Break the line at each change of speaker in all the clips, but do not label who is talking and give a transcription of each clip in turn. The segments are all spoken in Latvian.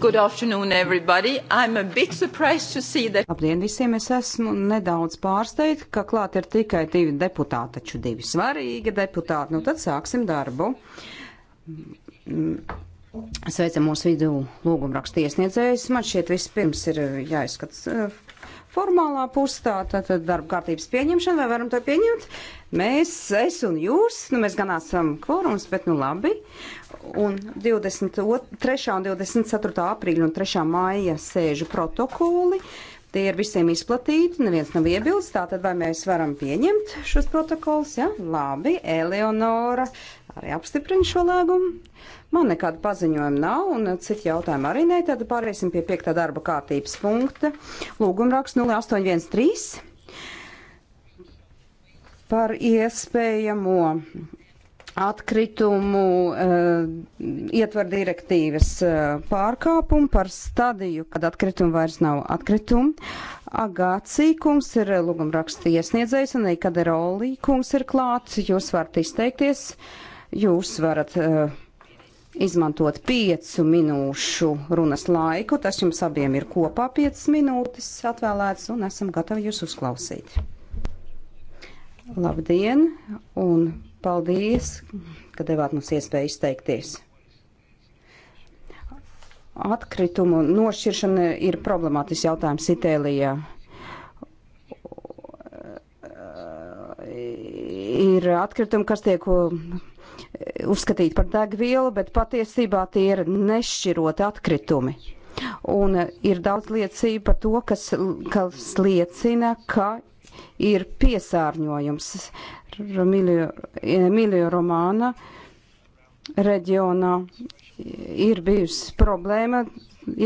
Good afternoon, everybody. I'm a bit surprised
to see that. Labdien visiem, es esmu nedaudz pārsteigta, ka klāt ir tikai divi deputāti, taču divi svarīgi deputāti. Nu tad sāksim darbu. Sveicam mūsu vidū lūgumrakstu iesniedzējus. Man šķiet vispirms ir eh, jāizskats eh, formālā pustā, tad darba kārtības pieņemšana, vai varam to pieņemt? Mēs, es un jūs, nu mēs gan esam kvorums, bet nu labi. Un 23. un 24. aprīļa un 3. māja sēžu protokoli. Uh, Tie ir visiem izplatīti, neviens nav iebilst, tātad vai mēs varam pieņemt šos protokols, ja? Labi, Eleonora arī apstiprina šo lēgumu. Man nekāda paziņojuma nav, un citi jautājumi arī nē, tad pāriesim pie piektā darba kārtības punkta. Lūgumraksts 0813 par iespējamo atkritumu uh, ietver direktīvas uh, pārkāpumu par stadiju, kad atkritumi vairs nav atkritumi. Agācīkums ir eh, lūgumraksta iesniedzējs un Ekaderolī kungs ir klāts. Jūs varat izteikties, jūs varat uh, izmantot piecu minūšu runas laiku. Tas jums abiem ir kopā piecas minūtes atvēlēts un esam gatavi jūs uzklausīt. Labdien! Un Paldies, ka devāt mums iespēju izteikties. Atkritumu nošķiršana ir problemātisks jautājums Itālijā. Ir atkritumi, kas tiek uzskatīti par degvielu, bet patiesībā tie ir nešķiroti atkritumi. Un ir daudz liecību par to, kas, kas liecina, ka ir piesārņojums. Emilio e, Romāna reģionā ir bijusi problēma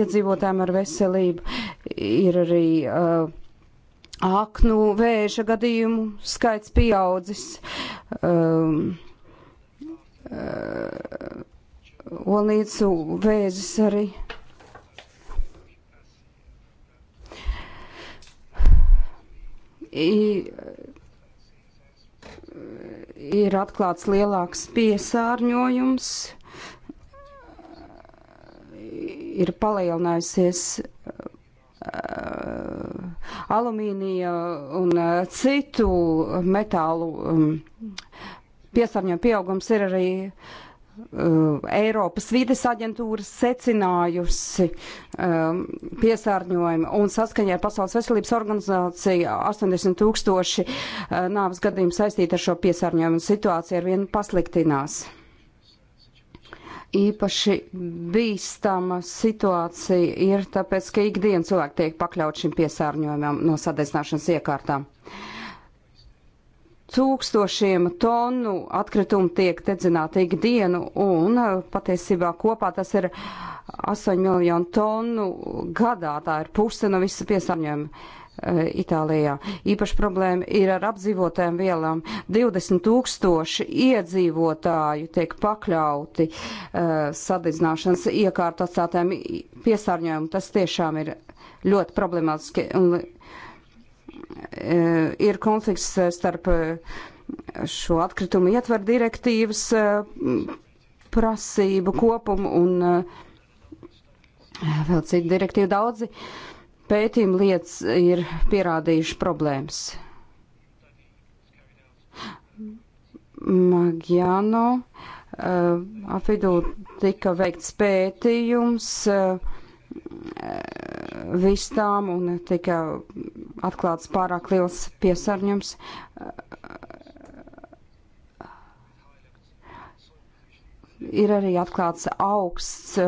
iedzīvotājiem ar veselību, ir arī uh, aknu vēža gadījumu skaits pieaudzis. Um, uh, Olnīcu vēzis arī ir atklāts lielāks piesārņojums, ir palielinājusies eh, alumīnija un eh, citu metālu mm, piesārņojuma pieaugums ir arī uh, Uh, Eiropas vides aģentūra secinājusi um, piesārņojumu un saskaņā ar Pasaules veselības organizāciju 80 tūkstoši uh, nāves gadījumu saistīti ar šo piesārņojumu situācija ar vienu pasliktinās. Īpaši bīstama situācija ir tāpēc, ka ikdien cilvēki tiek pakļaut šim piesārņojumam no sadedzināšanas iekārtām. Uh, tūkstošiem tonu atkritumu tiek dedzināti ikdienu, un eh, patiesībā kopā tas ir 8 miljonu tonu gadā. Tā ir puse no visa piesārņojuma e, Itālijā. Īpaši problēma ir ar apdzīvotājiem vielām. 20 tūkstoši iedzīvotāju tiek pakļauti uh, e, sadedzināšanas iekārtotām piesārņojumu. Tas tiešām ir ļoti problemātiski. Un ir konflikts eh, starp eh, šo atkritumu ietver direktīvas eh, prasību kopumu un vēl citu direktīvu daudzi pētījumi lietas ir pierādījuši problēmas. Magjano uh, apvidū tika veikts pētījums uh, vistām un tika atklāts pārāk liels piesārņums. Ir arī atklāts augsts,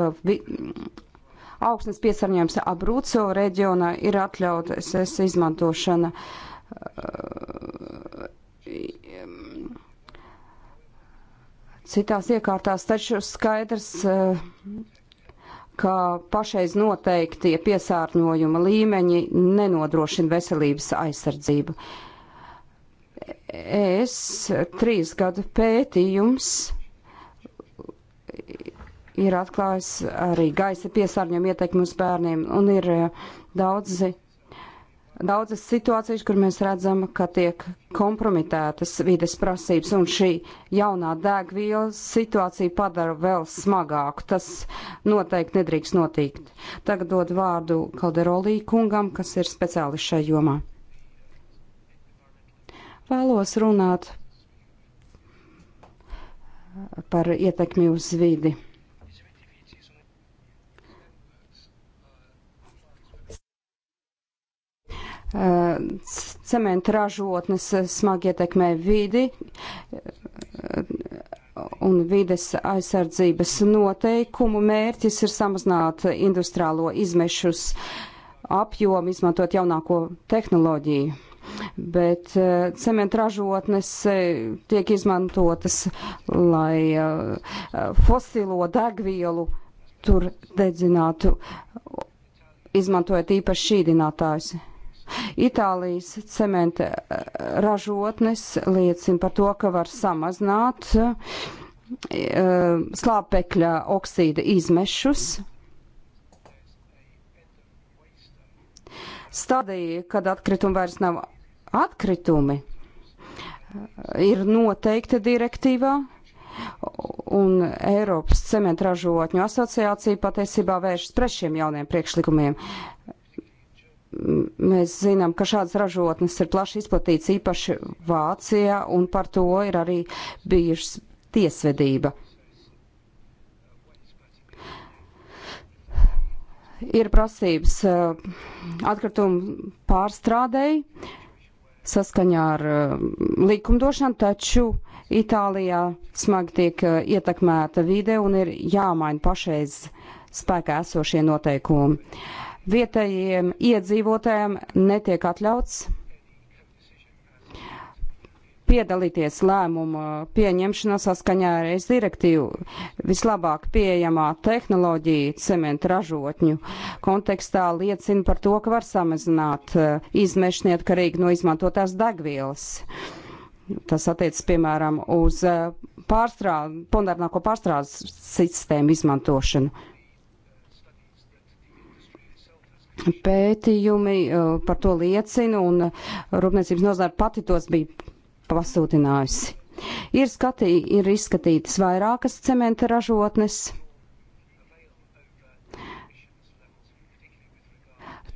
augstnes piesārņojums Abrūco reģionā, ir atļauta SS izmantošana citās iekārtās, taču skaidrs ka pašreiz noteiktie piesārņojuma līmeņi nenodrošina veselības aizsardzību. Es trīs gadu pētījums ir atklājis arī gaisa piesārņojumu ietekmi uz bērniem, un ir eh, daudzi daudzas situācijas, kur mēs redzam, ka tiek kompromitētas vides prasības, un šī jaunā degviela situācija padara vēl smagāku. Tas noteikti nedrīkst notikt. Tagad dod vārdu Kalderolī kungam, kas ir speciālists šajā jomā. Vēlos runāt par ietekmi uz vidi. cementa ražotnes smagi ietekmē vidi un vides aizsardzības noteikumu mērķis ir samazināt industriālo izmešus apjomu, izmantot jaunāko tehnoloģiju. Bet eh, cementa ražotnes eh, tiek izmantotas, lai eh, fosilo degvielu tur dedzinātu, izmantojot īpaši šīdinātājus Itālijas cementa eh, ražotnes liecina par to, ka var samazināt eh, slāpekļa oksīda izmešus. Stadija, kad atkritumi vairs nav atkritumi, eh, ir noteikta direktīvā, un Eiropas cementražotņu asociācija patiesībā vēršas pret šiem jauniem priekšlikumiem. Mēs zinām, ka šādas ražotnes ir plaši izplatīts īpaši Vācijā, un par to ir arī bijušas tiesvedība. Ir prasības eh, atkritumu pārstrādēji saskaņā ar eh, likumdošanu, taču Itālijā smagi tiek eh, ietekmēta vide un ir jāmaina pašreiz spēkā esošie noteikumi. Uh, vietējiem iedzīvotājiem netiek atļauts piedalīties lēmumu pieņemšanā saskaņā ar es direktīvu. Vislabāk pieejamā tehnoloģija cementu ražotņu kontekstā liecina par to, ka var samazināt e, izmešniet karīgi no izmantotās degvielas. Tas attiecas, piemēram, uz e, pārstrādi, pondernāko pārstrādes sistēmu izmantošanu. pētījumi uh, par to liecina, un uh, Rūpniecības nozara pati tos bija pasūtinājusi. Ir, skatī, ir izskatītas vairākas cementa ražotnes,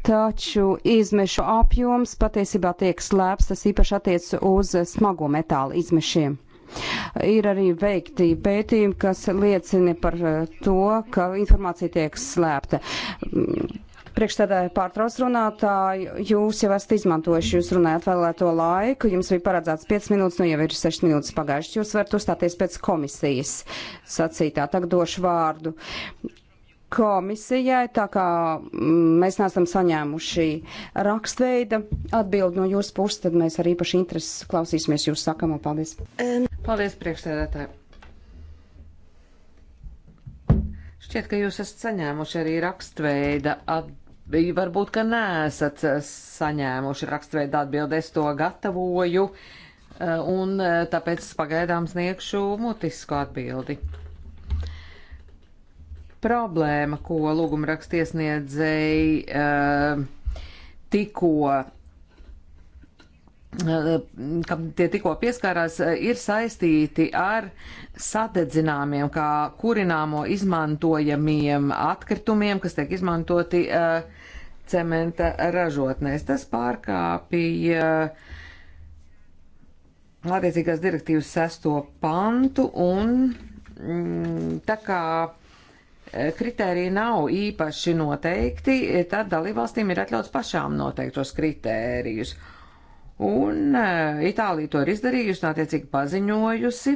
taču izmešu apjoms patiesībā tiek slēpts, tas īpaši attiec uz smago metālu izmešiem. Ir arī veikti pētījumi, kas liecina par uh, to, ka informācija tiek slēpta. Priekšstādāja pārtrauc runātāju, jūs jau esat izmantojuši, jūs runājat vēlēto laiku, jums bija paredzēts 5 minūtes, nu jau ir 6 minūtes pagājušas, jūs varat uzstāties pēc komisijas sacītā, tagad došu vārdu komisijai, tā kā mm, mēs neesam saņēmuši rakstveida atbildi no jūsu puses, tad mēs ar īpašu interesi klausīsimies jūsu sakamo. Paldies!
Paldies, priekšsēdētāji! Šķiet, ka jūs esat saņēmuši arī rakstveida atbildi bija varbūt, ka neesat eh, saņēmuši rakstveidu atbildi, es to gatavoju, eh, un eh, tāpēc pagaidām sniegšu mutisku atbildi. Problēma, ko lūgumraksta iesniedzēji tikko kam tie tikko pieskārās, ir saistīti ar sadedzināmiem, kā kurināmo izmantojamiem atkritumiem, kas tiek izmantoti uh, cementa ražotnēs. Tas pārkāpja attiecīgās direktīvas sesto pantu un mm, tā kā e, kritēriji nav īpaši noteikti, e, tad dalībvalstīm ir atļauts pašām noteiktos kritērijus. Un e, Itālija to ir izdarījusi un attiecīgi paziņojusi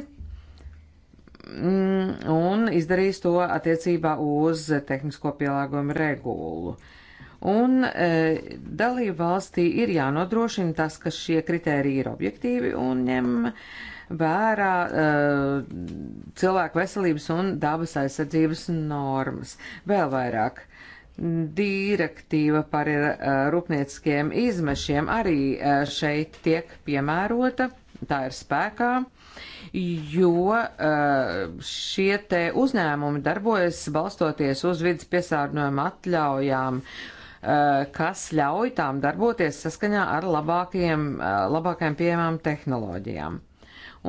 mm, un izdarīs to attiecībā uz tehnisko pielāgojumu regulu. Uh, Un e, dalību valstī ir jānodrošina tas, ka šie kritēriji ir objektīvi un ņem vērā e, cilvēku veselības un dabas aizsardzības normas. Vēl vairāk. Direktīva par e, rūpnieciskiem izmešiem arī e, šeit tiek piemērota, tā ir spēkā jo e, šie te uzņēmumi darbojas balstoties uz vidas piesārņojuma atļaujām Eh, kas ļauj tām darboties saskaņā ar labākajiem, eh, labākajām pieejamām tehnoloģijām.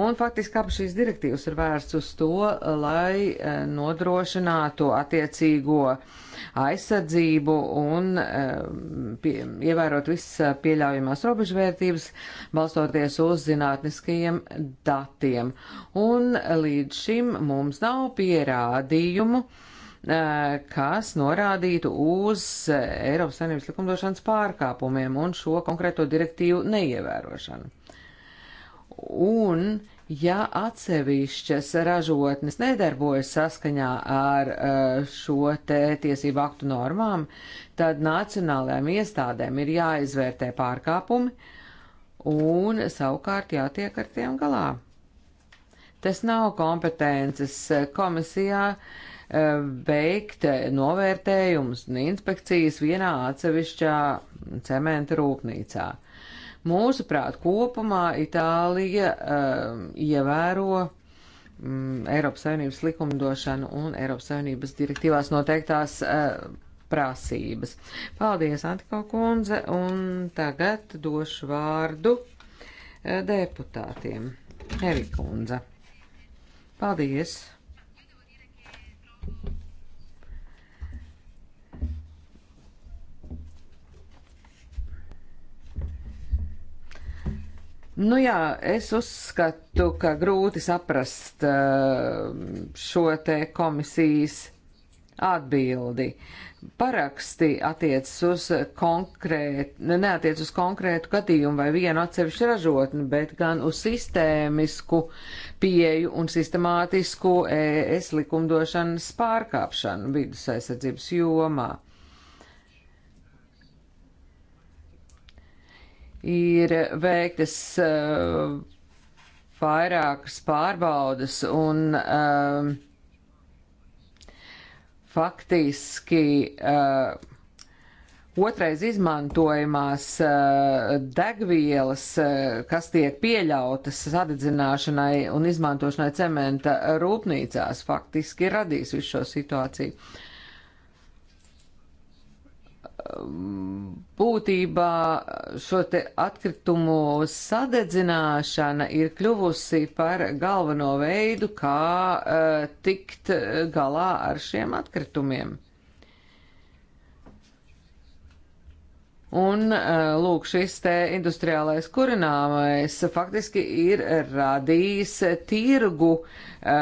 Un faktiski abas šīs direktīvas ir vērsts uz to, eh, lai nodrošinātu attiecīgo aizsardzību un pie, ievērot visas pieļaujamās robežvērtības, balstoties uz zinātniskajiem datiem. Un līdz šim mums nav pierādījumu, uh, kas norādītu uz Eiropas Savienības likumdošanas pārkāpumiem un šo konkrēto direktīvu neievērošanu. Un, ja atsevišķas ražotnes nedarbojas saskaņā ar šo te tiesību aktu normām, tad nacionālajām iestādēm ir jāizvērtē pārkāpumi un savukārt jātiek ar tiem galā. Tas nav kompetences komisijā uh, veikt novērtējumus un inspekcijas vienā atsevišķā cementa rūpnīcā. Mūsuprāt, kopumā Itālija uh, ievēro um, Eiropas Savienības likumdošanu un Eiropas Savienības direktīvās noteiktās uh, prasības. Paldies, Antika kundze, un tagad došu vārdu uh, deputātiem. Evi kundze. Paldies! Nu jā, es uzskatu, ka grūti saprast eh, šo te komisijas atbildi. Uh, paraksti attiecas uz konkrētu, neatiec uz konkrētu gadījumu vai vienu atsevišķu ražotni, bet gan uz sistēmisku pieju un sistemātisku ES likumdošanas pārkāpšanu vidus aizsardzības jomā. ir veiktas uh, vairākas pārbaudas un uh, faktiski uh, otrais izmantojamās uh, degvielas, uh, kas tiek pieļautas sadedzināšanai un izmantošanai cementa rūpnīcās, faktiski radīs visu šo situāciju būtībā šo te atkritumu sadedzināšana ir kļuvusi par galveno veidu, kā uh, tikt galā ar šiem atkritumiem. Un, eh, lūk, šis te industriālais kurināmais faktiski ir radījis tirgu uh,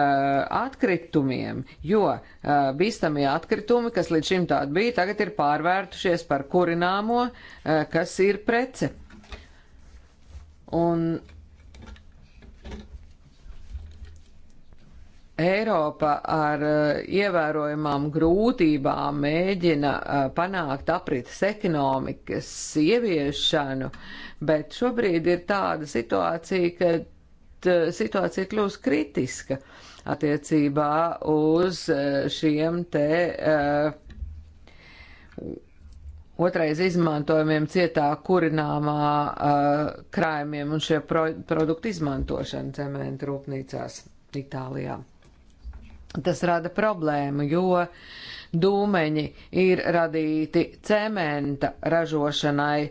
atkritumiem, jo uh, bīstamie atkritumi, kas līdz šim tādi bija, tagad ir pārvērtušies par kurināmo, uh, kas ir prece. Un Eiropa ar eh, ievērojamām grūtībām mēģina eh, panākt aprites ekonomikas ieviešanu, bet šobrīd ir tāda situācija, ka situācija kļūst kritiska attiecībā uz eh, šiem te otrais izmantojumiem cietā kurināmā krājumiem un šie produktu izmantošana cementu rūpnīcās Itālijā. Tas rada problēmu, jo dūmeņi ir radīti cementa ražošanai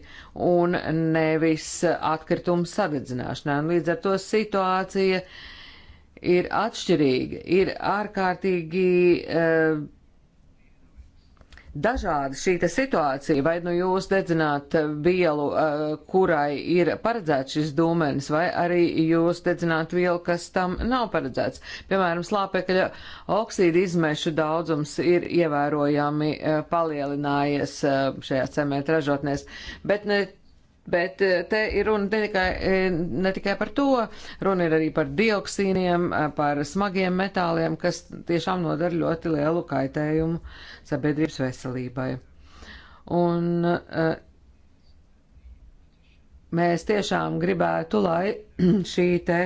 un nevis atkritumu sadedzināšanai. Un līdz ar to situācija ir atšķirīga, ir ārkārtīgi. Uh, dažāda šī situācija, vai nu jūs dedzināt eh, vielu, eh, kurai ir paredzēts šis dūmenis, vai arī jūs dedzināt vielu, kas tam nav paredzēts. Piemēram, slāpekļa oksīda izmešu daudzums ir ievērojami eh, palielinājies šajā cemēta ražotnēs, bet ne Bet eh, te ir runa ne tikai, eh, ne tikai par to, runa ir arī par dioksīniem, eh, par smagiem metāliem, kas tiešām nodara ļoti lielu kaitējumu sabiedrības veselībai. Un mēs tiešām gribētu, lai šī te,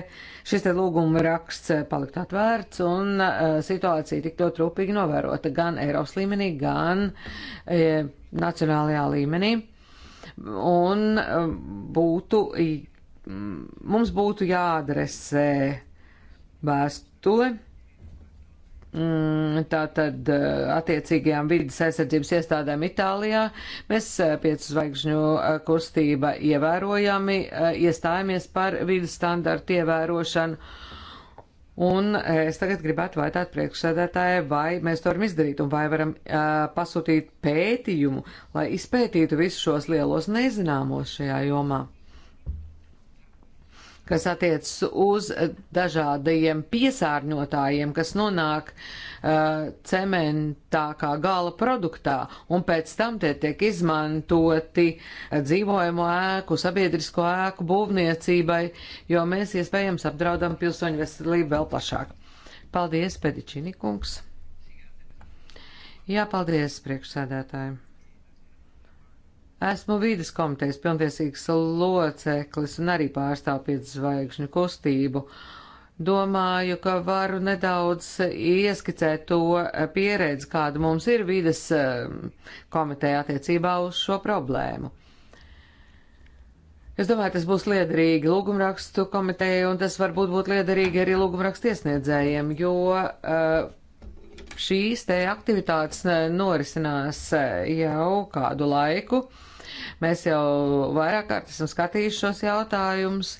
šis te lūguma raksts paliktu atvērts un situācija tik ļoti rūpīgi novērota gan Eiropas līmenī, gan e, nacionālajā līmenī un um, būtu, mums būtu jāadresē vēstule. Mm, tātad uh, attiecīgajām vidas aizsardzības iestādēm Itālijā mēs uh, piecu zvaigžņu uh, kustība ievērojami iestājāmies par vidas standartu ievērošanu Un es tagad gribētu vaitāt priekšsēdētāji, vai mēs to varam izdarīt un vai varam uh, pasūtīt pētījumu, lai izpētītu visus šos lielos nezināmos šajā jomā kas attiecas uz dažādajiem piesārņotājiem, kas nonāk uh, cementā kā gala produktā, un pēc tam tie tiek izmantoti uh, dzīvojamo ēku, sabiedrisko ēku būvniecībai, jo mēs iespējams apdraudam pilsoņu veselību vēl plašāk. Paldies, Pedičinikungs! Jā, paldies, priekšsēdētāji! Esmu vīdes komitejas pilntiesīgs loceklis un arī pārstāv piedzvaigžņu kustību. Domāju, ka varu nedaudz ieskicēt to pieredzi, kāda mums ir vīdes um, komiteja attiecībā uz šo problēmu. Es domāju, tas būs liederīgi lūgumrakstu komiteja, un tas varbūt būtu liederīgi arī lūgumrakstu iesniedzējiem, jo uh, šīs te aktivitātes uh, norisinās uh, jau kādu laiku. Uh, Mēs jau vairāk kārt esam skatījuši šos jautājumus.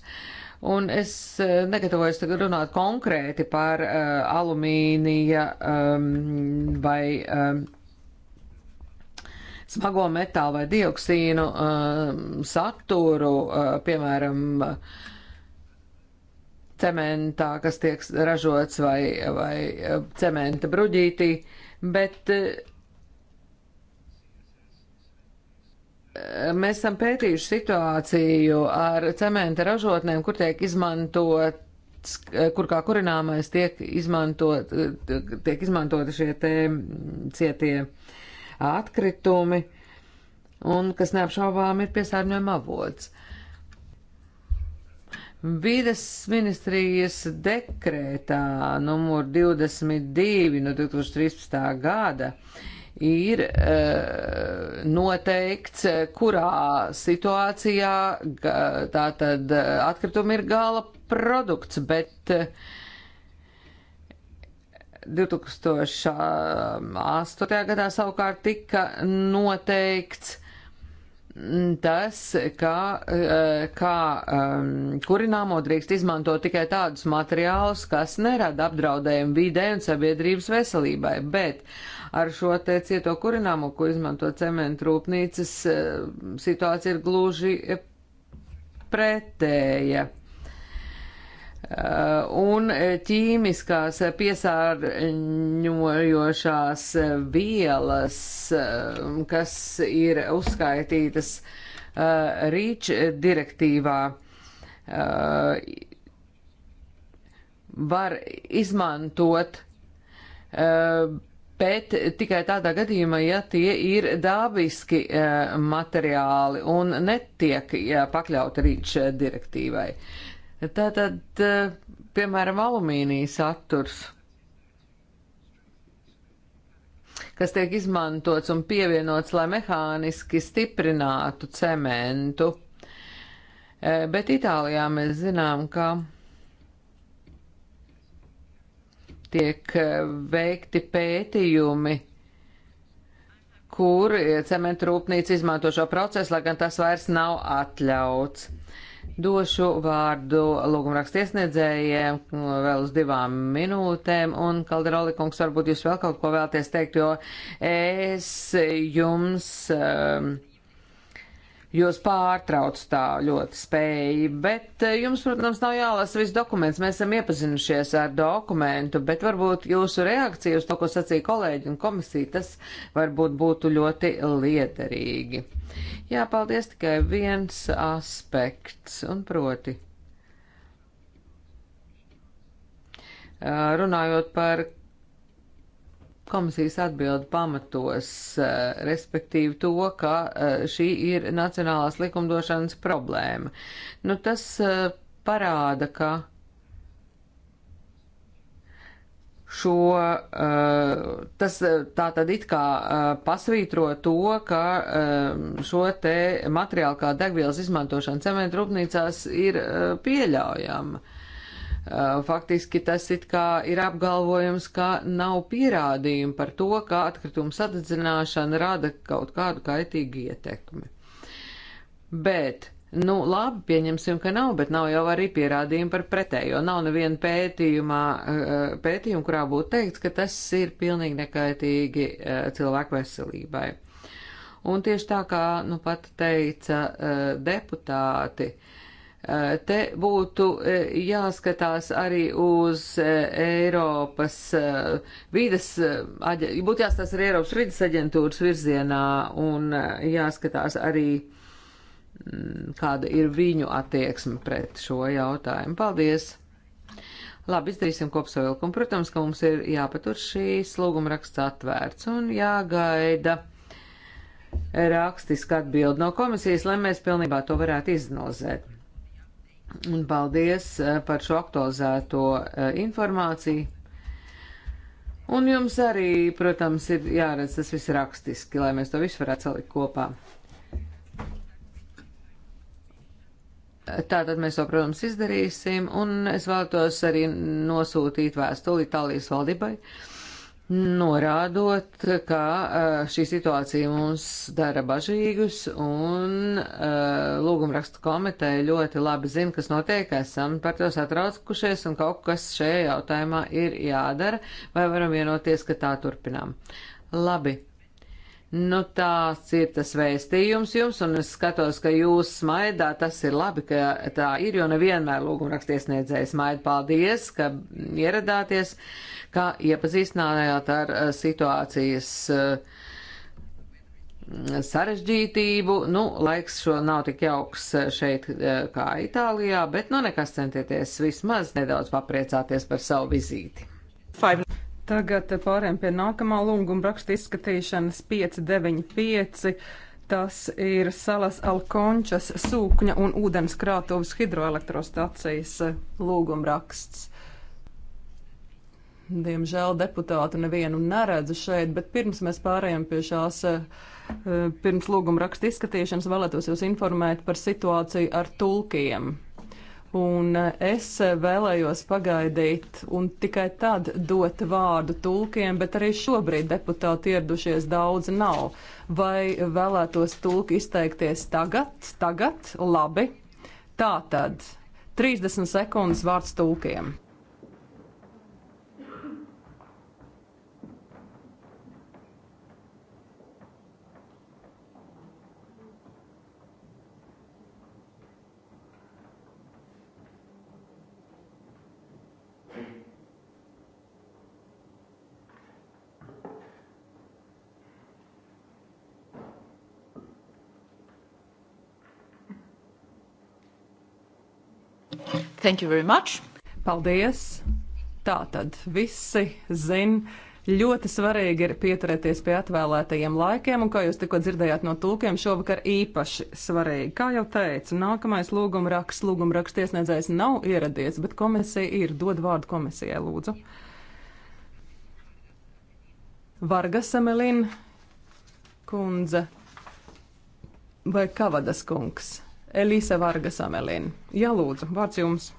Un es eh, negatavojos tagad runāt konkrēti par uh, alumīnija um, vai um, smago metālu vai dioksīnu um, saturu, uh, piemēram, uh, cementā, kas tiek ražots vai, vai cementa bruģītī, bet uh, Mēs esam pētījuši situāciju ar cementa ražotnēm, kur tiek izmantot kur kā kurināmais tiek izmantot, tiek izmantoti šie te cietie atkritumi, un kas neapšaubām ir piesārņojuma avots. Vides ministrijas dekrētā numur 22 no 2013. gada ir eh, noteikts, kurā situācijā tātad eh, atkritumi ir gala produkts, bet 2008. Eh, gadā savukārt tika noteikts mm, tas, ka, kā ehm, kurināmo drīkst izmantot tikai tādus materiālus, kas nerada apdraudējumu vidē un sabiedrības veselībai, bet ar šo te cieto kurināmo, ko izmanto cementu rūpnīcas, e, situācija ir gluži pretēja. E, un ķīmiskās piesārņojošās vielas, e, kas ir uzskaitītas Rīč direktīvā, var izmantot uh, bet tikai tādā gadījumā, ja tie ir dabiski uh, materiāli un netiek uh, pakļauti rīč uh, direktīvai. Tātad, uh, piemēram, alumīnija saturs kas tiek izmantots un pievienots, lai mehāniski stiprinātu cementu. Uh, bet Itālijā mēs zinām, ka tiek eh, veikti pētījumi, kur eh, cementrūpnīca izmanto šo procesu, lai gan tas vairs nav atļauts. Došu vārdu lūgumrakstu iesniedzējiem mm, vēl uz divām minūtēm, un Kalderoli kungs, varbūt jūs vēl kaut ko vēlties teikt, jo es jums. Um, jūs pārtrauc tā ļoti spēju, bet eh, jums, protams, nav jālasa viss dokuments. Mēs esam iepazinušies ar dokumentu, bet varbūt jūsu reakcija uz to, ko sacīja kolēģi un komisija, tas varbūt būtu ļoti liederīgi. Jā, paldies tikai viens aspekts, un proti. Eh, runājot par Komisijas atbildi pamatos, eh, respektīvi to, ka eh, šī ir nacionālās likumdošanas problēma. Nu, tas eh, parāda, ka šo, tas tā tad it kā pasvītro to, ka šo te materiālu kā degvielas izmantošana cementu rūpnīcās ir pieļaujama. Uh, faktiski tas it kā ir apgalvojums, ka nav pierādījumi par to, ka atkritumu sadedzināšana rada kaut kādu kaitīgu ietekmi. Bet, nu labi, pieņemsim, ka nav, bet nav jau arī pierādījumi par pretējo. Nav neviena pētījumā, uh, uh, pētījuma, kurā būtu teikts, ka tas ir pilnīgi nekaitīgi cilvēku veselībai. Un tieši tā kā, nu pat teica deputāti, uh, Eh, te būtu eh, jāskatās arī uz eh, Eiropas vīdes, būtu jāskatās arī Eiropas vīdes aģentūras virzienā un jāskatās arī, mm, kāda ir viņu attieksme pret šo jautājumu. Paldies! Labi, izdarīsim kopsavilkumu. Protams, ka mums ir jāpatur šīs lūguma raksts atvērts un jāgaida rakstiska atbildi no komisijas, lai mēs pilnībā to varētu iznozēt un paldies eh, par šo aktualizēto eh, informāciju. Un jums arī, protams, ir jāredz tas viss rakstiski, lai mēs to visu varētu salikt kopā. Tātad mēs to, protams, izdarīsim, un es vēlētos arī nosūtīt vēstuli Itālijas valdībai. Uh, norādot, ka eh, šī situācija mums dara bažīgus un eh, lūgumrakstu komiteja ļoti labi zina, kas notiek, esam par to satraukušies un kaut kas šajā jautājumā ir jādara, vai varam vienoties, ka tā turpinām. Labi, Nu, tāds ir tas vēstījums jums, un es skatos, ka jūs smaidā, tas ir labi, ka tā ir, jo nevienmēr lūgumrakstiesniedzējs maida. Paldies, ka ieradāties, ka iepazīstinājāt ar eh, situācijas eh, sarežģītību. Nu, laiks šo nav tik jauks eh, šeit kā Itālijā, bet nu nekas centieties vismaz nedaudz papriecāties par savu vizīti. Five. Tagad pārējām pie nākamā lūguma raksta
izskatīšanas 595. Tas ir salas Alkončas sūkņa un ūdens krātuves hidroelektrostacijas eh, lūgumraksts. Diemžēl deputātu nevienu neredzu šeit, bet pirms mēs pārējām pie šās, eh, eh, pirms lūguma raksta izskatīšanas, vēlētos jūs informēt par situāciju ar tulkiem. Un e, es vēlējos pagaidīt un tikai tad dot vārdu tulkiem, bet arī šobrīd deputāti ieradušies daudz nav. Vai vēlētos tulki izteikties tagad? Tagad? Labi. Tā tad 30 sekundes vārds tulkiem. Thank you very much. Paldies. Tātad visi zin. Ļoti svarīgi ir pieturēties pie atvēlētajiem laikiem, un kā jūs tikko dzirdējāt no tūkiem, šovakar īpaši svarīgi. Kā jau teicu, nākamais lūguma raksts, lūguma raksts iesniedzējs nav ieradies, bet komisija ir. Dod vārdu komisijai, lūdzu. Vargas Samelin kundze vai Kavadas kungs? Elise Vargasamelin. Jā, lūdzu, vārds jums.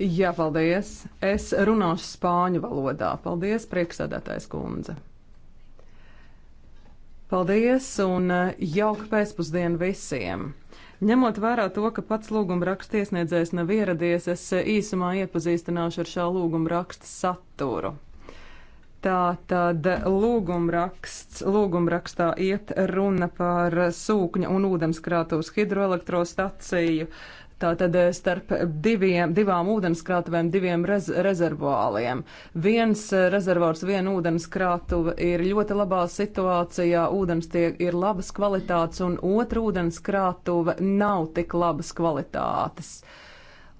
Jā, paldies. Es runāšu spāņu valodā. Paldies, priekšsēdētājs kundze. Paldies un eh, jauka pēcpusdiena visiem. Ņemot vērā to, ka pats lūguma raksta iesniedzējs nav ieradies, es eh, īsumā iepazīstināšu ar šā lūguma raksta saturu. Tā tad lūgumraksts, lūgumrakstā iet runa par sūkņa un ūdenskrātuves hidroelektrostaciju. Tātad starp diviem, divām ūdenskrātuvēm, diviem rez, rezervāliem. Viens rezervārs, viena ūdenskrātuve ir ļoti labā situācijā, ūdens tiek ir labas kvalitātes, un otra ūdenskrātuve nav tik labas kvalitātes.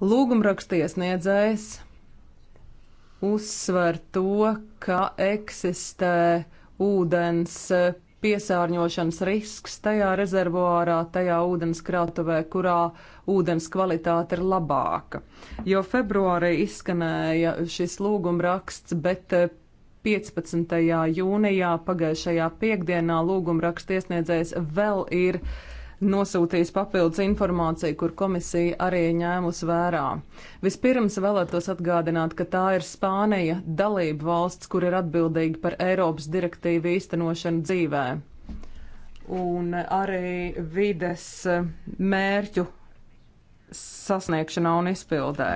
Lūgumrakstiesniedzējs uzsver to, ka eksistē ūdens piesārņošanas risks tajā rezervuārā, tajā ūdenskrātuvē, kurā ūdens kvalitāte ir labāka. Jo februārī izskanēja šis lūgumraksts, bet 15. Eh, jūnijā pagājušajā piekdienā lūgumraksta iesniedzējs vēl ir uh, nosūtījis papildus informāciju, kur komisija arī ņēmus vērā. Vispirms vēlētos atgādināt, ka tā ir Spānija dalība valsts, kur ir atbildīga par Eiropas direktīvu īstenošanu dzīvē. Un arī vides mērķu sasniegšanā un izpildē.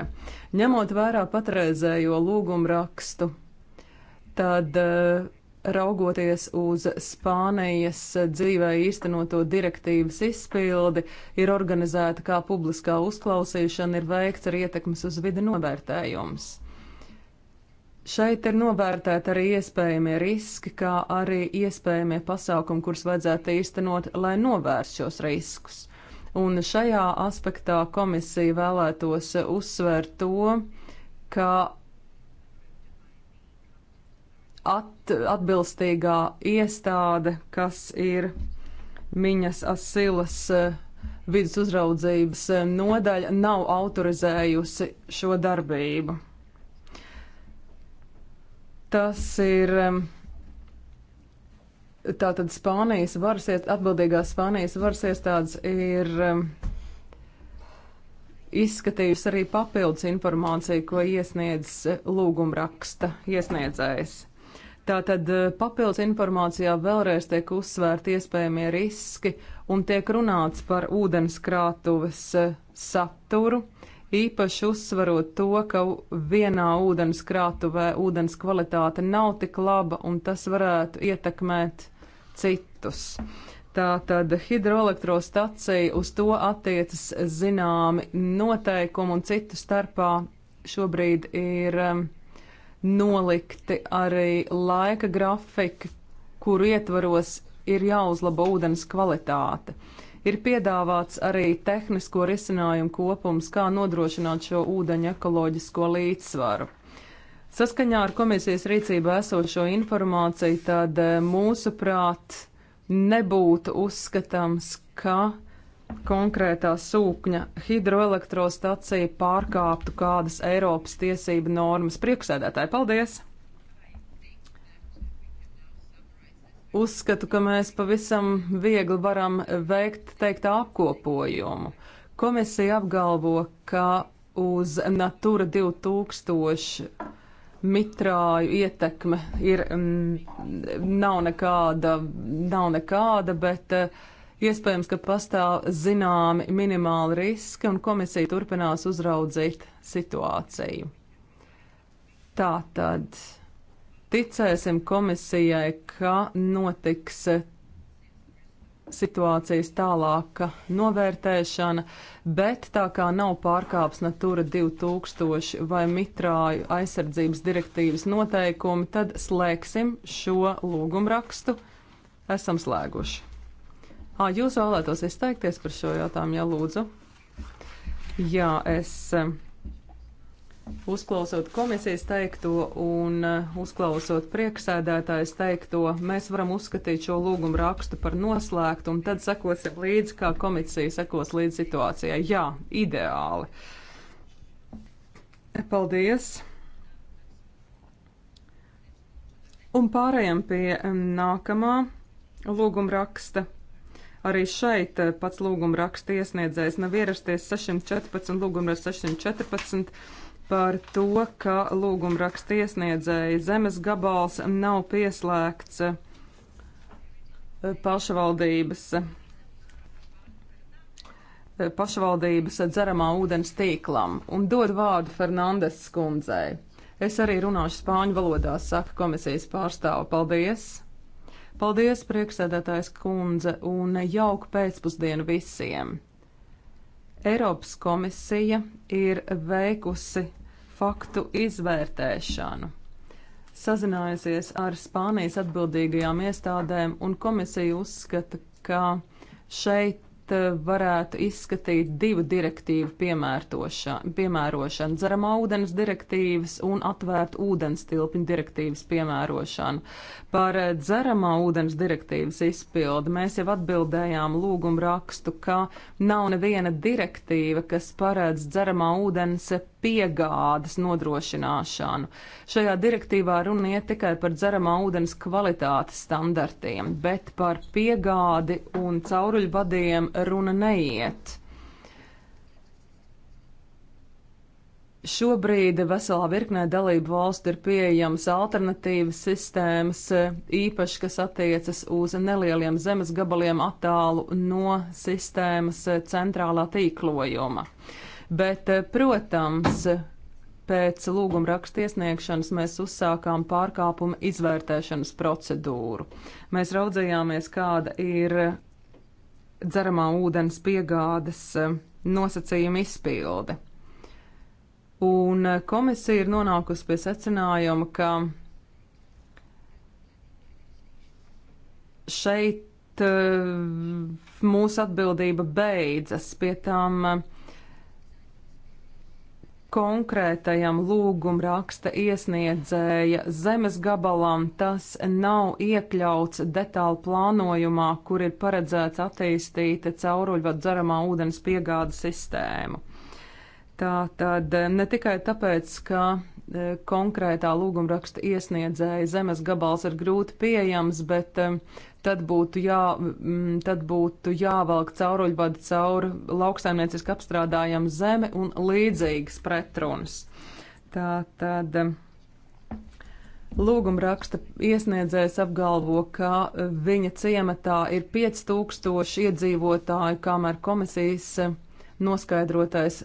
Ņemot vērā patreizējo lūgumu rakstu, tad uh, raugoties uz Spānijas dzīvē īstenoto direktīvas izpildi, ir organizēta kā publiskā uzklausīšana, ir veikts ar ietekmes uz vidi novērtējums. Šeit ir novērtēti arī iespējamie riski, kā arī iespējamie pasākumi, kurus vajadzētu īstenot, lai novērstu šos riskus. Un šajā aspektā komisija vēlētos uzsvērt to, ka at atbilstīgā iestāde, kas ir Miņas asilas eh, vidus uzraudzības eh, nodaļa, nav autorizējusi šo darbību. Tas ir tātad Spānijas varas atbildīgās Spānijas varas iestādes ir izskatījusi arī papildus informāciju, ko iesniedz eh, lūgumraksta iesniedzējs. Tātad eh, papildus informācijā vēlreiz tiek uzsvērti iespējamie riski un tiek runāts par ūdenskrātuves eh, saturu, īpaši uzsvarot to, ka vienā ūdenskrātuvē ūdens kvalitāte nav tik laba un tas varētu ietekmēt citus. Tātad hidroelektrostacija uz to attiecas zināmi noteikumi un citu starpā šobrīd ir um, nolikti arī laika grafiki, kuru ietvaros ir jāuzlabo ūdens kvalitāte. Ir piedāvāts arī tehnisko risinājumu kopums, kā nodrošināt šo ūdeņa ekoloģisko līdzsvaru. Saskaņā ar komisijas rīcību esošo informāciju, tad eh, mūsuprāt nebūtu uzskatāms, ka uh, konkrētā sūkņa hidroelektrostacija pārkāptu kādas Eiropas tiesība normas. Prieksēdētāji, paldies! Uzskatu, ka mēs pavisam viegli varam veikt teikt apkopojumu. Komisija apgalvo, ka uz Natura 2000 mitrāju ietekme ir, mm, nav, nekāda, nav nekāda, bet uh, Iespējams, ka pastāv zināmi minimāli riski un komisija turpinās uzraudzīt situāciju. Tā tad ticēsim komisijai, ka notiks situācijas tālāka novērtēšana, bet tā kā nav pārkāps Natura 2000 vai mitrāju aizsardzības direktīvas noteikumi, tad slēgsim šo lūgumrakstu. Esam slēguši. Ā, jūs vēlētos izteikties par šo jautājumu, ja lūdzu. Jā, es eh, uzklausot komisijas teikto un eh, uzklausot prieksēdētājas teikto, mēs varam uzskatīt šo lūgumu rakstu par noslēgtu un tad sekosim līdzi, kā komisija sekos līdz situācijai. Jā, ideāli. Paldies! Un pārējām pie nākamā lūguma raksta Arī šeit eh, pats lūguma raksta iesniedzējs nav ierasties 614, lūguma raksta 614 par to, ka lūguma raksta iesniedzēja zemes gabals nav pieslēgts eh, pašvaldības, eh, pašvaldības dzeramā ūdens tīklam un dod vārdu Fernandes skundzei. Es arī runāšu spāņu valodā, saka komisijas pārstāva. Paldies! Paldies, prieksēdētājs kundze, un jauku pēcpusdienu visiem! Eiropas komisija ir veikusi faktu izvērtēšanu. Sazinājusies ar Spānijas atbildīgajām iestādēm, un komisija uzskata, ka šeit Eh, varētu izskatīt divu direktīvu piemērošanu - dzerama ūdens direktīvas un atvērt ūdens tilpņu direktīvas piemērošanu. Par eh, dzeramā ūdens direktīvas izpildi mēs jau atbildējām lūgumu rakstu, ka nav neviena direktīva, kas paredz dzeramā ūdens piegādes nodrošināšanu. Šajā direktīvā runa iet tikai par dzeramā ūdens kvalitātes standartiem, bet par piegādi un cauruļvadiem runa neiet. Šobrīd veselā virknē dalību valstu ir pieejamas alternatīvas sistēmas, īpaši, kas attiecas uz nelieliem zemes gabaliem attālu no sistēmas centrālā tīklojuma. Uh, Bet, eh, protams, pēc lūguma raksta iesniegšanas mēs uzsākām pārkāpuma izvērtēšanas procedūru. Mēs raudzījāmies, kāda ir dzeramā ūdens piegādes eh, nosacījuma izpilde. Un eh, komisija ir nonākusi pie secinājuma, ka šeit mūsu atbildība beidzas pie tām konkrētajam lūguma raksta iesniedzēja zemes gabalam, tas nav iekļauts detāli plānojumā, kur ir paredzēts attīstīt cauruļvadu dzeramā ūdens piegādes sistēmu. Tā tad eh, ne tikai tāpēc, ka e, konkrētā lūguma raksta iesniedzēja zemes gabals ir grūti pieejams, bet e, tad būtu, jā, mm, tad būtu jāvelk cauruļvadi cauri lauksaimnieciski apstrādājama zeme un līdzīgas pretrunas. Tā tad. Mm, Lūguma raksta iesniedzējs apgalvo, ka viņa ciematā ir 5000 iedzīvotāju, kamēr komisijas mm, noskaidrotais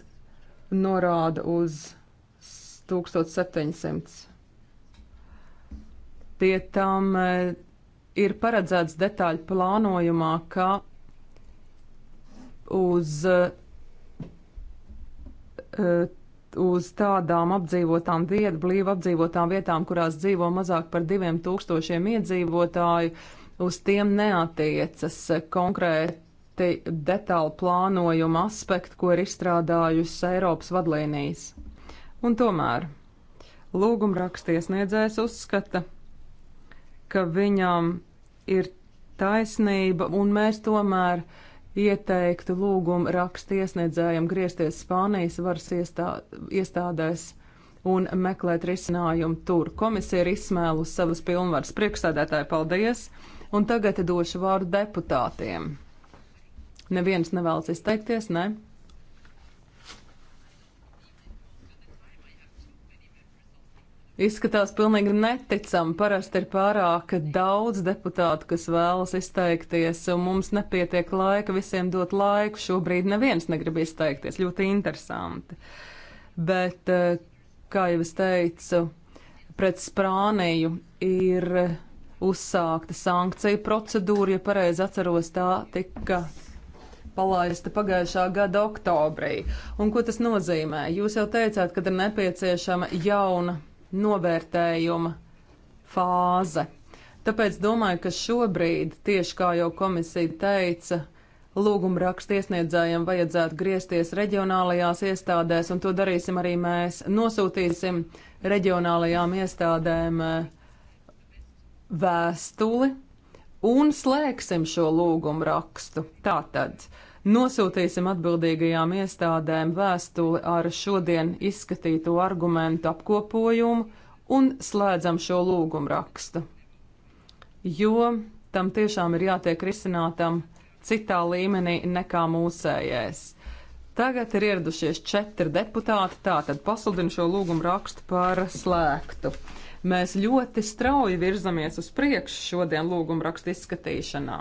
norāda uz 1700. Pie tam ir paredzēts detaļu plānojumā, ka uz, eh, uz tādām apdzīvotām vietām, blīvi apdzīvotām vietām, kurās dzīvo mazāk par diviem tūkstošiem iedzīvotāju, uz tiem neatiecas konkrēti detāli plānojuma aspekti, ko ir izstrādājusi Eiropas vadlīnijas. Un tomēr lūgumrakstiesniedzējs uzskata, ka viņam ir taisnība, un mēs tomēr ieteiktu lūgumu rakstu iesniedzējiem griezties Spānijas varas iestā, iestādēs un meklēt risinājumu tur. Komisija ir izsmēlusi savas pilnvaras priekšsēdētāji, paldies, un tagad došu vārdu deputātiem. Neviens nevēlas izteikties, ne? Izskatās pilnīgi neticami. Parasti ir pārāk daudz deputātu, kas vēlas izteikties, un mums nepietiek laika visiem dot laiku. Šobrīd neviens negrib izteikties. Ļoti interesanti. Bet, eh, kā jau es teicu, pret Sprāniju ir uzsākta sankcija procedūra, ja pareizi atceros, tā tika palaista pagājušā gada oktobrī. Un ko tas nozīmē? Jūs jau teicāt, ka ir nepieciešama jauna novērtējuma fāze. Tāpēc domāju, ka šobrīd, tieši kā jau komisija teica, lūguma rakstu iesniedzējiem vajadzētu griezties reģionālajās iestādēs, un to darīsim arī mēs. Nosūtīsim reģionālajām iestādēm eh, vēstuli un slēgsim šo lūgumu rakstu. Tātad Nosūtīsim atbildīgajām iestādēm vēstuli ar šodien izskatīto argumentu apkopojumu un slēdzam šo lūgumu rakstu. Jo tam tiešām ir jātiek risinātam citā līmenī nekā mūsējais. Tagad ir ieradušies četri deputāti, tātad pasludinu šo lūgumu rakstu par slēgtu. Mēs ļoti strauji virzamies uz priekšu šodien lūguma rakstu izskatīšanā.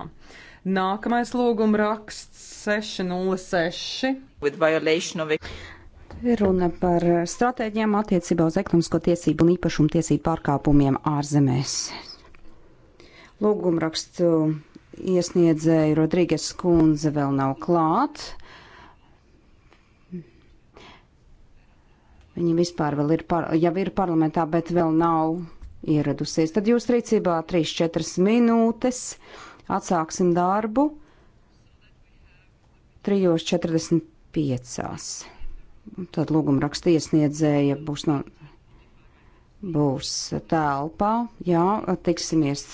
Nākamais lūguma raksts 606.
Runa par stratēģiem attiecībā uz ekonomisko tiesību un īpašumu tiesību pārkāpumiem ārzemēs. Lūgumrakstu iesniedzēju Rodrīgas kundze vēl nav klāt. Uh, Viņa vispār vēl ir, par, jau ir parlamentā, bet vēl nav ieradusies. Tad jūs rīcībā 3-4 minūtes atsāksim darbu 3.45. Tad lūguma raksta iesniedzēja būs, no, būs telpā, jā, tiksimies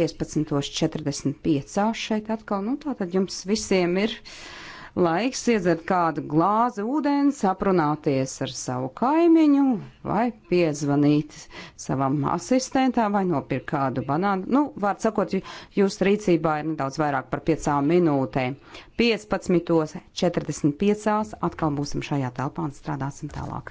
15.45 šeit atkal. Nu, tā tad jums visiem ir laiks iedzert kādu glāzi ūdens, aprunāties ar savu kaimiņu vai piezvanīt savam asistentam vai nopirkt kādu banānu. Nu, vārds sakot, jūsu rīcībā ir nedaudz vairāk par piecām minūtēm. 15.45. atkal būsim šajā telpā un strādāsim tālāk.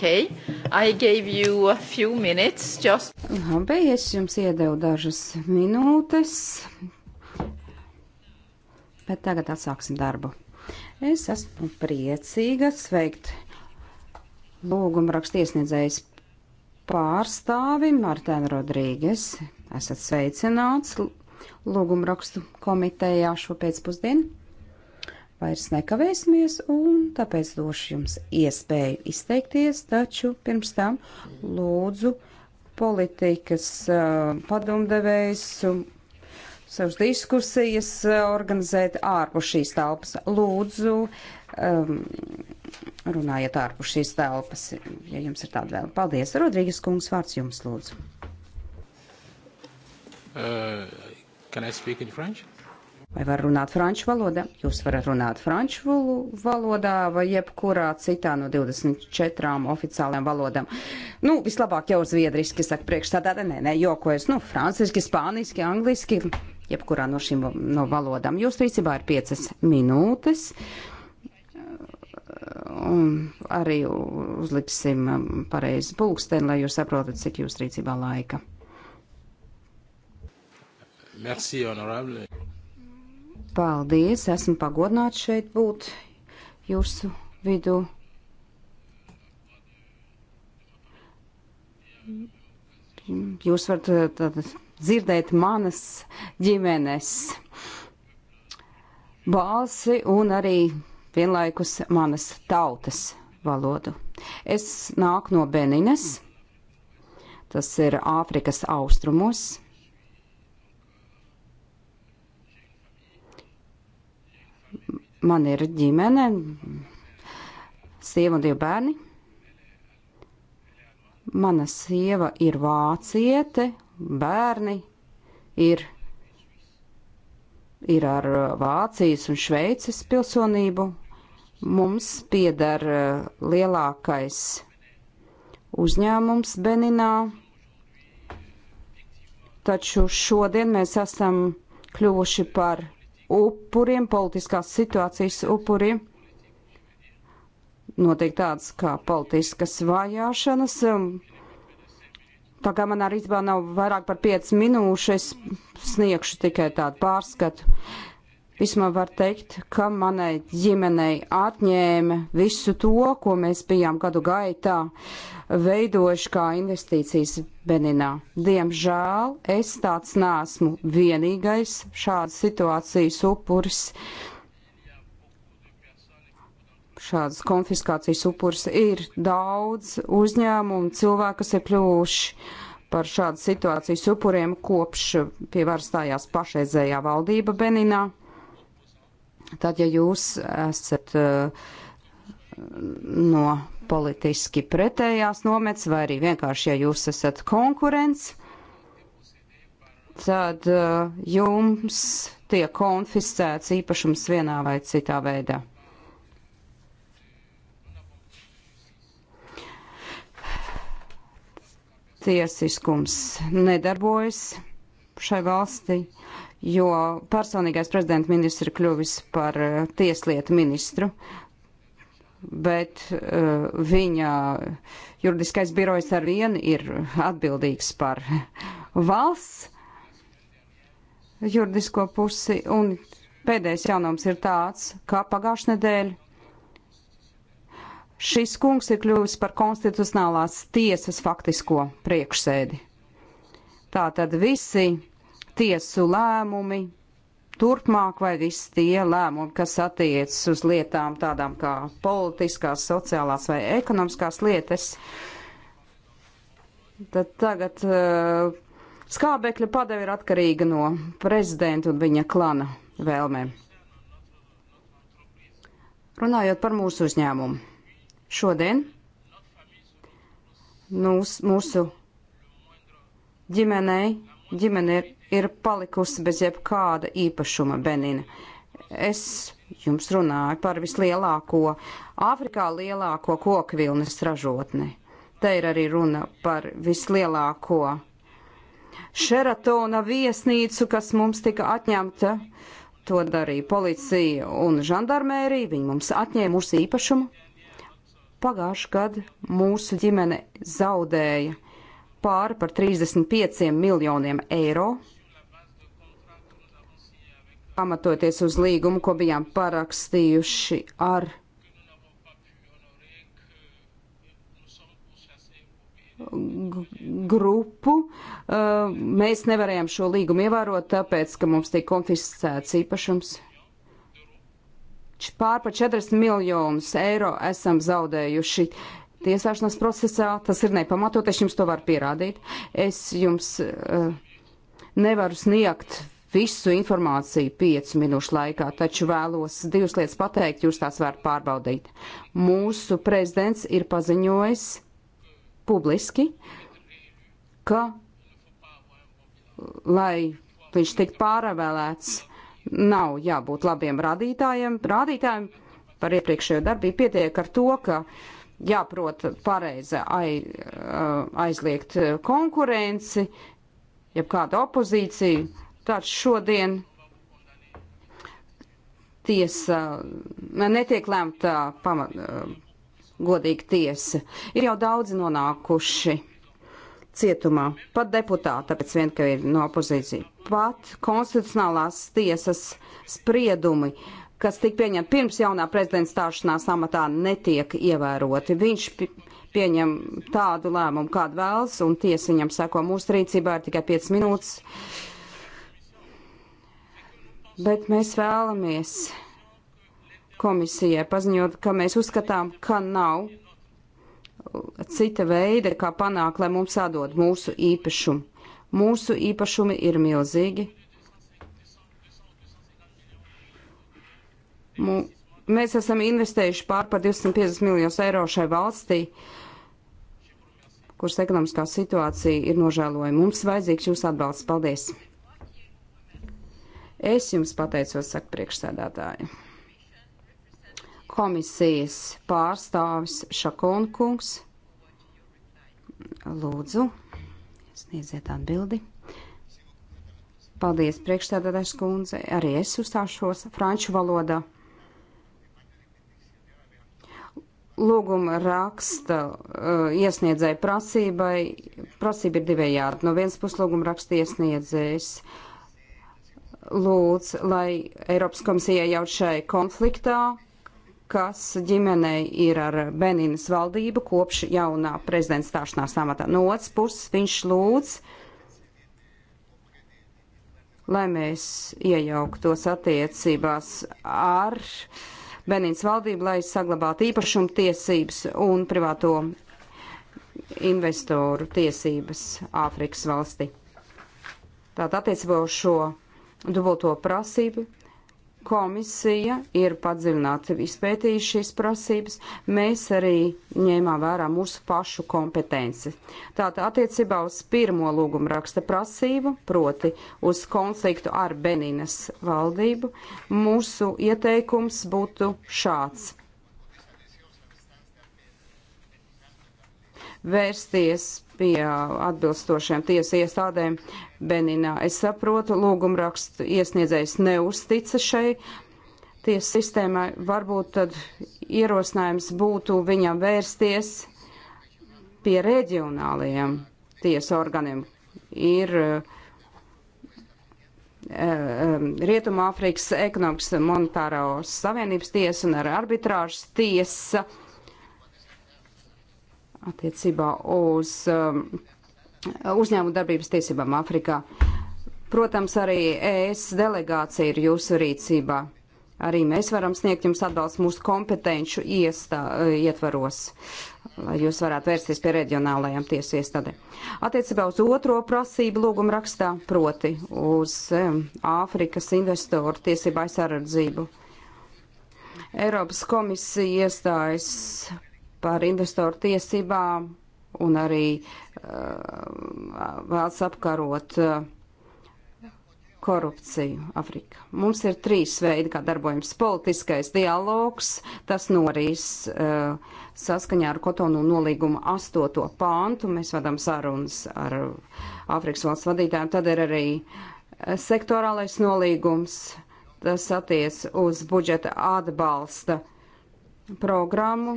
Okay. I gave you a few minutes just. Labi, es jums iedevu dažas minūtes, bet tagad atsāksim darbu. Es esmu priecīga sveikt lūgumu rakstiesniedzējs pārstāvi Martēnu Rodrīgas. Esat sveicināts lūgumu rakstu komitejā šo pēcpusdienu vairs nekavēsimies, un tāpēc došu jums iespēju izteikties, taču pirms tam lūdzu politikas uh, padomdevējs um, savas diskusijas uh, organizēt ārpus šīs telpas. Lūdzu, um, runājiet ārpus šīs telpas, ja jums ir tāda vēl. Paldies, Rodrīgas kungs, vārds jums lūdzu.
Uh, can I speak in French?
vai var runāt franču valodā. Jūs varat runāt franču valodā vai jebkurā citā no 24 oficiālajām valodām. Nu, vislabāk jau zviedriski, saka priekšstādātā, nē, nē, jokojas, nu, franciski, spāniski, angliski, jebkurā no šīm no valodām. Jūs rīcībā ir 5 minūtes. Un arī uzliksim um, pareizi pulksteni, lai jūs saprotat, cik jūs rīcībā laika.
Merci, honorable.
Paldies, esmu pagodināts šeit būt jūsu vidū. Jūs varat eh, tad, dzirdēt manas ģimenes balsi un arī vienlaikus manas tautas valodu. Es nāku no Benines, tas ir Āfrikas austrumos. Man ir ģimene, sieva un divi bērni. Mana sieva ir vāciete, bērni ir, ir ar uh, Vācijas un Šveices pilsonību. Mums pieder uh, lielākais uzņēmums Beninā, taču šodien mēs esam kļuvuši par upuriem, politiskās situācijas upuriem. Notiek tāds kā politiskas vajāšanas. Um, Tā kā man arī izbā nav vairāk par 5 minūšas, es sniegšu tikai tādu pārskatu. Vismaz var teikt, ka manai ģimenei atņēma visu to, ko mēs bijām gadu gaitā uh, veidojuši kā investīcijas Beninā. Diemžēl es tāds nesmu vienīgais šādas situācijas upuris. Šādas konfiskācijas upuris ir daudz uzņēmumu, cilvēku, kas ir kļuvuši par šādu situācijas upuriem kopš pie varas stājās pašreizējā valdība Beninā. Tad, ja jūs esat uh, no politiski pretējās nomets, vai arī vienkārši, ja jūs esat konkurents, tad uh, jums tiek konfiscēts īpašums vienā vai citā veidā. Tiesiskums nedarbojas šai valstī, jo personīgais prezidenta ministrs ir kļuvis par uh, tieslietu ministru bet uh, viņa juridiskais birojs ar vienu ir atbildīgs par valsts juridisko pusi. Un pēdējais jaunums ir tāds, ka pagājušajā nedēļā šis kungs ir kļuvis par konstitucionālās tiesas faktisko priekšsēdi. Tātad visi tiesu lēmumi turpmāk, vai visi tie lēmumi, kas attiecas uz lietām tādām kā politiskās, sociālās vai ekonomiskās lietas, tad tagad uh, skābekļa padeve ir atkarīga no prezidenta un viņa klana vēlmēm. Runājot par mūsu uzņēmumu. Šodien mūs, nu, mūsu ģimenei, ģimene ir ir palikusi bez jebkāda īpašuma Benina. Es jums runāju par vislielāko, Āfrikā lielāko kokvilnes ražotni. Te ir arī runa par vislielāko Šeratona viesnīcu, kas mums tika atņemta. To darīja policija un žandarmērija. Viņi mums atņēma mūsu īpašumu. Pagājuši gadu mūsu ģimene zaudēja pāri par 35 miljoniem eiro pamatoties uz līgumu, ko bijām parakstījuši ar grupu. Uh, mēs nevarējām šo līgumu ievērot, tāpēc, ka mums tika konfiscēts īpašums. Pār par 40 miljonus eiro esam zaudējuši tiesāšanas procesā. Tas ir nepamatoties, jums to var pierādīt. Es jums uh, nevaru sniegt visu informāciju piecu minūšu laikā, taču vēlos divas lietas pateikt, jūs tās varat pārbaudīt. Mūsu prezidents ir paziņojis publiski, ka, lai viņš tiktu pārvēlēts, nav jābūt labiem rādītājiem. Rādītājiem par iepriekšējo darbību pietiek ar to, ka jāprot pareizi aizliegt konkurenci, jeb kādu opozīciju Tātad šodien tiesa netiek lemta pamat, eh, godīga tiesa. Ir jau daudzi nonākuši cietumā, pat deputāti, tāpēc vien, ka ir no opozīcija. Pat konstitucionālās tiesas spriedumi, kas tika pieņemti pirms jaunā prezidenta stāšanās amatā, netiek ievēroti. Viņš pieņem tādu lēmumu, kādu vēlas, un tiesa viņam sako, mūsu rīcībā ir tikai 5 minūtes bet mēs vēlamies komisijai paziņot, ka mēs uzskatām, ka nav cita veida, kā panākt, lai mums atdod mūsu īpašumu. Mūsu īpašumi ir milzīgi. Mū, mēs esam investējuši pār par 250 miljonus eiro šai valstī, kuras ekonomiskā situācija ir nožēlojama. Mums vajadzīgs jūsu atbalsts. Paldies! Es jums pateicos, saka priekšsēdētāji. Komisijas pārstāvis Šakonkungs. Lūdzu, sniedziet atbildi. Paldies, priekšstādātājs kundze. Arī es uzstāšos franču valodā. Lūguma raksta uh, iesniedzēja prasībai. Prasība ir divējādi. No vienas puses lūguma raksta iesniedzējs lūdz, lai Eiropas komisija jau šai konfliktā, kas ģimenei ir ar Benīnas valdību kopš jaunā prezidenta stāšanās amatā. No otras puses viņš lūdz, lai mēs iejauktos attiecībās ar Benīnas valdību, lai saglabātu īpašumu tiesības un privāto investoru tiesības Āfrikas valsti. Tātad attiecībā uz šo dubulto prasību. Komisija ir padziļināti izpētījusi šīs prasības, mēs arī ņēmām vērā mūsu pašu kompetenci. Tātad attiecībā uz pirmo lūgumu raksta prasību, proti uz konfliktu ar Beninas valdību, mūsu ieteikums būtu šāds vērsties pie atbilstošiem tiesu iestādēm Beninā. Es saprotu, lūgumrakstu iesniedzējs neuztica šai tiesu sistēmai. Varbūt tad ierosinājums būtu viņam vērsties pie reģionālajiem tiesu organiem. Ir uh, Rietumāfrikas ekonomikas monetārās savienības tiesa un ar arbitrāžas tiesa attiecībā uz um, uzņēmu darbības tiesībām Afrikā. Protams, arī ES delegācija ir jūsu rīcībā. Arī mēs varam sniegt jums atbalstu mūsu kompetenču iestā, eh, ietvaros, lai jūs varētu vērsties pie reģionālajām tiesu iestādēm. Attiecībā uz otro prasību lūgumu rakstā, proti uz Āfrikas investoru tiesību aizsardzību. Eiropas komisija iestājas par investoru tiesībām un arī uh, vēlas apkarot uh, korupciju Afrikā. Mums ir trīs veidi, kā darbojams politiskais dialogs. Tas norīs uh, saskaņā ar Kotonu nolīguma astoto pāntu. Mēs vadām sarunas ar Afrikas valsts vadītājiem. Tad ir arī uh, sektorālais nolīgums. Tas attiec uz budžeta atbalsta programmu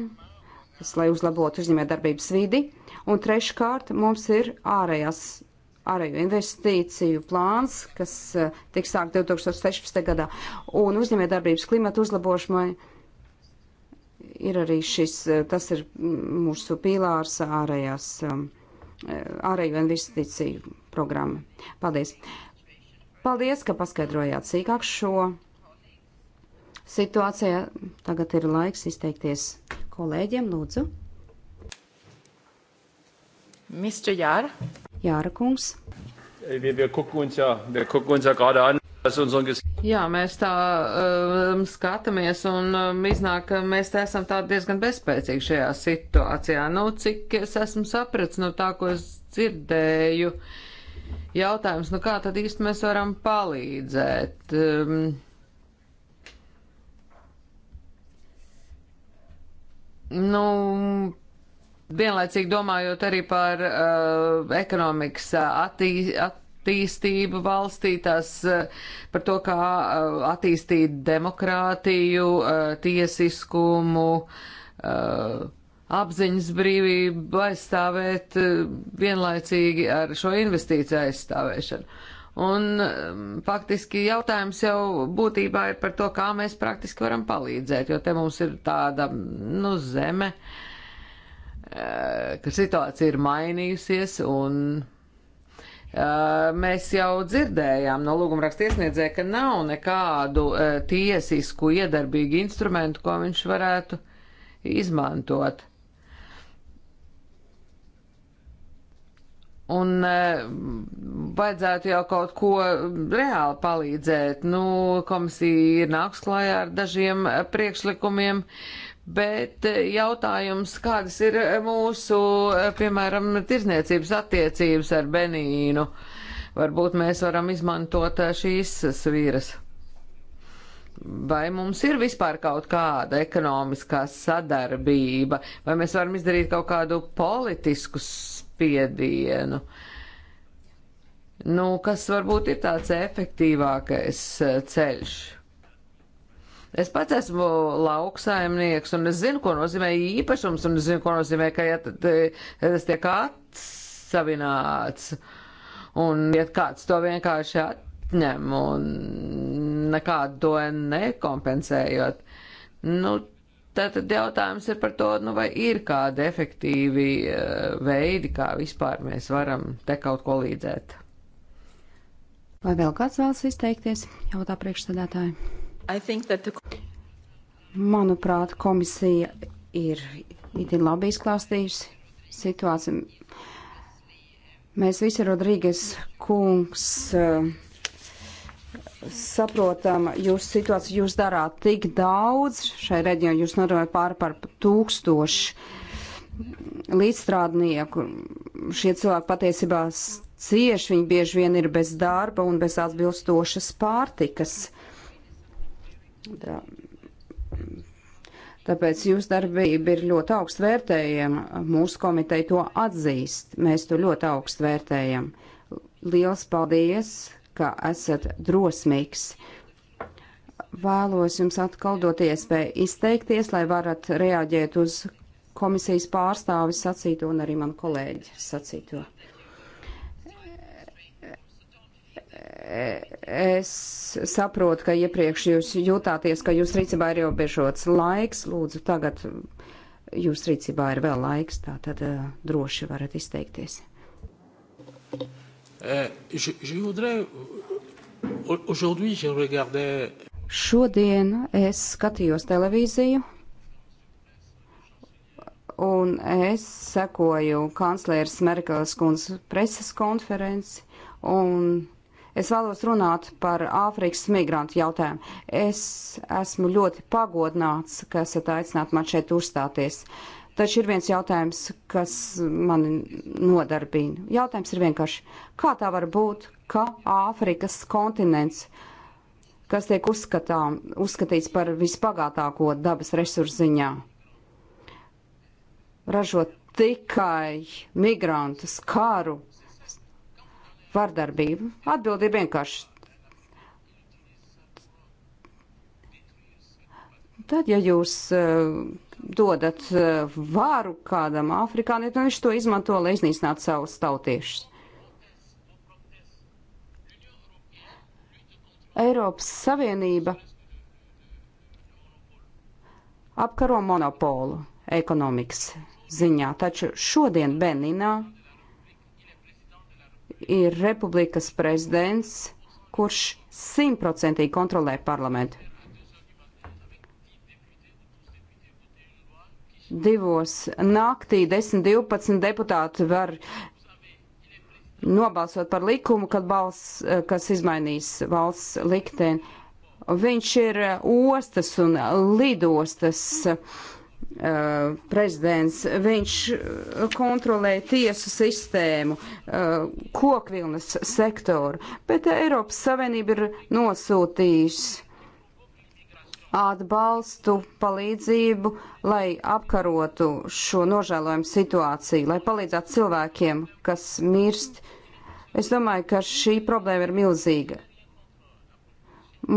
lai uzlabotu uzņēmē darbības vidi. Un treškārt mums ir ārējās, ārēju investīciju plāns, kas eh, tiek sākt 2016. gadā. Un uzņēmē darbības klimata uzlabošanai ir arī šis, eh, tas ir mūsu pīlārs ārējās, um, eh, ārēju investīciju programma. Paldies! Paldies, ka paskaidrojāt sīkāk šo situācijā. Tagad ir laiks izteikties kolēģiem, lūdzu. Mr. Jāra. Jāra kungs.
Wir, wir gucken uns ja, wir gucken uns ja gerade an, was unseren Ges
Jā, mēs tā um, skatāmies un um, iznāk, ka mēs te esam tā diezgan bezspēcīgi šajā situācijā. Nu, cik es esmu sapratis no nu, tā, ko es dzirdēju, jautājums, nu kā tad īsti mēs varam palīdzēt? Um, Nu, vienlaicīgi domājot arī par uh, ekonomikas uh, attī, attīstību valstī, tās uh, par to, kā uh, attīstīt demokrātiju, uh, tiesiskumu, uh, apziņas brīvību, aizstāvēt uh, vienlaicīgi ar šo investīciju aizstāvēšanu. Un um, faktiski jautājums jau būtībā ir par to, kā mēs praktiski varam palīdzēt, jo te mums ir tāda, nu, zeme, eh, ka situācija ir mainījusies un eh, mēs jau dzirdējām no lūgumraksta iesniedzē, ka nav nekādu eh, tiesisku iedarbīgu instrumentu, ko viņš varētu izmantot. Un eh, vajadzētu jau kaut ko reāli palīdzēt. Nu, komisija ir nāks klājā ar dažiem eh, priekšlikumiem, bet eh, jautājums, kādas ir mūsu, piemēram, tirzniecības attiecības ar Benīnu? Varbūt mēs varam izmantot šīs svīras. Vai mums ir vispār kaut kāda ekonomiskā sadarbība, vai mēs varam izdarīt kaut kādu politisku spiedienu. Nu, kas varbūt ir tāds efektīvākais eh, ceļš? Es pats esmu lauksaimnieks, un es zinu, ko nozīmē īpašums, un es zinu, ko nozīmē, ka ja eh, tas tiek atsavināts, un ja kāds to vienkārši atņem, un nekādu to nekompensējot, nu, Tātad jautājums ir par to, nu, vai ir kādi efektīvi eh, veidi, kā vispār mēs varam te kaut ko līdzēt.
Vai vēl kāds vēlas izteikties? Jautā priekšsēdētāji. The... Manuprāt, komisija ir itin labi izklāstījusi situāciju. Mēs visi Rodrīgas kungs. Uh, saprotam jūsu situāciju. Jūs darāt tik daudz šai reģionā, jūs norunājat pār par tūkstošu līdzstrādnieku. Šie cilvēki patiesībā cieši, viņi bieži vien ir bez darba un bez atbilstošas pārtikas. Tā. Tāpēc jūsu darbība ir ļoti augstu vērtējama. Mūsu komiteja to atzīst. Mēs to ļoti augstu vērtējam. Liels paldies! ka esat drosmīgs. Vēlos jums atkal dot iespēju izteikties, lai varat reaģēt uz komisijas pārstāvis sacīto un arī manu kolēģi sacīto. Es saprotu, ka iepriekš jūs jūtāties, ka jūs rīcībā ir ierobežots laiks. Lūdzu, tagad jūs rīcībā ir vēl laiks, tā tad eh, droši varat izteikties.
Euh, je, je voudrais, euh, aujourd'hui, je regardais.
Šodien es skatījos televīziju un es sekoju kanclēras Merkeles kundzes preses konferenci un es vēlos runāt par Āfrikas migrantu jautājumu. Es esmu ļoti pagodināts, ka esat aicināt man šeit uzstāties. Uh, Taču ir viens jautājums, kas mani nodarbina. Jautājums ir vienkārši, kā tā var būt, ka Āfrikas kontinents, kas tiek uzskatām, uzskatīts par vispagātāko dabas resursu ziņā, ražot tikai migrantus, karu, vardarbību? Atbildi ir vienkārši. Tad, ja jūs uh, dodat eh, varu kādam afrikānietim, un viņš to izmanto, lai iznīcinātu savus tautiešus. Eiropas Savienība apkaro monopolu ekonomikas ziņā, taču šodien Beninā ir republikas prezidents, kurš simtprocentīgi kontrolē parlamentu. divos naktī 10-12 deputāti var nobalsot par likumu, kad balss, eh, kas izmainīs valsts likteni. Viņš ir eh, ostas un lidostas uh, prezidents. Viņš kontrolē tiesu sistēmu, uh, kokvilnas sektoru, bet Eiropas Savienība ir nosūtījusi atbalstu, palīdzību, lai apkarotu šo nožēlojumu situāciju, lai palīdzētu cilvēkiem, kas mirst. Es domāju, ka šī problēma ir milzīga.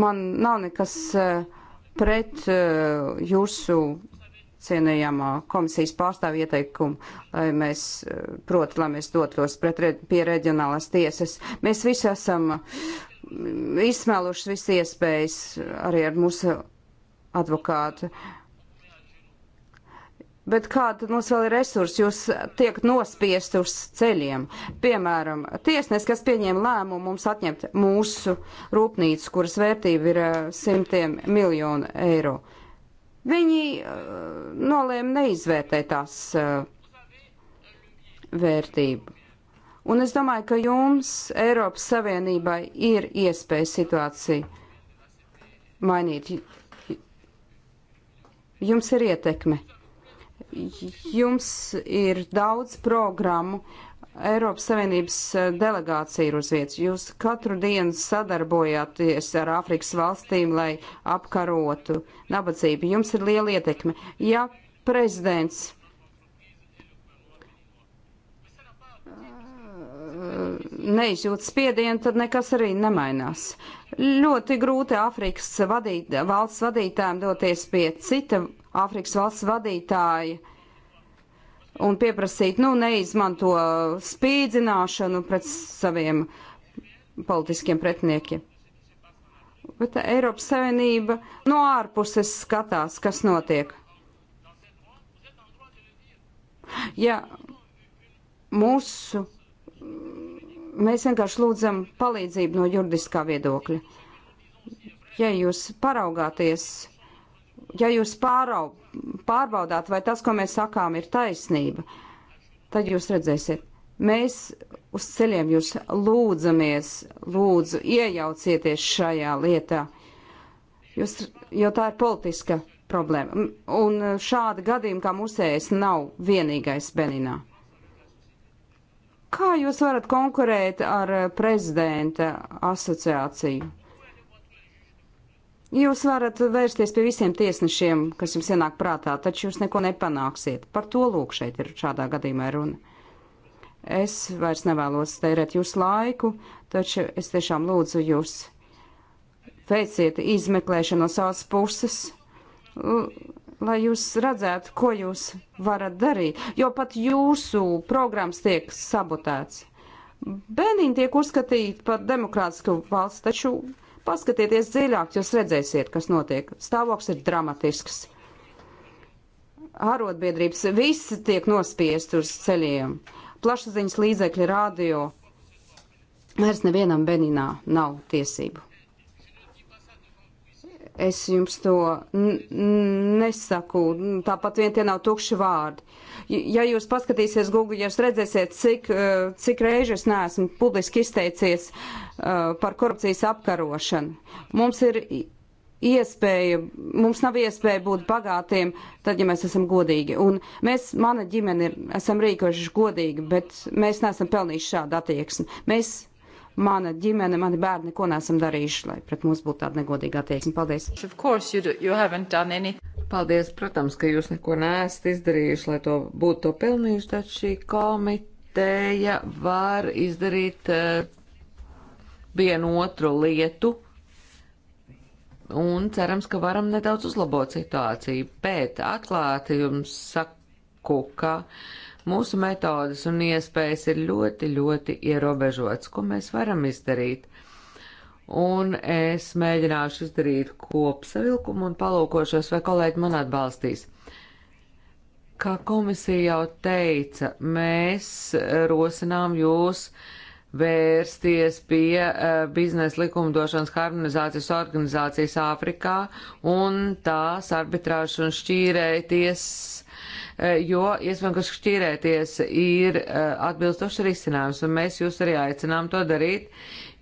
Man nav nekas eh, pret eh, jūsu cienījamā komisijas pārstāvja ieteikumu, lai mēs, eh, proti, lai mēs dotos pret, pie reģionālās tiesas. Mēs visi esam izsmēluši visu iespējas arī ar mūsu advokāti. Bet kāda mums vēl ir resursi? Jūs tiek nospiest uz ceļiem. Piemēram, tiesnes, kas pieņēma lēmumu mums atņemt mūsu rūpnīcu, kuras vērtība ir eh, simtiem miljonu eiro. Viņi eh, nolēma neizvērtēt tās eh, vērtību. Un es domāju, ka jums, Eiropas Savienībai, ir iespēja situāciju mainīt jums ir ietekme. Jums ir daudz programmu, Eiropas Savienības eh, delegācija ir uz vietas. Jūs katru dienu sadarbojāties ar Āfrikas valstīm, lai apkarotu nabadzību. Jums ir liela ietekme. Ja prezidents neizjūt spiedienu, tad nekas arī nemainās. Ļoti grūti Āfrikas vadīt, valsts vadītājiem doties pie cita Āfrikas valsts vadītāja un pieprasīt, nu, neizmanto spīdzināšanu pret saviem politiskiem pretiniekiem. Bet Eiropas Savienība no ārpuses skatās, kas notiek. Ja mūsu mēs vienkārši lūdzam palīdzību no juridiskā viedokļa. Ja jūs paraugāties, ja jūs pārau, pārbaudāt, vai tas, ko mēs sakām, ir taisnība, tad jūs redzēsiet, mēs uz ceļiem jūs lūdzamies, lūdzu, iejaucieties šajā lietā, jūs, jo tā ir politiska problēma. Un šādi gadījumi, kā mūsējais, nav vienīgais Beninā. Kā jūs varat konkurēt ar eh, prezidenta asociāciju? Jūs varat vērsties pie visiem tiesnešiem, kas jums ienāk prātā, taču jūs neko nepanāksiet. Par to lūk šeit ir šādā gadījumā runa. Es vairs nevēlos tērēt jūsu laiku, taču es tiešām lūdzu jūs veiciet izmeklēšanu no savas puses lai jūs redzētu, ko jūs varat darīt, jo pat jūsu programmas tiek sabotēts. Benīni tiek uzskatīti par demokrātisku valsts, taču paskatieties dziļāk, jūs redzēsiet, kas notiek. Stāvoklis ir dramatisks. Arotbiedrības visi tiek nospiest uz ceļiem. Plašsaziņas līdzekļi radio. Vairs nevienam Beninā nav tiesību. Es jums to nesaku, tāpat vien tie nav tukši vārdi. Ja jūs paskatīsieties Google, jūs redzēsiet, cik, eh, cik reizes neesmu publiski izteicies eh, par korupcijas apkarošanu. Mums ir iespēja, mums nav iespēja būt bagātiem, tad, ja mēs esam godīgi. Un mēs, mana ģimene, ir, esam rīkojuši godīgi, bet mēs neesam pelnījuši šādu attieksmi. Mēs mana ģimene, mani bērni neko nesam darījuši, lai pret mums būtu tāda negodīga attieksme. Paldies!
You do, you
Paldies, protams, ka jūs neko neesat izdarījuši, lai to būtu to pelnījuši, tad šī komiteja var izdarīt uh, vienu otru lietu un cerams, ka varam nedaudz uzlabot situāciju. Bet atklāti jums saku, ka. Uh, Mūsu metodas un iespējas ir ļoti, ļoti ierobežotas, ko mēs varam izdarīt. Un es mēģināšu izdarīt kopsavilkumu un palūkošos, vai kolēģi man atbalstīs. Kā komisija jau teica, mēs rosinām jūs uh, vērsties pie uh, biznesa likumdošanas harmonizācijas organizācijas Āfrikā un tās arbitrāžu un šķīrēties, uh, jo iespējams, ka šķīrēties ir uh, atbilstošs risinājums, un mēs jūs arī aicinām to darīt,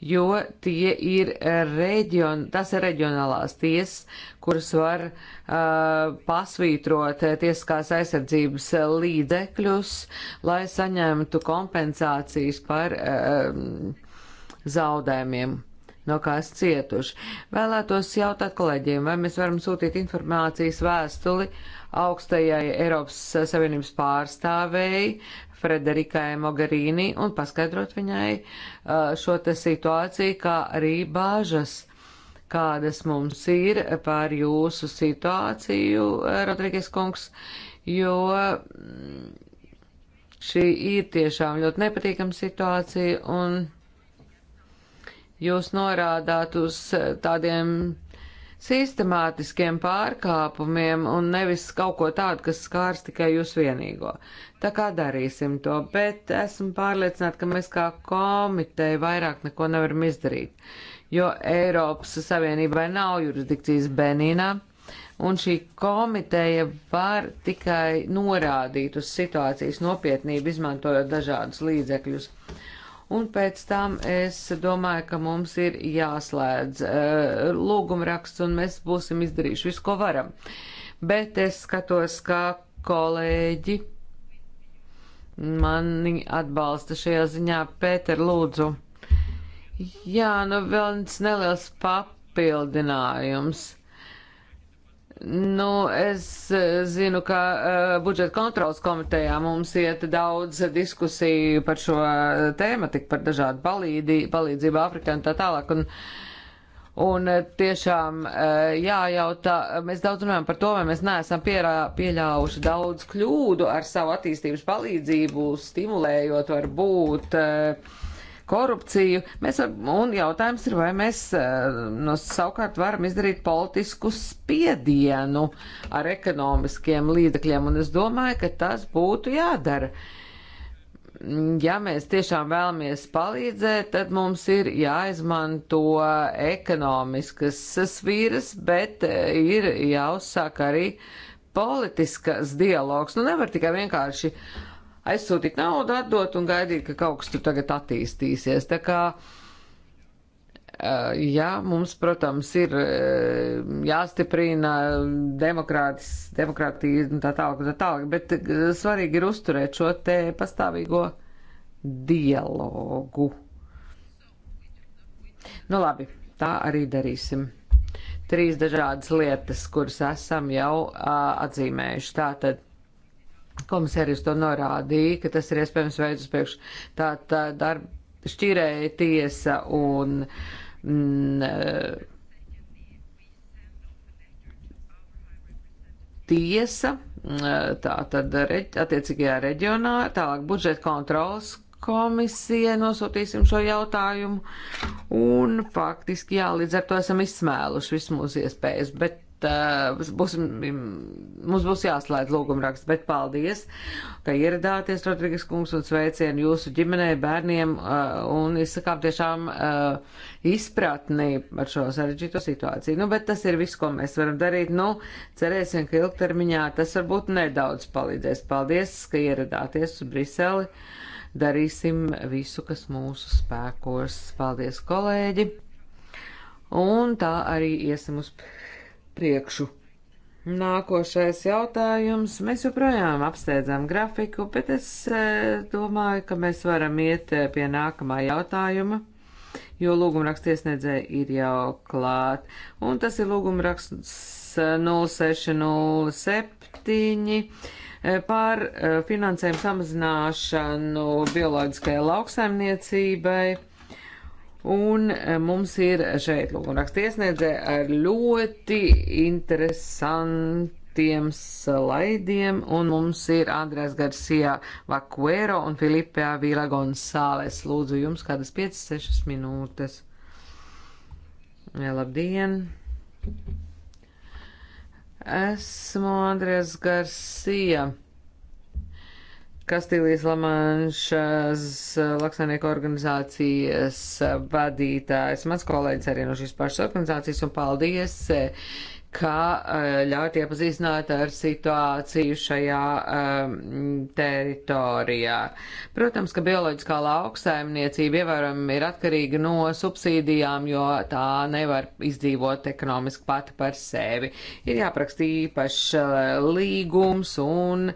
jo tie ir reģion, tas ir reģionālās tiesas, kuras var uh, pasvītrot tiesiskās aizsardzības līdzekļus, lai saņemtu kompensācijas par uh, zaudējumiem no kās cietuši. Vēlētos jautāt kolēģiem, vai mēs varam sūtīt informācijas vēstuli augstajai Eiropas Savienības pārstāvēji Frederikai Mogherini un paskaidrot viņai uh, šo te situāciju, kā arī bāžas kādas mums ir par jūsu situāciju, uh, Rodrīgas kungs, jo mm, šī ir tiešām ļoti nepatīkama situācija un jūs norādāt uz eh, tādiem sistemātiskiem pārkāpumiem un nevis kaut ko tādu, kas skārs tikai jūs vienīgo. Tā kā darīsim to, bet esmu pārliecināta, ka mēs kā komiteja vairāk neko nevaram izdarīt, jo Eiropas Savienībai nav jurisdikcijas Benīnā, un šī komiteja var tikai norādīt uz situācijas nopietnību, izmantojot dažādus līdzekļus. Uh, Un pēc tam es domāju, ka mums ir jāslēdz uh, lūgumraksts un mēs būsim izdarījuši visu, ko varam. Bet es skatos, kā kolēģi mani atbalsta šajā ziņā. Pēter, lūdzu. Jā, nu vēl viens neliels papildinājums. Nu, es eh, zinu, ka uh, budžeta kontrolas komitejā mums iet daudz diskusiju par šo eh, tēmatiku, par dažādu palīdī, palīdzību Afrikā un tā tālāk. Un, un tiešām uh, jājautā, mēs daudz runājam par to, vai mēs neesam pierā, pieļāvuši daudz kļūdu ar savu attīstības palīdzību, stimulējot varbūt. Uh, korupciju. Mēs, un jautājums ir, vai mēs eh, no nu, savukārt varam izdarīt politisku spiedienu ar ekonomiskiem līdzekļiem, un es domāju, ka tas būtu jādara. Ja mēs tiešām vēlamies palīdzēt, tad mums ir jāizmanto ekonomiskas svīras, bet eh, ir jāuzsāk arī politiskas dialogs. Nu, nevar tikai vienkārši uh, aizsūtīt naudu, atdot un gaidīt, ka kaut kas tur tagad attīstīsies. Tā kā, jā, mums, protams, ir jāstiprina demokrātija un tā tālāk, un tā tālāk, bet svarīgi ir uzturēt šo te pastāvīgo dialogu. Nu labi, tā arī darīsim trīs dažādas lietas, kuras esam jau uh, atzīmējuši. Tātad Komisāris to norādīja, ka tas ir iespējams veids uz priekšu. Tā tad darba šķirēja tiesa un. Mm, eh, tiesa, eh, tā tad reģ, attiecīgajā reģionā, tālāk budžeta kontrolas komisija nosūtīsim šo jautājumu, un faktiski jā, līdz ar to esam izsmēluši visu mūsu iespējas, bet Uh, būs, mm, mums būs jāslēdz lūgumraksts, bet paldies, ka ieradāties, Rodrigas kungs, un sveicienu jūsu ģimenei, bērniem, uh, un izsakām tiešām uh, izpratni par šo sarežģīto situāciju. Nu, bet tas ir viss, ko mēs varam darīt. Nu, cerēsim, ka ilgtermiņā tas varbūt nedaudz palīdzēs. Paldies, ka ieradāties uz Briseli. Darīsim visu, kas mūsu spēkos. Paldies, kolēģi! Un tā arī iesim uz priekšu. Nākošais jautājums. Mēs joprojām apsteidzam grafiku, bet es e, domāju, ka mēs varam iet e, pie nākamā jautājuma, jo lūgumraksts iesniedzēji ir jau klāt. Un tas ir lūgumraksts 0607 e, par finansējumu samazināšanu bioloģiskajai lauksaimniecībai. Un eh, mums ir šeit lūgumraksta iesniedzē ar ļoti interesantiem slaidiem, un mums ir Andrēs Garcia Vakuero un Filipe Avila Gonzāles. Lūdzu, jums kādas 5-6 minūtes. Jā, labdien! Esmu Andrēs Garcia. Kastīlijas Lamanšas eh, lauksaimnieku organizācijas eh, vadītājs, mans kolēģis arī no šīs pašas organizācijas, un paldies eh, kā eh, ļaut iepazīstināt ar situāciju šajā um, teritorijā. Protams, ka bioloģiskā lauksaimniecība ievērojami ir atkarīga no subsīdijām, jo tā nevar izdzīvot ekonomiski pati par sevi. Ir jāpraksta īpašs eh, līgums un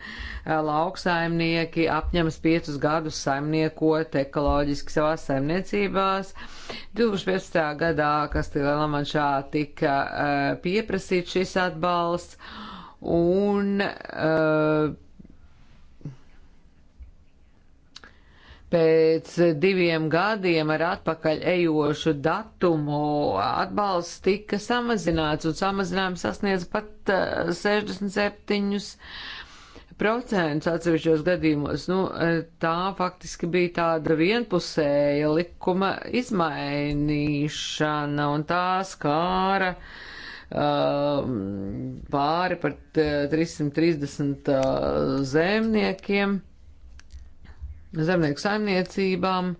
lauksaimnieki apņemas piecus gadus saimniekot ekoloģiski savās saimniecībās. 2015. gadā Kastīlē Lamanšā tika uh, pieprasīts pieprasīt šis atbalsts. Un, uh, Pēc diviem gadiem ar atpakaļ ejošu datumu atbalsts tika samazināts, un samazinājums sasniedz pat 67% eh, atsevišķos gadījumos. Nu, eh, tā faktiski bija tāda vienpusēja likuma izmainīšana, un tā skāra. Uh, Um, pāri par 330 uh, zemniekiem, zemnieku saimniecībām,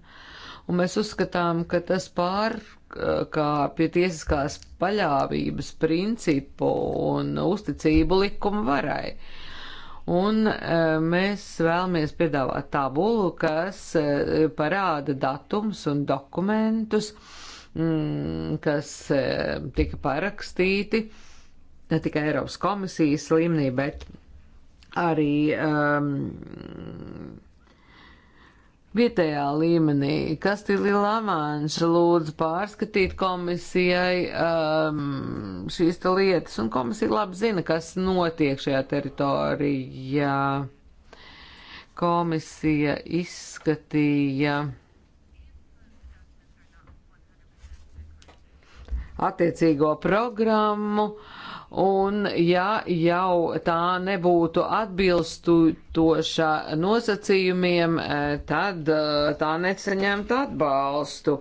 un mēs uzskatām, ka tas pār kā pie tiesiskās paļāvības principu un uzticību likuma varai. Un e, mēs vēlamies piedāvāt tabulu, kas e, parāda datums un dokumentus, uh, Mm, kas eh, tika parakstīti ne tikai Eiropas komisijas līmenī, bet arī um, vietējā līmenī. Kastīlija Lamanša lūdzu pārskatīt komisijai um, šīs lietas, un komisija labi zina, kas notiek šajā teritorijā. Komisija izskatīja. attiecīgo programmu. Un, ja jau tā nebūtu atbilstoša nosacījumiem, eh, tad eh, tā nesaņemtu atbalstu.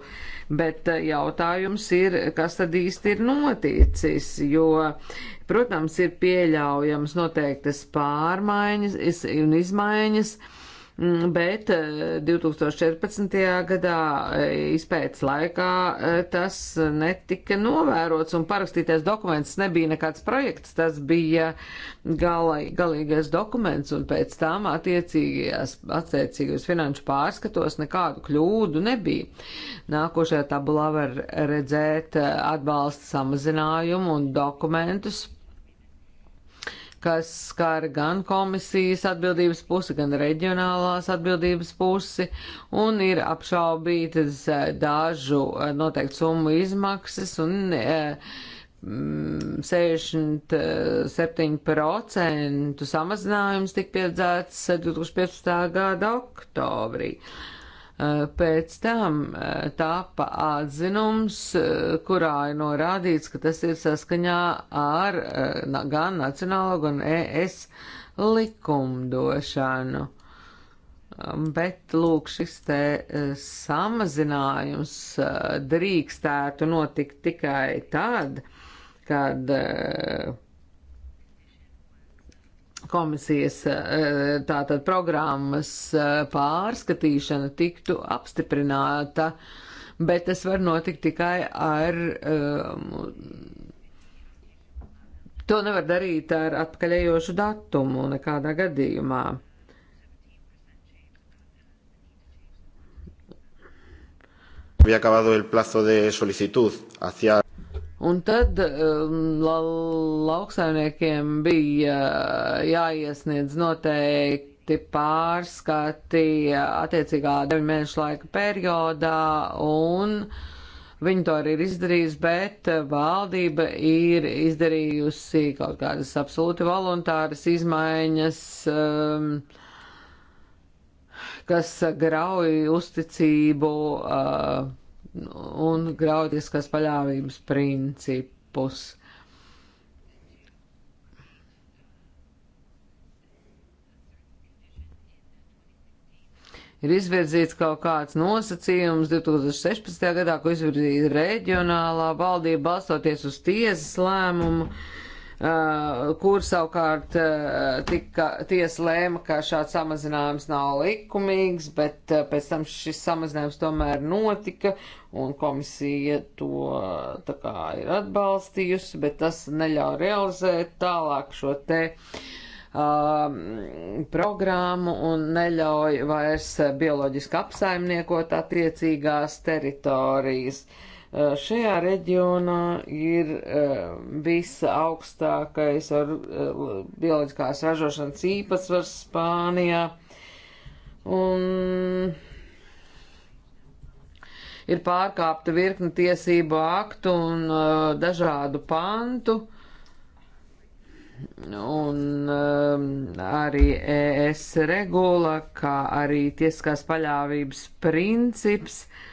Bet eh, jautājums ir, kas tad īsti ir noticis, jo, protams, ir pieļaujams noteiktas pārmaiņas un izmaiņas. izmaiņas Mm, bet 2014. Eh, gadā eh, izpētes laikā eh, tas netika novērots un parakstītais dokuments nebija nekāds projekts, tas bija gala, galīgais dokuments un pēc tam attiecīgajās, attiecīgajos finanšu pārskatos nekādu kļūdu nebija. Nākošajā tabulā var redzēt atbalsta samazinājumu un dokumentus kas skar gan komisijas atbildības pusi, gan reģionālās atbildības pusi, un ir apšaubītas eh, dažu eh, noteiktu summu izmaksas, un 67% eh, mm, samazinājums tika piedzēts 2015. gada oktobrī. Eh, pēc tam eh, tāpa atzinums, eh, kurā ir norādīts, ka tas ir saskaņā ar gan nacionālo, gan ES likumdošanu. Um, bet, lūk, šis te samazinājums drīkstētu notikt tikai tad, kad uh, komisijas eh, tātad programmas eh, pārskatīšana tiktu apstiprināta, bet tas var notikt tikai ar. Eh, to nevar darīt ar atpakaļējošu datumu nekādā gadījumā.
Había acabado el plazo de solicitud hacia
Un tad um, la, lauksaimniekiem bija uh, jāiesniedz noteikti pārskati attiecīgā 9 mēnešu laika periodā, un viņi to arī ir izdarījusi, bet valdība ir izdarījusi kaut kādas absolūti voluntāras izmaiņas, um, kas grauj uzticību. Uh, un graudiskas paļāvības principus. ir izvirzīts kaut kāds nosacījums 2016. gadā, ko izvirzīja reģionālā valdība balstoties uz tiesas lēmumu. Uh, Eh, kur savukārt eh, tika tiesa lēma, ka šāds samazinājums nav likumīgs, bet eh, pēc tam šis samazinājums tomēr notika un komisija to tā kā ir atbalstījusi, bet tas neļauj realizēt tālāk šo te um, programmu un neļauj vairs bioloģiski apsaimniekot attiecīgās teritorijas. Uh, Eh, šajā reģionā ir eh, visa augstākais ar eh, bioloģiskās ražošanas īpatsvars Spānijā. Un ir pārkāpta virkni tiesību aktu un uh, dažādu pantu, un um, arī ES regula, kā arī tieskās paļāvības princips. Uh,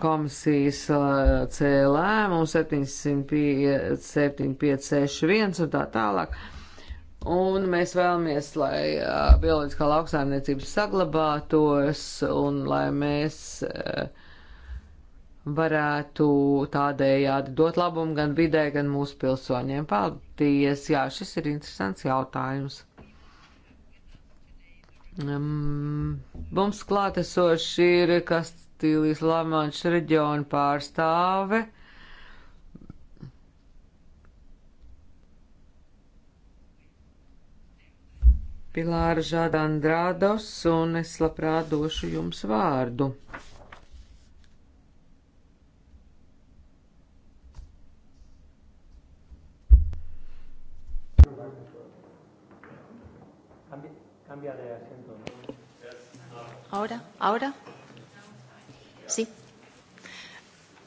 komisijas C lēmumu e, 7561 un tā tālāk. Un mēs vēlamies, lai bioloģiskā lauksaimniecība saglabātos un lai mēs varētu tādējādi dot labumu gan vidē, gan mūsu pilsoņiem. Paldies! Jā, šis ir interesants jautājums. Um, mums klātesoši ir kas Kastīlijas Lamanša reģiona pārstāve. Pilāra Žādandrados, un es labprāt došu jums vārdu.
Ahora, ahora. Sí.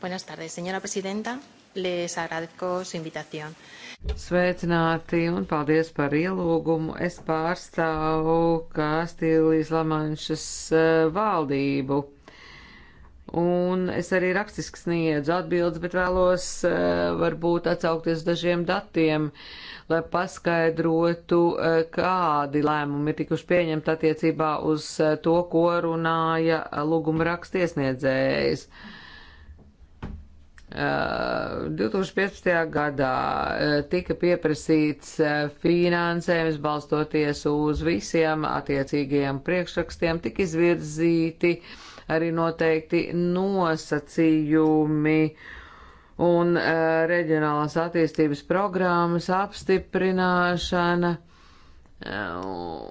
Buenas tardes, señora presidenta. Les agradezco su invitación.
Sveicināti un paldies par ielūgumu. Es pārstāvu Kastīlijas Lamanšas eh, valdību. Un es arī rakstiski sniedzu atbildes, bet vēlos uh, varbūt atsaukties dažiem datiem, lai paskaidrotu, uh, kādi lēmumi ir tikuši pieņemti attiecībā uz uh, to, ko runāja lūguma rakstiesniedzējs. Uh, 2015. gadā uh, tika pieprasīts uh, finansējums balstoties uz visiem attiecīgajiem priekšrakstiem, tika izvirzīti uh, arī noteikti nosacījumi un uh, reģionālās attīstības programmas apstiprināšana uh,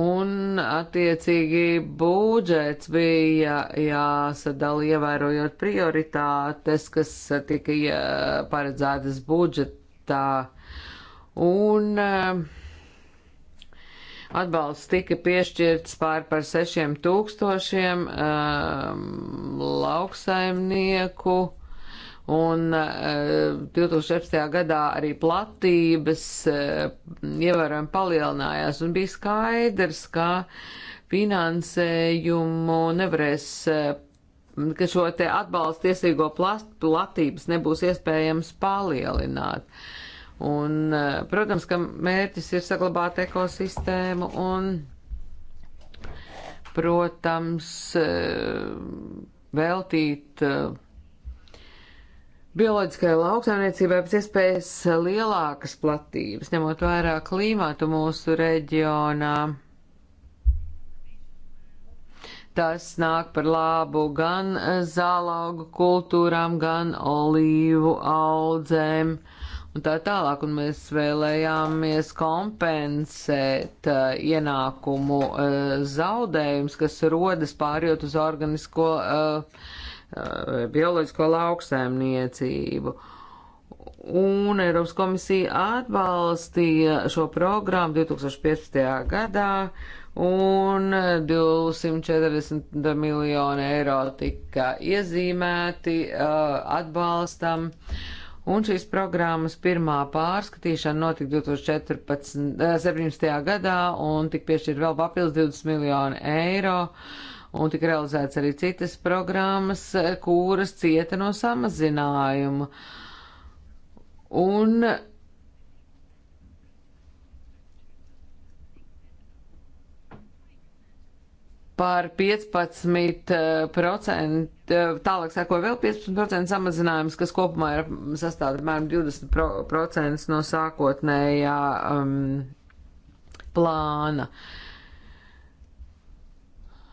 un attiecīgi būdžets bija jāsadala ievērojot prioritātes, kas tika eh, paredzētas budžetā. Un uh, Atbalsts tika piešķirts pār par sešiem tūkstošiem um, lauksaimnieku. Un uh, eh, 2017. gadā arī platības uh, ievērojami palielinājās un bija skaidrs, ka finansējumu nevarēs, uh, ka šo te atbalstu tiesīgo plat, platības nebūs iespējams palielināt. Uh, Un, eh, protams, ka mērķis ir saglabāt ekosistēmu un, protams, eh, veltīt eh, bioloģiskajai lauksaimniecībai pēc iespējas lielākas platības, ņemot vērā klimātu mūsu reģionā. Tas nāk par labu gan zālaugu kultūrām, gan olīvu audzēm. Uh, un tā tālāk, un mēs vēlējāmies kompensēt uh, ienākumu uh, zaudējums, kas rodas pārjot uz organisko uh, bioloģisko lauksēmniecību. Un Eiropas komisija atbalstīja šo programmu 2015. gadā, un 240 miljoni eiro tika iezīmēti uh, atbalstam. Uh, un šīs programmas pirmā pārskatīšana notika 2017. Eh, gadā, un tika piešķirt vēl papildus 20 miljoni eiro, un tika realizēts arī citas programmas, eh, kuras cieta no samazinājuma. Un par 15%, eh, eh, tālāk sako vēl 15% samazinājums, kas kopumā ir sastāv apmēram 20% no sākotnējā um, plāna.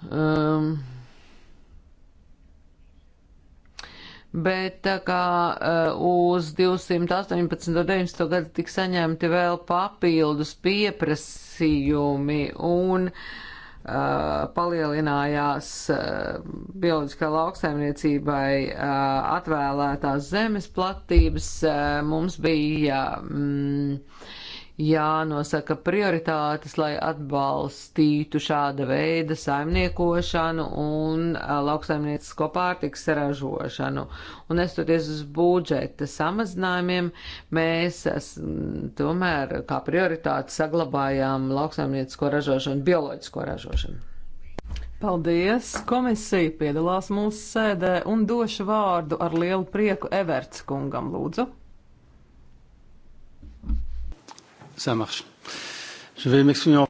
Um, bet tā kā eh, uz 218. un 19. gadu tika saņemti vēl papildus pieprasījumi un uh, Uh, palielinājās uh, bioloģiskai lauksaimniecībai uh, atvēlētās zemes platības. Mums bija mm, jānosaka prioritātes, lai atbalstītu šāda veida saimniekošanu un lauksaimniecisko pārtiks ražošanu. Un estoties uz budžeta samazinājumiem, mēs es, tomēr kā prioritāti saglabājām lauksaimniecisko ražošanu, bioloģisko ražošanu.
Paldies! Komisija piedalās mūsu sēdē un došu vārdu ar lielu prieku Everts kungam, lūdzu.
Ça marche. Je vais m'exprimer.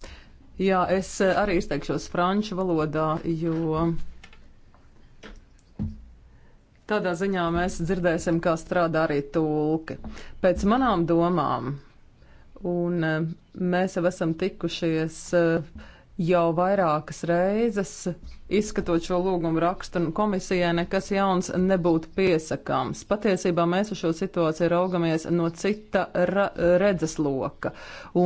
Jā, es eh, arī izteikšos franču valodā, jo tādā ziņā mēs dzirdēsim, kā strādā arī tulki. Pēc manām domām, un eh, mēs jau esam tikušies uh, jau vairākas reizes, izskatot šo lūgumu rakstu komisijai, nekas jauns nebūtu piesakāms. Patiesībā mēs uz šo situāciju raugamies no cita redzesloka,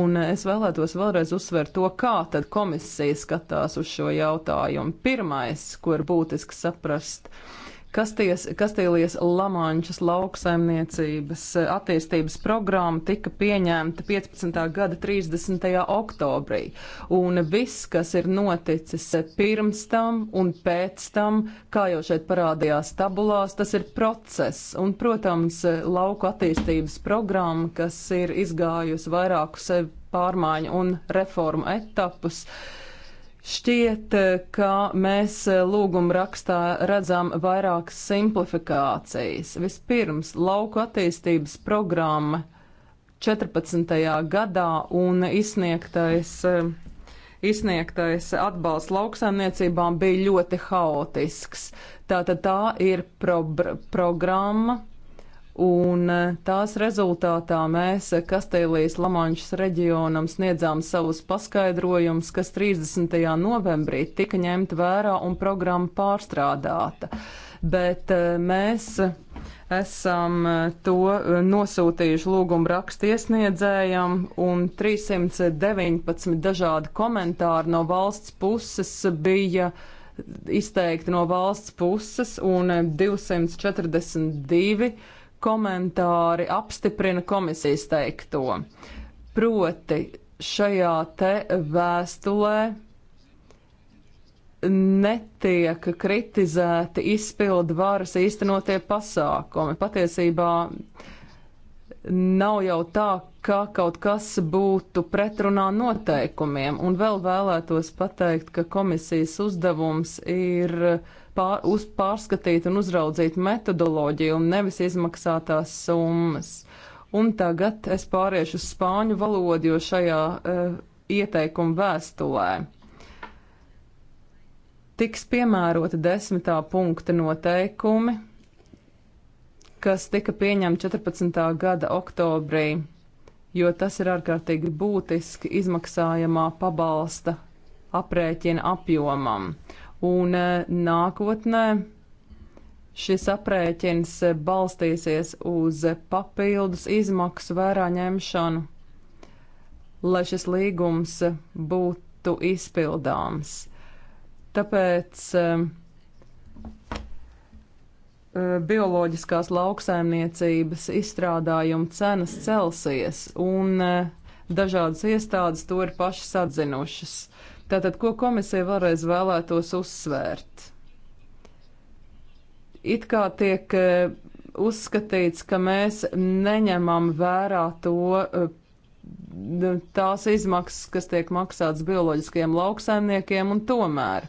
un es vēlētos vēlreiz uzsvērt to, kā tad komisija skatās uz šo jautājumu. Pirmais, ko ir būtiski saprast, ir Kasties, Kastīlijas Lamančas lauksaimniecības eh, attīstības programma tika pieņemta 15. gada 30. oktobrī, un viss, kas ir noticis eh, pirms tam un pēc tam, kā jau šeit parādījās tabulās, tas ir process, un, protams, eh, lauku attīstības programma, kas ir izgājusi vairākus pārmaiņu un reformu etapus. Uh, Šķiet, eh, ka mēs eh, lūguma rakstā redzam vairākas simplifikācijas. Vispirms, lauku attīstības programma 14. gadā un izsniegtais, eh, izsniegtais atbalsts lauksaimniecībām bija ļoti haotisks. Tātad tā ir pro programma un e, tās rezultātā mēs Kastīlijas Lamanšas reģionam sniedzām savus paskaidrojumus, kas 30. novembrī tika ņemta vērā un programma pārstrādāta. Bet e, mēs esam e, to nosūtījuši lūgumu rakstiesniedzējam un 319 dažādi komentāri no valsts puses bija izteikti no valsts puses un 242 komentāri apstiprina komisijas teikto. Proti šajā te vēstulē netiek kritizēti izpildu varas īstenotie pasākumi. Patiesībā nav jau tā, ka kaut kas būtu pretrunā noteikumiem, un vēl vēlētos pateikt, ka komisijas uzdevums ir uh, pār, uz pārskatīt un uzraudzīt metodoloģiju un nevis izmaksātās summas. Un tagad es pāriešu uz spāņu valodu, jo šajā uh, ieteikuma vēstulē tiks piemērota desmitā punkta noteikumi, kas tika pieņemta 14. gada oktobrī, jo tas ir ārkārtīgi būtiski izmaksājamā pabalsta aprēķina apjomam un eh, nākotnē šis aprēķins eh, balstīsies uz papildus izmaksu vērā ņemšanu, lai šis līgums eh, būtu izpildāms. Tāpēc bioloģiskās lauksaimniecības izstrādājuma cenas celsies, un dažādas iestādes to ir pašas atzinušas. Uh, Tātad, ko komisija vēlreiz vēlētos uzsvērt? It kā tiek e, uzskatīts, ka mēs neņemam vērā to, e, tās izmaksas, kas tiek maksātas bioloģiskiem lauksaimniekiem, un tomēr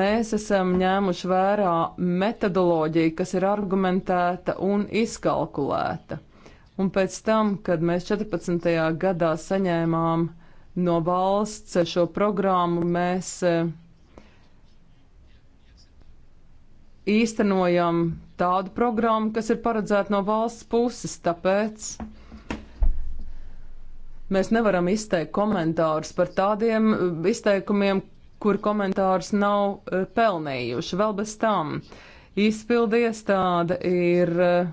mēs esam ņēmuši vērā metodoloģiju, kas ir argumentēta un izkalkulēta. Un pēc tam, kad mēs 14. gadā saņēmām uh, no valsts šo programmu mēs e, īstenojam tādu programmu, kas ir paredzēta no valsts puses, tāpēc mēs nevaram izteikt komentārus par tādiem izteikumiem, kur komentārus nav e, pelnījuši. Vēl bez tam izpildiestāde ir uh,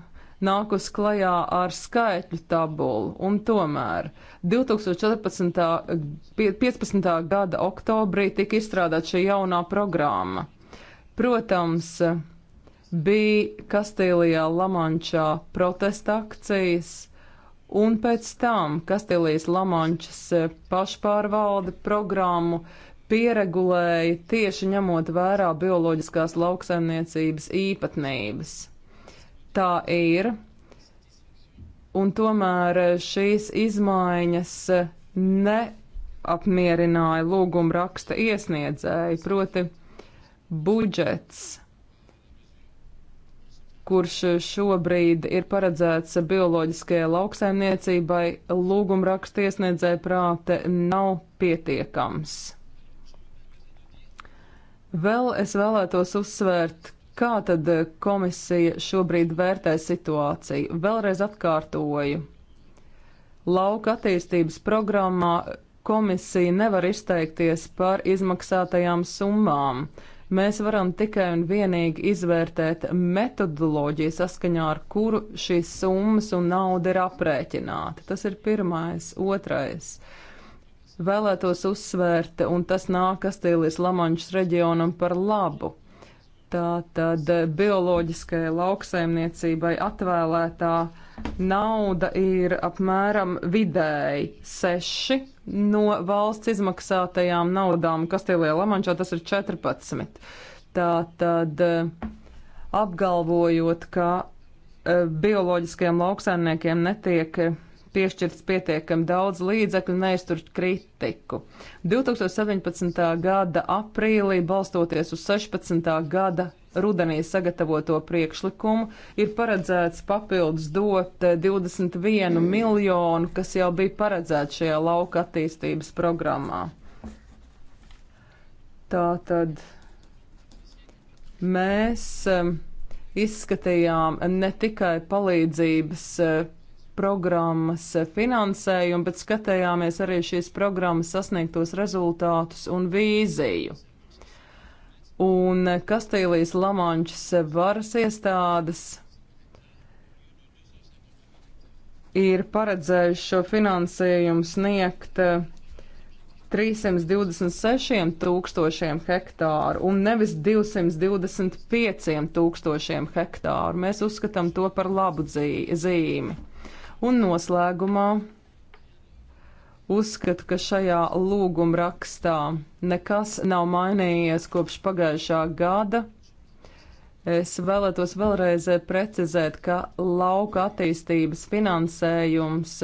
nākus klajā ar skaitļu tabulu, un tomēr 2014. 15. gada oktobrī tika izstrādāta šī jaunā programma. Protams, bija Kastīlijā Lamančā protesta akcijas, un pēc tam Kastīlijas Lamančas eh, pašpārvalde programmu pieregulēja tieši ņemot vērā bioloģiskās lauksaimniecības īpatnības tā ir. Un tomēr šīs izmaiņas neapmierināja lūguma raksta iesniedzēju, proti budžets kurš šobrīd ir paredzēts bioloģiskajai lauksaimniecībai, lūguma raksta iesniedzēja prāte nav pietiekams. Vēl es vēlētos uzsvērt, Kā tad eh, komisija šobrīd vērtē situāciju? Vēlreiz atkārtoju. Lauka attīstības programmā komisija nevar izteikties par izmaksātajām summām. Mēs varam tikai un vienīgi izvērtēt metodoloģiju, saskaņā ar kuru šīs summas un nauda ir aprēķināta. Tas ir pirmais. Otrais. Vēlētos uzsvērt, un tas nāk Kastīlijas Lamančas reģionam par labu. Tātad bioloģiskajai lauksaimniecībai atvēlētā nauda ir apmēram vidēji seši no valsts izmaksātajām naudām. Kastilijā Lamančā tas ir 14. Tātad eh, apgalvojot, ka eh, bioloģiskajiem lauksaimniekiem netiek piešķirts pietiekami daudz līdzekļu, neizturst kritiku. 2017. gada aprīlī, balstoties uz 16. gada rudenī sagatavoto priekšlikumu, ir paredzēts papildus dot 21 eh, miljonu, kas jau bija paredzēts šajā lauka attīstības programmā. Tā tad mēs eh, izskatījām ne tikai palīdzības eh, programmas finansējumu, bet skatījāmies arī šīs programmas sasniegtos rezultātus un vīziju. Un Kastīlijas Lamančas varas iestādes ir paredzējuši šo finansējumu sniegt 326 eh, tūkstošiem hektāru un nevis 225 tūkstošiem hektāru. Mēs uzskatām to par labu dzīvi, zīmi. Un noslēgumā uzskata, ka šajā lūguma rakstā nekas nav mainījies kopš pagājušā gada. Es vēlētos vēlreiz precizēt, ka lauka attīstības finansējums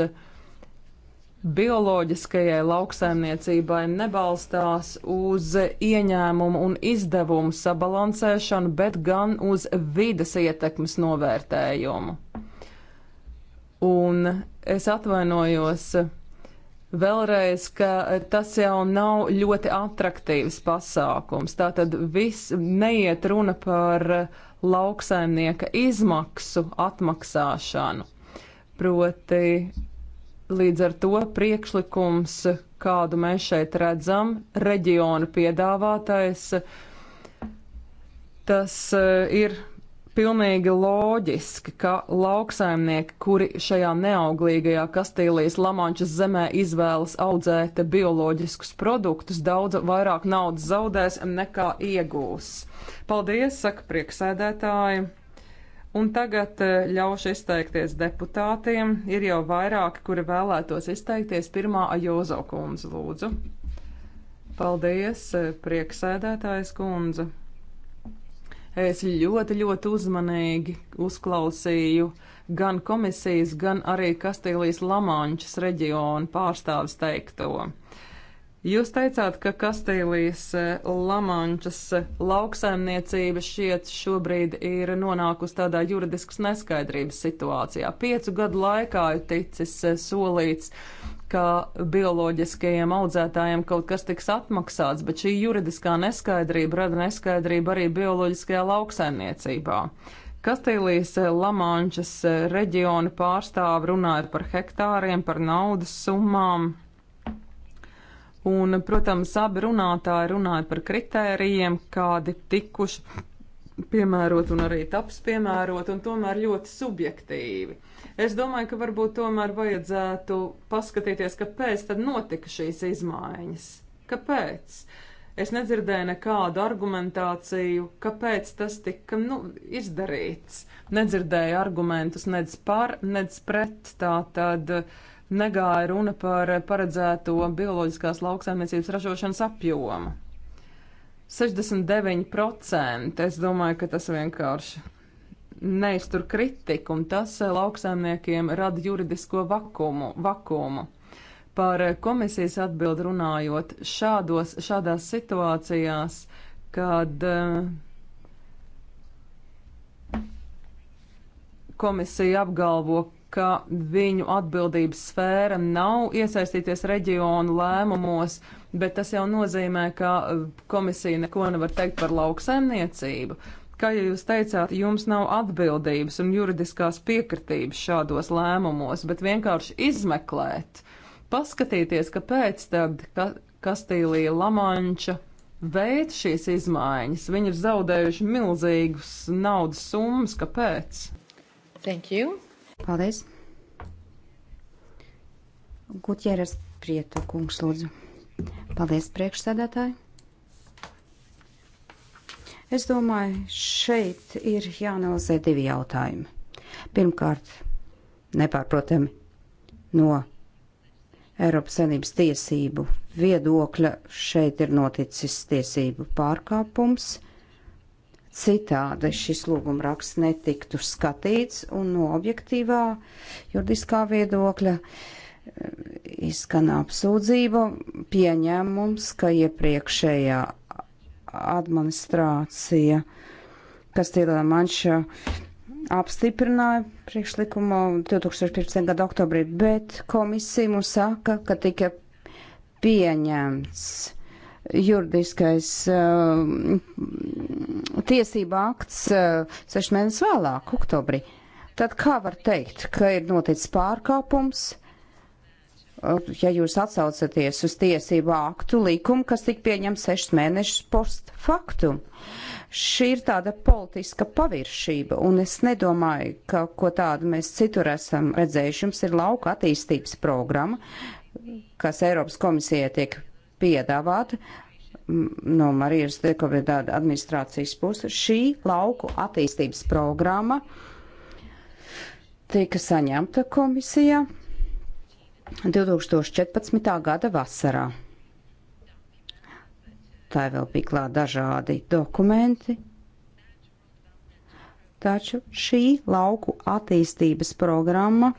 bioloģiskajai lauksaimniecībai nebalstās uz ieņēmumu un izdevumu sabalansēšanu, bet gan uz vidas ietekmes novērtējumu. Un es atvainojos vēlreiz, ka tas jau nav ļoti attraktīvs pasākums. Tātad viss neiet runa par lauksaimnieka izmaksu atmaksāšanu. Proti līdz ar to priekšlikums, kādu mēs šeit redzam, reģionu piedāvātais, tas eh, ir pilnīgi loģiski, ka lauksaimnieki, kuri šajā neauglīgajā Kastīlijas Lamančas zemē izvēlas audzēt bioloģiskus produktus, daudz vairāk naudas zaudēs nekā iegūs. Paldies, saka prieksēdētāji. Un tagad eh, ļaušu izteikties deputātiem. Ir jau vairāki, kuri vēlētos izteikties. Pirmā Ajozo kundze, lūdzu. Paldies, eh, prieksēdētājs kundze. Es ļoti, ļoti uzmanīgi uzklausīju gan komisijas, gan arī Kastīlijas Lamančas reģionu pārstāvis teikto. Jūs teicāt, ka Kastīlijas e, Lamančas e, lauksaimniecība šiet šobrīd ir nonākusi tādā juridiskas neskaidrības situācijā. Piecu gadu laikā ir ticis e, solīts, ka bioloģiskajiem audzētājiem kaut kas tiks atmaksāts, bet šī juridiskā neskaidrība rada neskaidrību arī bioloģiskajā lauksaimniecībā. Kastīlijas Lamančas reģiona pārstāvi runāja par hektāriem, par naudas summām Un, protams, abi runātāji runāja par kritērijiem, kādi tikuši piemērot un arī taps piemērot, un tomēr ļoti subjektīvi. Es domāju, ka varbūt tomēr vajadzētu paskatīties, kāpēc tad notika šīs izmaiņas. Kāpēc? Es nedzirdēju nekādu argumentāciju, kāpēc tas tika nu, izdarīts. Nedzirdēju argumentus nec par, nec pret. Tā tad uh, negāja runa par paredzēto bioloģiskās lauksaimniecības ražošanas apjomu. 69% es domāju, ka tas vienkārši neiztur kritiku, un tas eh, lauksaimniekiem rada juridisko vakumu. vakumu. Par komisijas atbildi runājot, šādos, šādās situācijās, kad uh, komisija apgalvo, ka viņu atbildības sfēra nav iesaistīties reģionu lēmumos, bet tas jau nozīmē, ka eh, komisija neko nevar teikt par lauksaimniecību. Kā jau jūs teicāt, jums nav atbildības un juridiskās piekritības šādos lēmumos, bet vienkārši izmeklēt, paskatīties, kāpēc tad ka Kastīlija Lamanča veids šīs izmaiņas. Viņi ir zaudējuši milzīgus naudas summas. Kāpēc?
Thank you. Paldies. Gutjeres Prieto kungs, lūdzu. Paldies, priekšsēdētāji. Es domāju, šeit ir jāanalizē divi jautājumi. Pirmkārt, nepārprotami no Eiropas Savienības tiesību viedokļa šeit ir noticis tiesību pārkāpums Citādi šis lūguma raksts netiktu skatīts un no objektīvā juridiskā viedokļa eh, izskan apsūdzība pieņēmums, ka iepriekšējā administrācija, kas Tīlā Manša apstiprināja priekšlikumu 2015. gada oktobrī, bet komisija mums saka, ka tika pieņemts juridiskais eh, tiesība akts eh, sešu mēnesi vēlāk, oktobrī. Tad kā var teikt, ka ir noticis pārkāpums? Eh, ja jūs atsaucaties uz tiesību aktu likumu, kas tika pieņemts sešus mēnešus post faktu. Šī ir tāda politiska paviršība, un es nedomāju, ka ko tādu mēs citur esam redzējuši. Jums ir lauka attīstības programma, kas Eiropas komisijai tiek piedāvāt no Marijas Dekovedāda administrācijas puses šī lauku attīstības programma tika saņemta komisijā 2014. gada vasarā. Tā vēl bija klāt dažādi dokumenti, taču šī lauku attīstības programma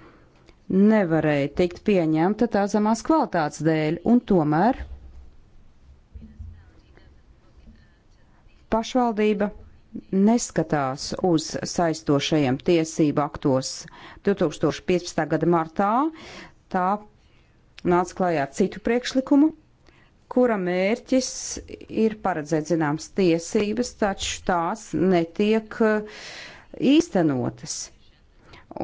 nevarēja tikt pieņemta tā zemās kvalitātes dēļ, un tomēr pašvaldība neskatās uz saistošajiem tiesību aktos 2015. gada martā. Tā nāca klajā citu priekšlikumu, kura mērķis ir paredzēt zināmas tiesības, taču tās netiek eh, īstenotas.